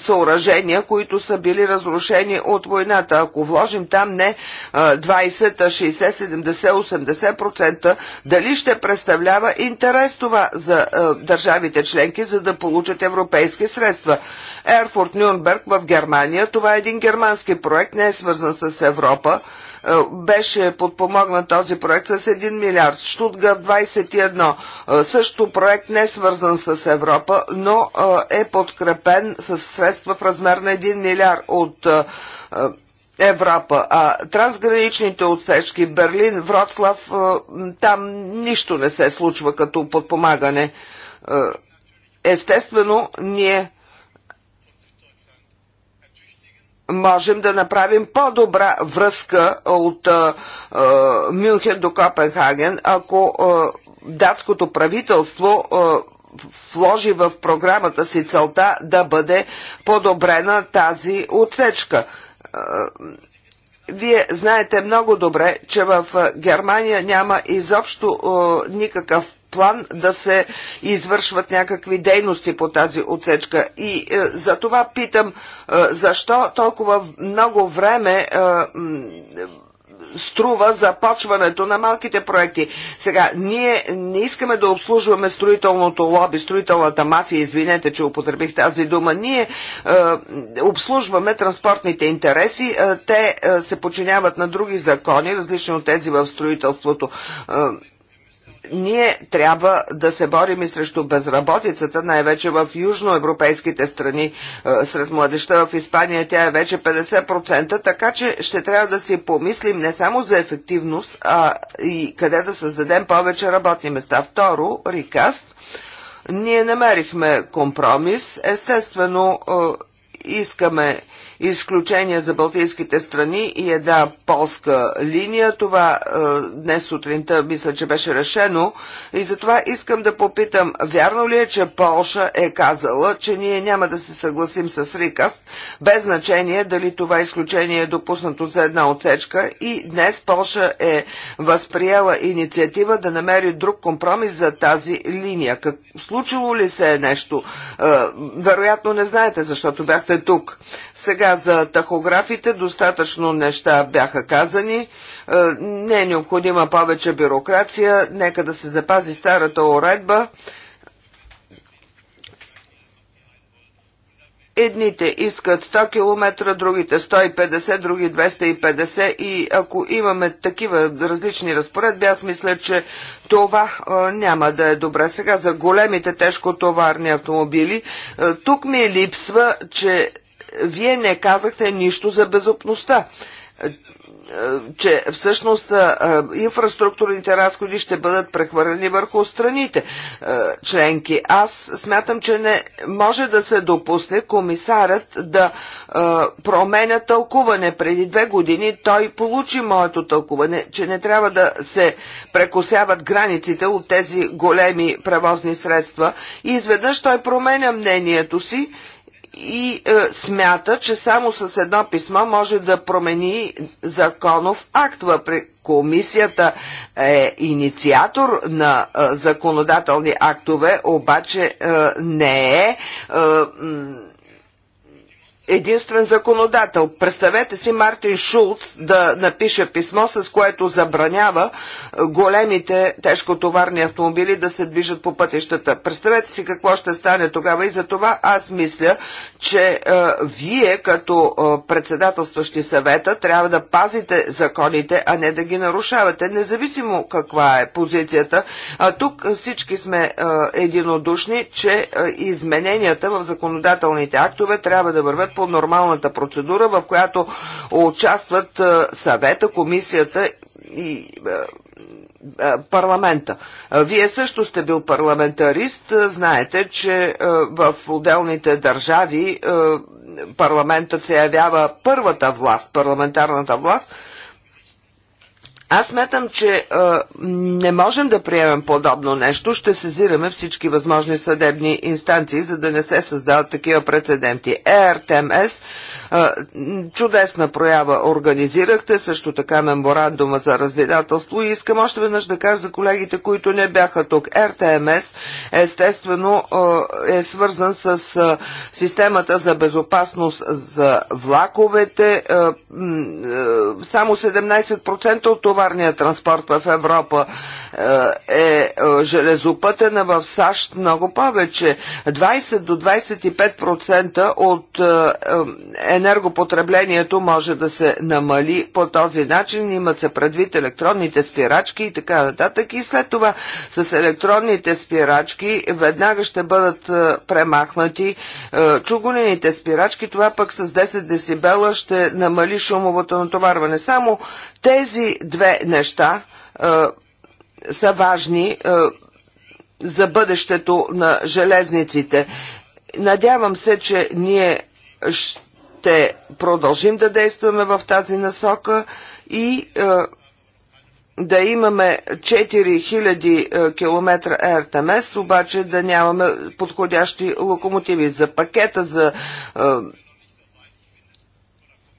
съоръжения, които са били разрушени от войната. Ако вложим там не 20, 60, 70, 80%, дали ще представлява интерес това за е, държавите членки, за да получат европейски средства? Ерфорт Нюрнберг в Германия, това е един германски проект, не е свързан с Европа. Е, беше подпомогнат този проект с 1 милиард. Штутгарт 21. Е, също проект не е свързан с Европа, но е, е подкрепен с средства в размер на 1 милиард от Европа, а трансграничните отсечки Берлин, Вроцлав, там нищо не се случва като подпомагане. Естествено, ние можем да направим по-добра връзка от а, а, Мюнхен до Копенхаген, ако а, датското правителство а, вложи в програмата си целта да бъде подобрена тази отсечка. А, вие знаете много добре, че в Германия няма изобщо е, никакъв план да се извършват някакви дейности по тази отсечка. И е, за това питам, е, защо толкова много време е, струва започването на малките проекти. Сега, ние не искаме да обслужваме строителното лоби, строителната мафия, извинете, че употребих тази дума. Ние е, обслужваме транспортните интереси, е, те е, се подчиняват на други закони, различни от тези в строителството. Е, ние трябва да се борим и срещу безработицата, най-вече в южноевропейските страни. Е, сред младеща в Испания тя е вече 50%, така че ще трябва да си помислим не само за ефективност, а и къде да създадем повече работни места. Второ, Рикаст. Ние намерихме компромис. Естествено, е, искаме изключение за балтийските страни и една полска линия. Това е, днес сутринта мисля, че беше решено. И затова искам да попитам, вярно ли е, че Полша е казала, че ние няма да се съгласим с Рикаст, без значение дали това изключение е допуснато за една отсечка и днес Полша е възприела инициатива да намери друг компромис за тази линия. Как, случило ли се е нещо? Е, вероятно не знаете, защото бяхте тук. Сега за тахографите достатъчно неща бяха казани. Е, не е необходима повече бюрокрация. Нека да се запази старата уредба. Едните искат 100 км, другите 150, други 250 и ако имаме такива различни разпоредби, аз мисля, че това а, е, няма да е добре. Сега за големите тежкотоварни автомобили, а, е, тук ми е липсва, че вие не казахте нищо за безопността че всъщност инфраструктурните разходи ще бъдат прехвърлени върху страните членки. Аз смятам, че не може да се допусне комисарът да променя тълкуване. Преди две години той получи моето тълкуване, че не трябва да се прекосяват границите от тези големи превозни средства и изведнъж той променя мнението си и е, смята, че само с едно писмо може да промени законов акт. Въпреки комисията е инициатор на е, законодателни актове, обаче е, не е. е единствен законодател. Представете си Мартин Шулц да напише писмо, с което забранява е, големите тежкотоварни автомобили да се движат по пътищата. Представете си какво ще стане тогава и за това аз мисля, че е, вие като е, председателстващи съвета трябва да пазите законите, а не да ги нарушавате, независимо каква е позицията. А тук всички сме е, единодушни, че е, измененията в законодателните актове трябва да върват по нормалната процедура, в която участват е, съвета, комисията и е, е, парламента. Вие също сте бил парламентарист. Знаете, че в отделните държави парламентът се явява първата власт, парламентарната власт, аз сметам, че а, не можем да приемем подобно нещо. Ще сезираме всички възможни съдебни инстанции, за да не се създават такива прецеденти. ЕРТМС Чудесна проява организирахте, също така меморандума за разбирателство и искам още веднъж да кажа за колегите, които не бяха тук. РТМС естествено е свързан с системата за безопасност за влаковете. Само 17% от товарния транспорт в Европа е железопътена в САЩ много повече. 20 до 25% от енергопотреблението може да се намали по този начин. Имат се предвид електронните спирачки и така нататък. И след това с електронните спирачки веднага ще бъдат е, премахнати е, чугунените спирачки. Това пък с 10 десибела ще намали шумовото натоварване. Само тези две неща е, са важни за бъдещето на железниците. Надявам се, че ние ще ще продължим да действаме в тази насока и е, да имаме 4000 км РТМС, обаче да нямаме подходящи локомотиви. За пакета, за е,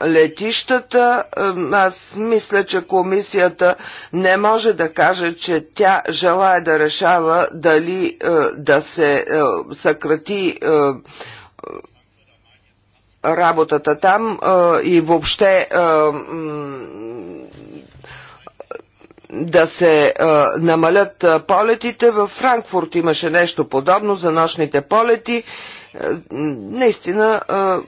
летищата, е, аз мисля, че комисията не може да каже, че тя желая да решава дали да се съкрати е, работата там и въобще да се а, намалят полетите. В Франкфурт имаше нещо подобно за нощните полети. А, наистина, а,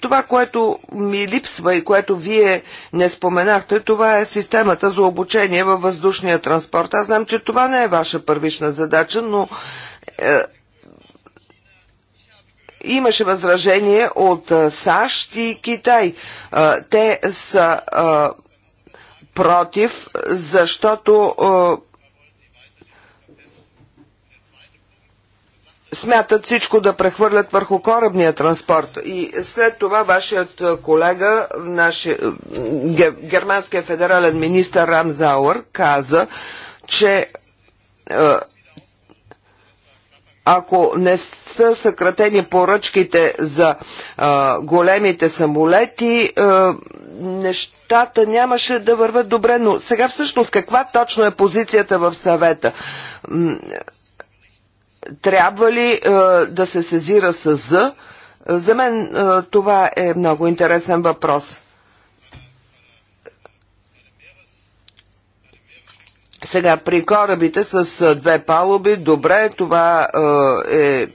това, което ми липсва и което вие не споменахте, това е системата за обучение във въздушния транспорт. Аз знам, че това не е ваша първична задача, но. А, е, имаше възражение от САЩ и Китай. Те са против, защото смятат всичко да прехвърлят върху корабния транспорт. И след това вашият колега, наши, германския федерален министр Рамзауър, каза, че ако не са съкратени поръчките за а, големите самолети, а, нещата нямаше да върват добре. Но сега всъщност каква точно е позицията в съвета? Трябва ли а, да се сезира с З? За мен а, това е много интересен въпрос. Сега, при корабите с две палуби, добре, това е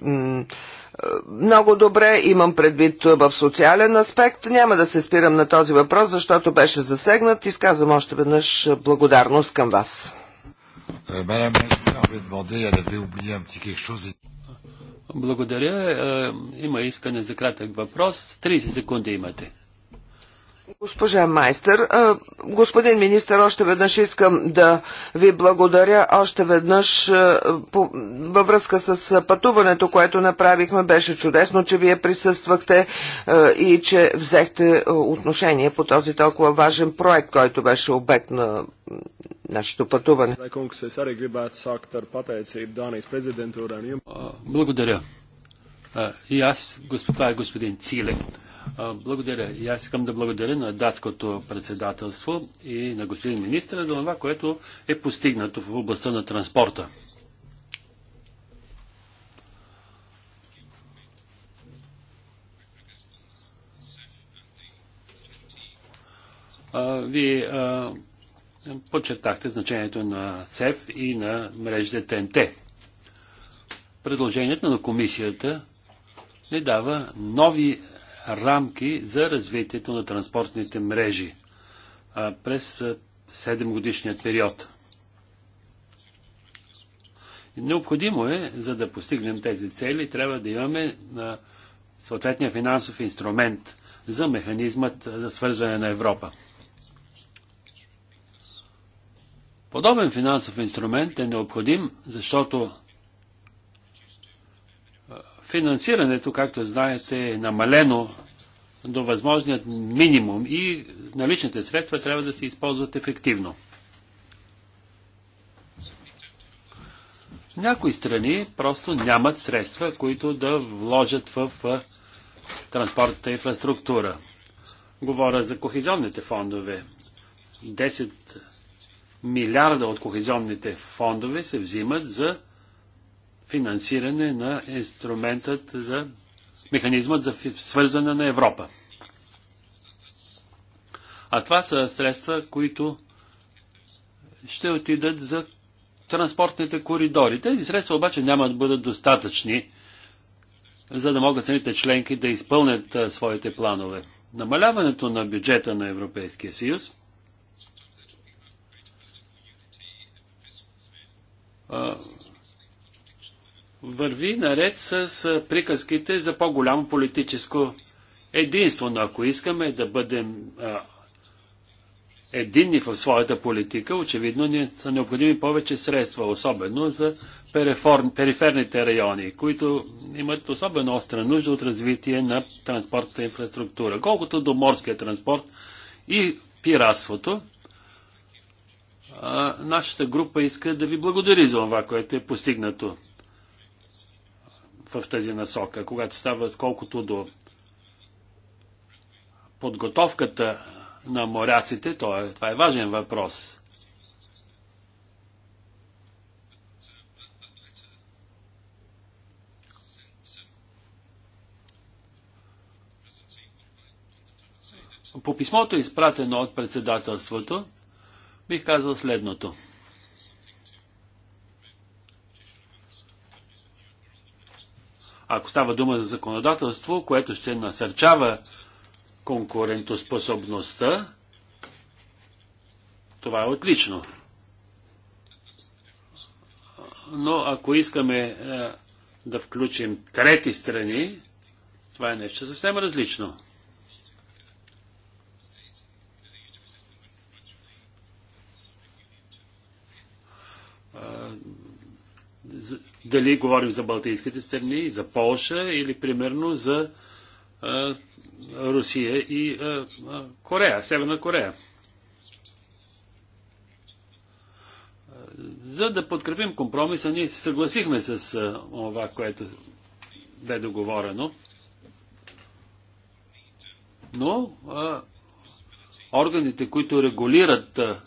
много добре, имам предвид в социален аспект. Няма да се спирам на този въпрос, защото беше засегнат. Изказвам още веднъж благодарност към вас. Е, благодаря. Е, има искане за кратък въпрос. 30 секунди имате. Госпожа Майстър, господин министър, още веднъж искам да ви благодаря. Още веднъж във връзка с пътуването, което направихме, беше чудесно, че вие присъствахте и че взехте отношение по този толкова важен проект, който беше обект на нашето пътуване. Благодаря. И аз, господа и е господин Цилек, благодаря. И аз искам да благодаря на датското председателство и на господин министра за това, което е постигнато в областта на транспорта. Вие подчертахте значението на СЕФ и на мрежите ТНТ. Предложението на комисията не дава нови рамки за развитието на транспортните мрежи а, през 7 годишния период. Необходимо е, за да постигнем тези цели, трябва да имаме а, съответния финансов инструмент за механизмът за свързване на Европа. Подобен финансов инструмент е необходим, защото Финансирането, както знаете, е намалено до възможният минимум и наличните средства трябва да се използват ефективно. Някои страни просто нямат средства, които да вложат в транспортната инфраструктура. Говоря за кохезионните фондове. 10 милиарда от кохезионните фондове се взимат за финансиране на инструментът за механизмът за свързване на Европа. А това са средства, които ще отидат за транспортните коридори. Тези средства обаче няма да бъдат достатъчни, за да могат самите членки да изпълнят своите планове. Намаляването на бюджета на Европейския съюз а, върви наред с приказките за по-голямо политическо единство. Но ако искаме да бъдем а, единни в своята политика, очевидно ни са необходими повече средства, особено за периферните райони, които имат особено остра нужда от развитие на транспортната инфраструктура. Колкото до морския транспорт и пиратството, нашата група иска да ви благодари за това, което е постигнато в тази насока, когато става колкото до подготовката на моряците, то е, това е важен въпрос. По писмото, изпратено от председателството, бих казал следното – Ако става дума за законодателство, което ще насърчава конкурентоспособността, това е отлично. Но ако искаме е, да включим трети страни, това е нещо съвсем различно. Дали говорим за Балтийските страни, за Полша или примерно за а, Русия и а, а, Корея, Северна Корея. За да подкрепим компромиса, ние се съгласихме с а, това, което бе договорено. Но а, органите, които регулират а,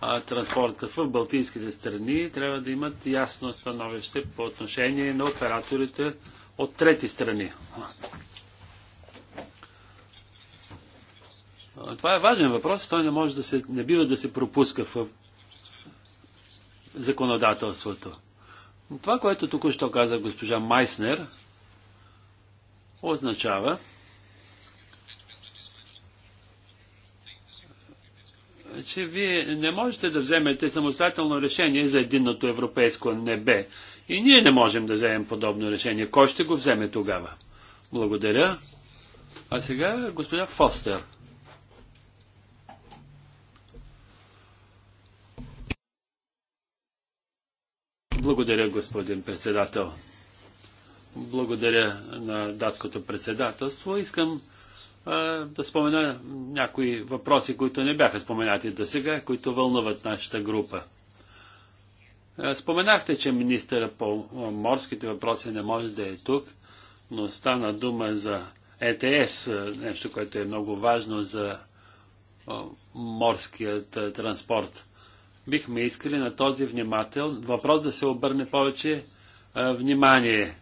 а, транспорта в Балтийските страни трябва да имат ясно становище по отношение на операторите от трети страни. Това е важен въпрос, той не може да се, не бива да се пропуска в законодателството. Но Това, което току-що каза госпожа Майснер, означава, че вие не можете да вземете самостоятелно решение за единното европейско небе. И ние не можем да вземем подобно решение. Кой ще го вземе тогава? Благодаря. А сега господа Фостер. Благодаря, господин председател. Благодаря на датското председателство. Искам да спомена някои въпроси, които не бяха споменати до сега, които вълнуват нашата група. Споменахте, че министъра по морските въпроси не може да е тук, но стана дума за ЕТС, нещо, което е много важно за морският транспорт. Бихме искали на този внимател въпрос да се обърне повече внимание,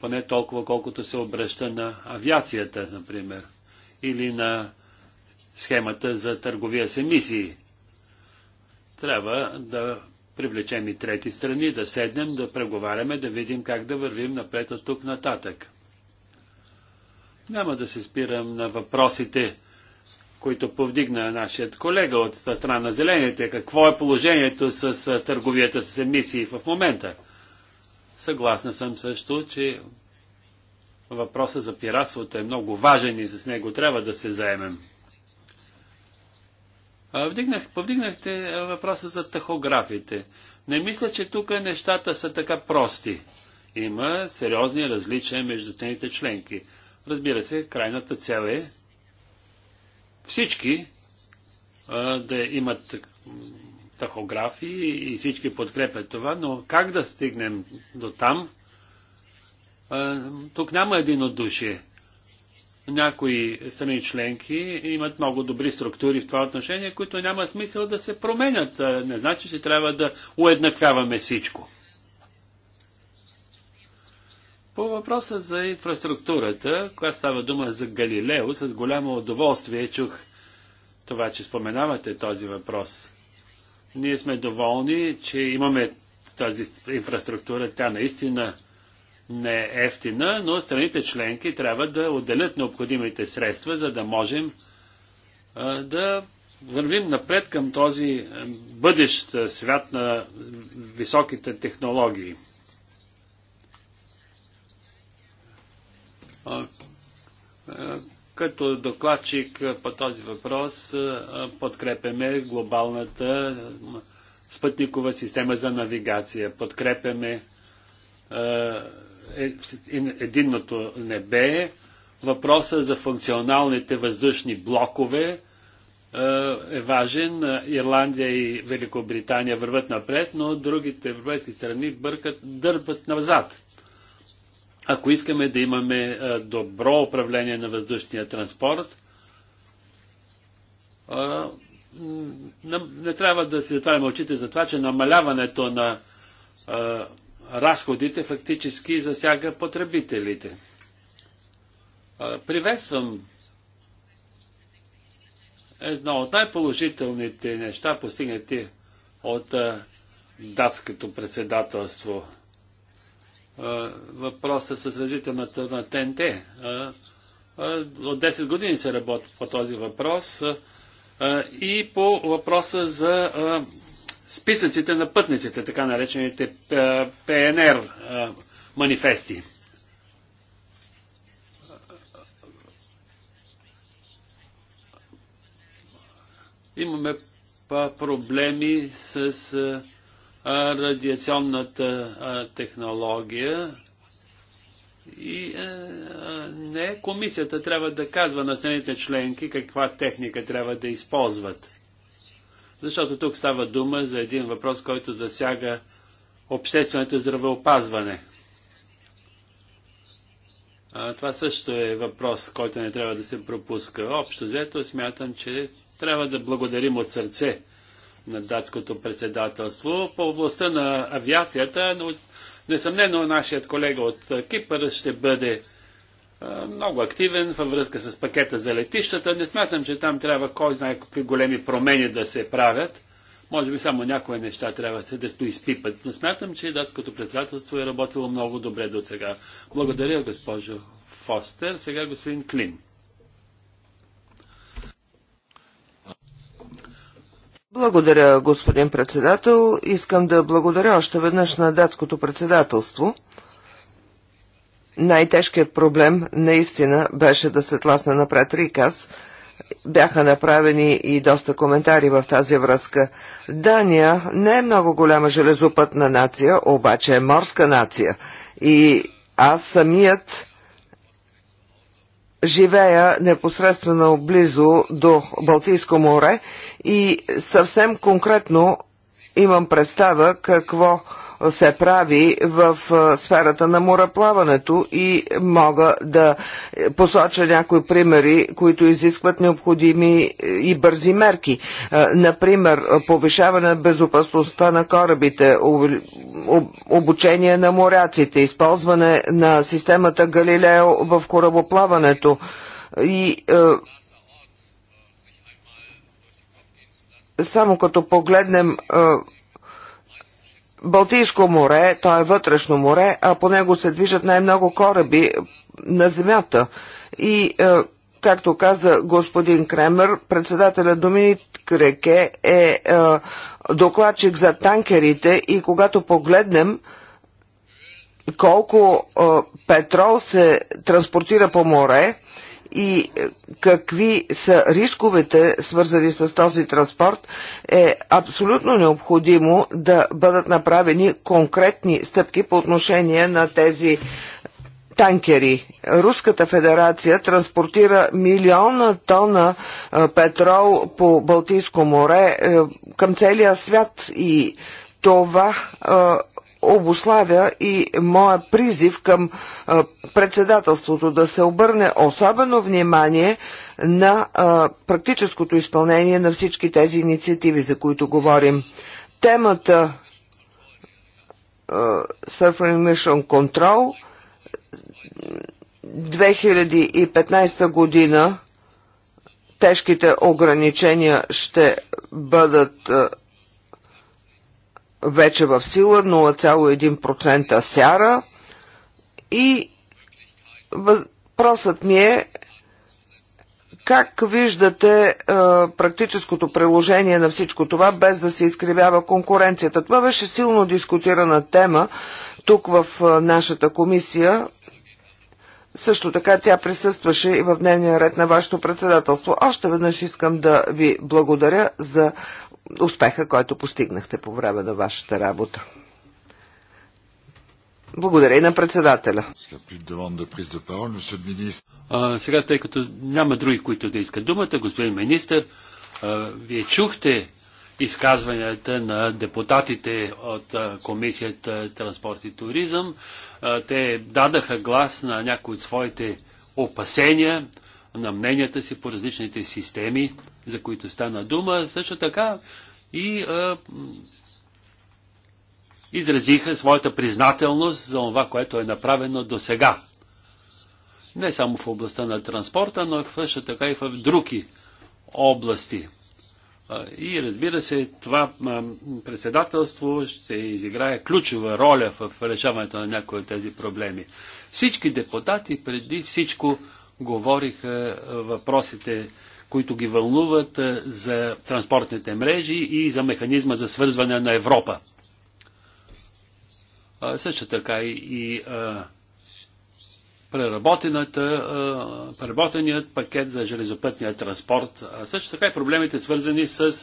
поне толкова колкото се обръща на авиацията, например или на схемата за търговия с емисии. Трябва да привлечем и трети страни, да седнем, да преговаряме, да видим как да вървим напред от тук нататък. Няма да се спирам на въпросите, които повдигна нашият колега от страна на зелените. Какво е положението с търговията с емисии в момента? Съгласна съм също, че въпроса за пиратството е много важен и с него трябва да се заемем. Вдигнах, повдигнахте въпроса за тахографите. Не мисля, че тук нещата са така прости. Има сериозни различия между стените членки. Разбира се, крайната цел е всички а, да имат тахографи и всички подкрепят това, но как да стигнем до там, тук няма един от души. Някои страни членки имат много добри структури в това отношение, които няма смисъл да се променят. Не значи, че трябва да уеднаквяваме всичко. По въпроса за инфраструктурата, която става дума за Галилео, с голямо удоволствие чух това, че споменавате този въпрос. Ние сме доволни, че имаме тази инфраструктура. Тя наистина не е ефтина, но страните членки трябва да отделят необходимите средства, за да можем да вървим напред към този бъдещ свят на високите технологии. като докладчик по този въпрос подкрепяме глобалната спътникова система за навигация. Подкрепяме е, е, единното небе, въпроса е за функционалните въздушни блокове е важен. Ирландия и Великобритания върват напред, но другите европейски страни бъркат, дърпат назад. Ако искаме да имаме добро управление на въздушния транспорт, не трябва да си затваряме очите за това, че намаляването на разходите фактически засяга потребителите. Приветствам едно от най-положителните неща, постигнати от датското председателство. Въпросът с разжителната на ТНТ. От 10 години се работи по този въпрос и по въпроса за списъците на пътниците, така наречените ПНР е, е, манифести. Имаме проблеми с е, радиационната технология и не комисията трябва да казва на страните членки каква техника трябва да използват. Защото тук става дума за един въпрос, който засяга общественото здравеопазване. А, това също е въпрос, който не трябва да се пропуска. Общо взето смятам, че трябва да благодарим от сърце на датското председателство. По областта на авиацията, но несъмнено нашият колега от Кипър ще бъде е, много активен във връзка с пакета за летищата. Не смятам, че там трябва кой знае какви големи промени да се правят. Може би само някои неща трябва да се изпипат. Но смятам, че датското председателство е работило много добре до сега. Благодаря, госпожо Фостер. Сега господин Клин. Благодаря, господин председател. Искам да благодаря още веднъж на датското председателство – най-тежкият проблем наистина беше да се тласне напред Рикас. Бяха направени и доста коментари в тази връзка. Дания не е много голяма железопътна нация, обаче е морска нация. И аз самият живея непосредствено близо до Балтийско море и съвсем конкретно имам представа какво се прави в сферата на мораплаването и мога да посоча някои примери, които изискват необходими е, и бързи мерки. Например, повишаване на безопасността на корабите, обучение на моряците, използване на системата Галилео в корабоплаването и само като погледнем Балтийско море, то е вътрешно море, а по него се движат най-много кораби на земята. И, е, както каза господин Кремер, председателя Доминик Реке е, е, докладчик за танкерите и когато погледнем колко е, петрол се транспортира по море, и е, какви са рисковете, свързани с този транспорт, е абсолютно необходимо да бъдат направени конкретни стъпки по отношение на тези танкери. Руската федерация транспортира милиона тона е, петрол по Балтийско море е, към целия свят и това обославя и моя призив към председателството да се обърне особено внимание на практическото изпълнение на всички тези инициативи, за които говорим. Темата Surfing Mission Control 2015 година тежките ограничения ще бъдат вече в сила 0,1% сяра и въпросът ми е как виждате а, е, практическото приложение на всичко това, без да се изкривява конкуренцията? Това беше силно дискутирана тема тук в а, е, нашата комисия. Също така тя присъстваше и в дневния ред на вашето председателство. Още веднъж искам да ви благодаря за успеха, който постигнахте по време на вашата работа. Благодаря и на председателя. А, сега, тъй като няма други, които да искат думата, господин министр, а, вие чухте изказванията на депутатите от Комисията Транспорт и туризъм. А, те дадаха глас на някои от своите опасения, на мненията си по различните системи за които стана дума, също така и а, изразиха своята признателност за това, което е направено до сега. Не само в областта на транспорта, но също така и в други области. И разбира се, това председателство ще изиграе ключова роля в решаването на някои от тези проблеми. Всички депутати преди всичко говориха въпросите които ги вълнуват е, за транспортните мрежи и за механизма за свързване на Европа. Също така и преработената, преработеният пакет за железопътния транспорт, а също така и проблемите свързани с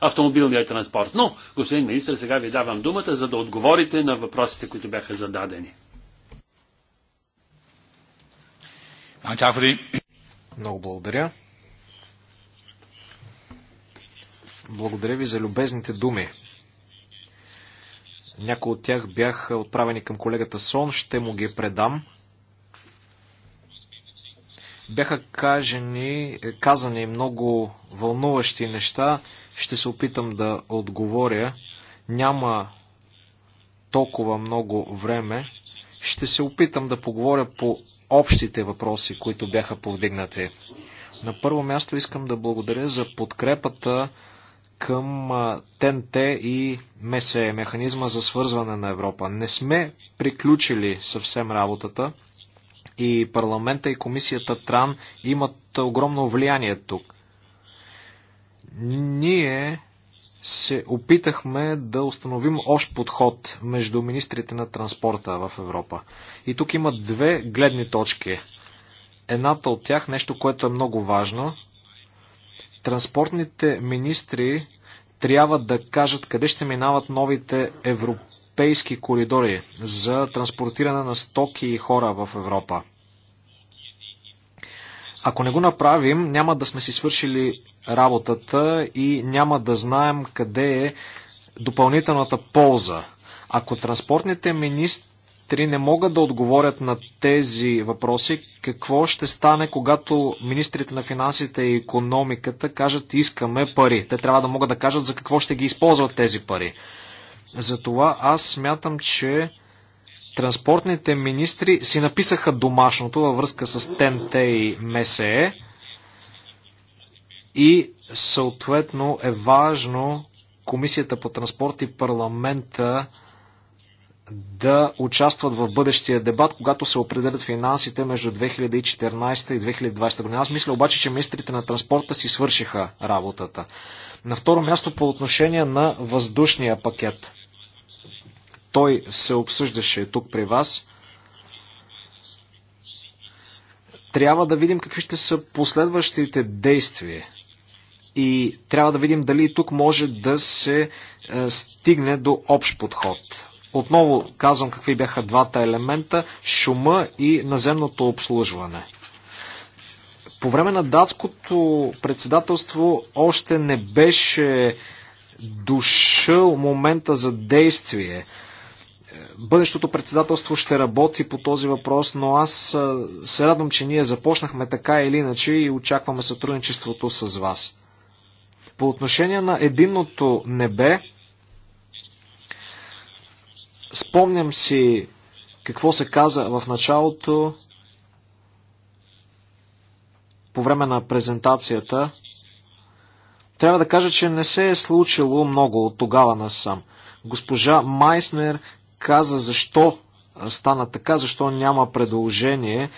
автомобилния транспорт. Но, господин министр, сега ви давам думата, за да отговорите на въпросите, които бяха зададени. Много благодаря. Благодаря ви за любезните думи. Някои от тях бяха отправени към колегата Сон, ще му ги предам. Бяха кажени, казани много вълнуващи неща. Ще се опитам да отговоря. Няма толкова много време. Ще се опитам да поговоря по общите въпроси, които бяха повдигнати. На първо място искам да благодаря за подкрепата към ТНТ и МСЕ, Механизма за свързване на Европа. Не сме приключили съвсем работата и парламента и комисията Тран имат огромно влияние тук. Ние се опитахме да установим общ подход между министрите на транспорта в Европа. И тук има две гледни точки. Едната от тях, нещо, което е много важно, Транспортните министри трябва да кажат къде ще минават новите европейски коридори за транспортиране на стоки и хора в Европа. Ако не го направим, няма да сме си свършили работата и няма да знаем къде е допълнителната полза. Ако транспортните министри министри не могат да отговорят на тези въпроси. Какво ще стане, когато министрите на финансите и економиката кажат искаме пари? Те трябва да могат да кажат за какво ще ги използват тези пари. Затова аз смятам, че транспортните министри си написаха домашното във връзка с ТНТ и МСЕ и съответно е важно Комисията по транспорт и парламента да участват в бъдещия дебат, когато се определят финансите между 2014 и 2020 година. Аз мисля обаче, че министрите на транспорта си свършиха работата. На второ място по отношение на въздушния пакет. Той се обсъждаше тук при вас. Трябва да видим какви ще са последващите действия. И трябва да видим дали тук може да се е, стигне до общ подход отново казвам какви бяха двата елемента шума и наземното обслужване. По време на датското председателство още не беше дошъл момента за действие. Бъдещото председателство ще работи по този въпрос, но аз се радвам, че ние започнахме така или иначе и очакваме сътрудничеството с вас. По отношение на единното небе, Спомням си какво се каза в началото по време на презентацията. Трябва да кажа, че не се е случило много от тогава насам. Госпожа Майснер каза защо стана така, защо няма предложение.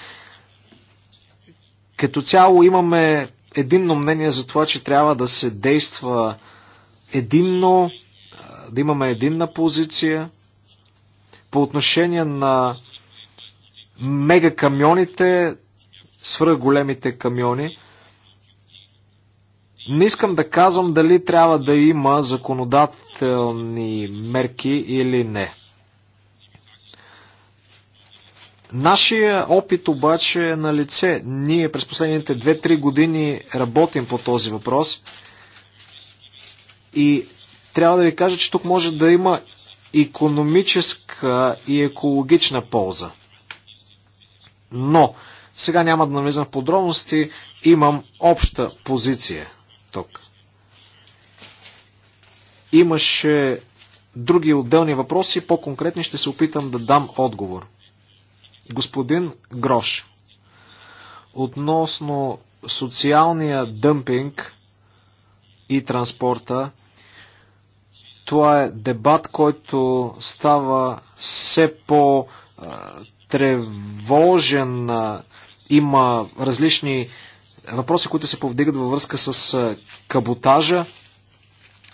Като цяло имаме единно мнение за това, че трябва да се действа единно, да имаме единна позиция. По отношение на мегакамионите, свръхголемите камиони, не искам да казвам дали трябва да има законодателни мерки или не. Нашия опит обаче е на лице. Ние през последните 2-3 години работим по този въпрос и трябва да ви кажа, че тук може да има економическа и екологична полза. Но, сега няма да навлизам в подробности, имам обща позиция тук. Имаше други отделни въпроси, по-конкретни ще се опитам да дам отговор. Господин Грош, относно социалния дъмпинг и транспорта, това е дебат, който става все по-тревожен. Има различни въпроси, които се повдигат във връзка с каботажа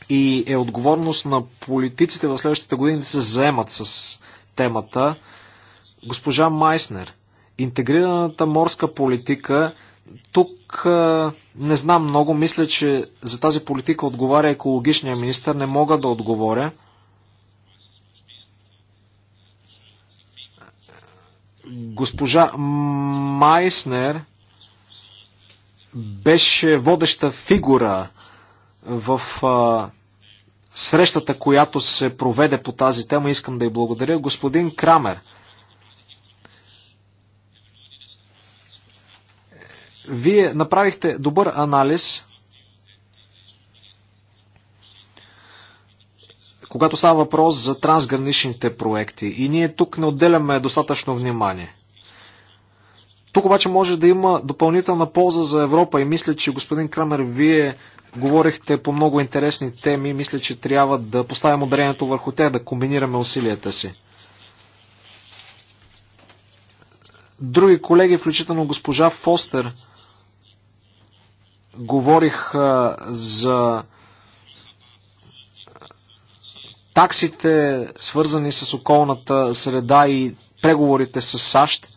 и е отговорност на политиците в следващите години да се заемат с темата. Госпожа Майснер, интегрираната морска политика тук не знам много, мисля, че за тази политика отговаря екологичния министр, не мога да отговоря. Госпожа Майснер беше водеща фигура в а, срещата, която се проведе по тази тема. Искам да й благодаря. Господин Крамер Вие направихте добър анализ, когато става въпрос за трансграничните проекти и ние тук не отделяме достатъчно внимание. Тук обаче може да има допълнителна полза за Европа и мисля, че господин Крамер, вие говорихте по много интересни теми. Мисля, че трябва да поставим ударението върху тях, да комбинираме усилията си. Други колеги, включително госпожа Фостер, говорих за таксите, свързани с околната среда и преговорите с САЩ.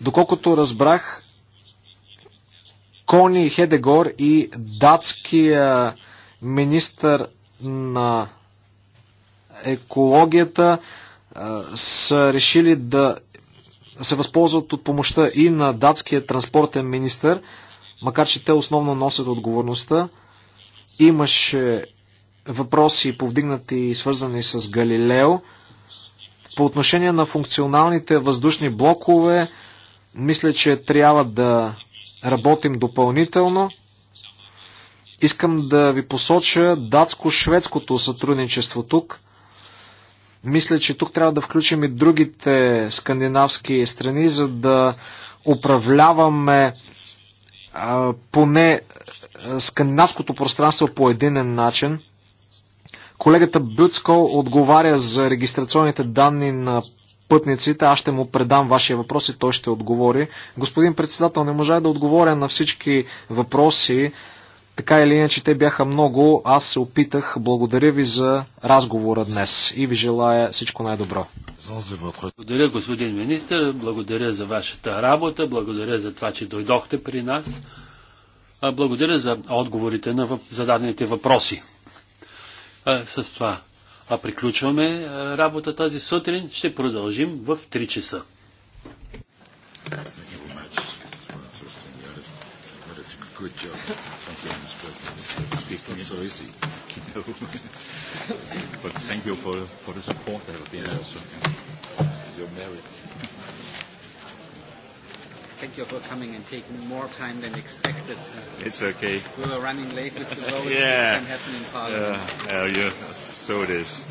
Доколкото разбрах, Кони Хедегор и датския министър на екологията са решили да се възползват от помощта и на датския транспортен министр, макар че те основно носят отговорността. Имаше въпроси повдигнати и свързани с Галилео. По отношение на функционалните въздушни блокове, мисля, че трябва да работим допълнително. Искам да ви посоча датско-шведското сътрудничество тук – мисля, че тук трябва да включим и другите скандинавски страни, за да управляваме а, поне скандинавското пространство по единен начин. Колегата Бюцко отговаря за регистрационните данни на пътниците. Аз ще му предам вашия въпрос и той ще отговори. Господин председател, не можа да отговоря на всички въпроси. Така или иначе те бяха много. Аз се опитах. Благодаря ви за разговора днес и ви желая всичко най-добро. Благодаря, господин министр. Благодаря за вашата работа. Благодаря за това, че дойдохте при нас. Благодаря за отговорите на зададените въпроси. С това А приключваме работа тази сутрин. Ще продължим в 3 часа. Good job so easy. but thank you for, for the support that have been yes. also. Your merit. Thank you for coming and taking more time than expected. Uh, It's okay. We were running late with the votes. yeah. This can happen in Parliament. Yeah, yeah, so it is.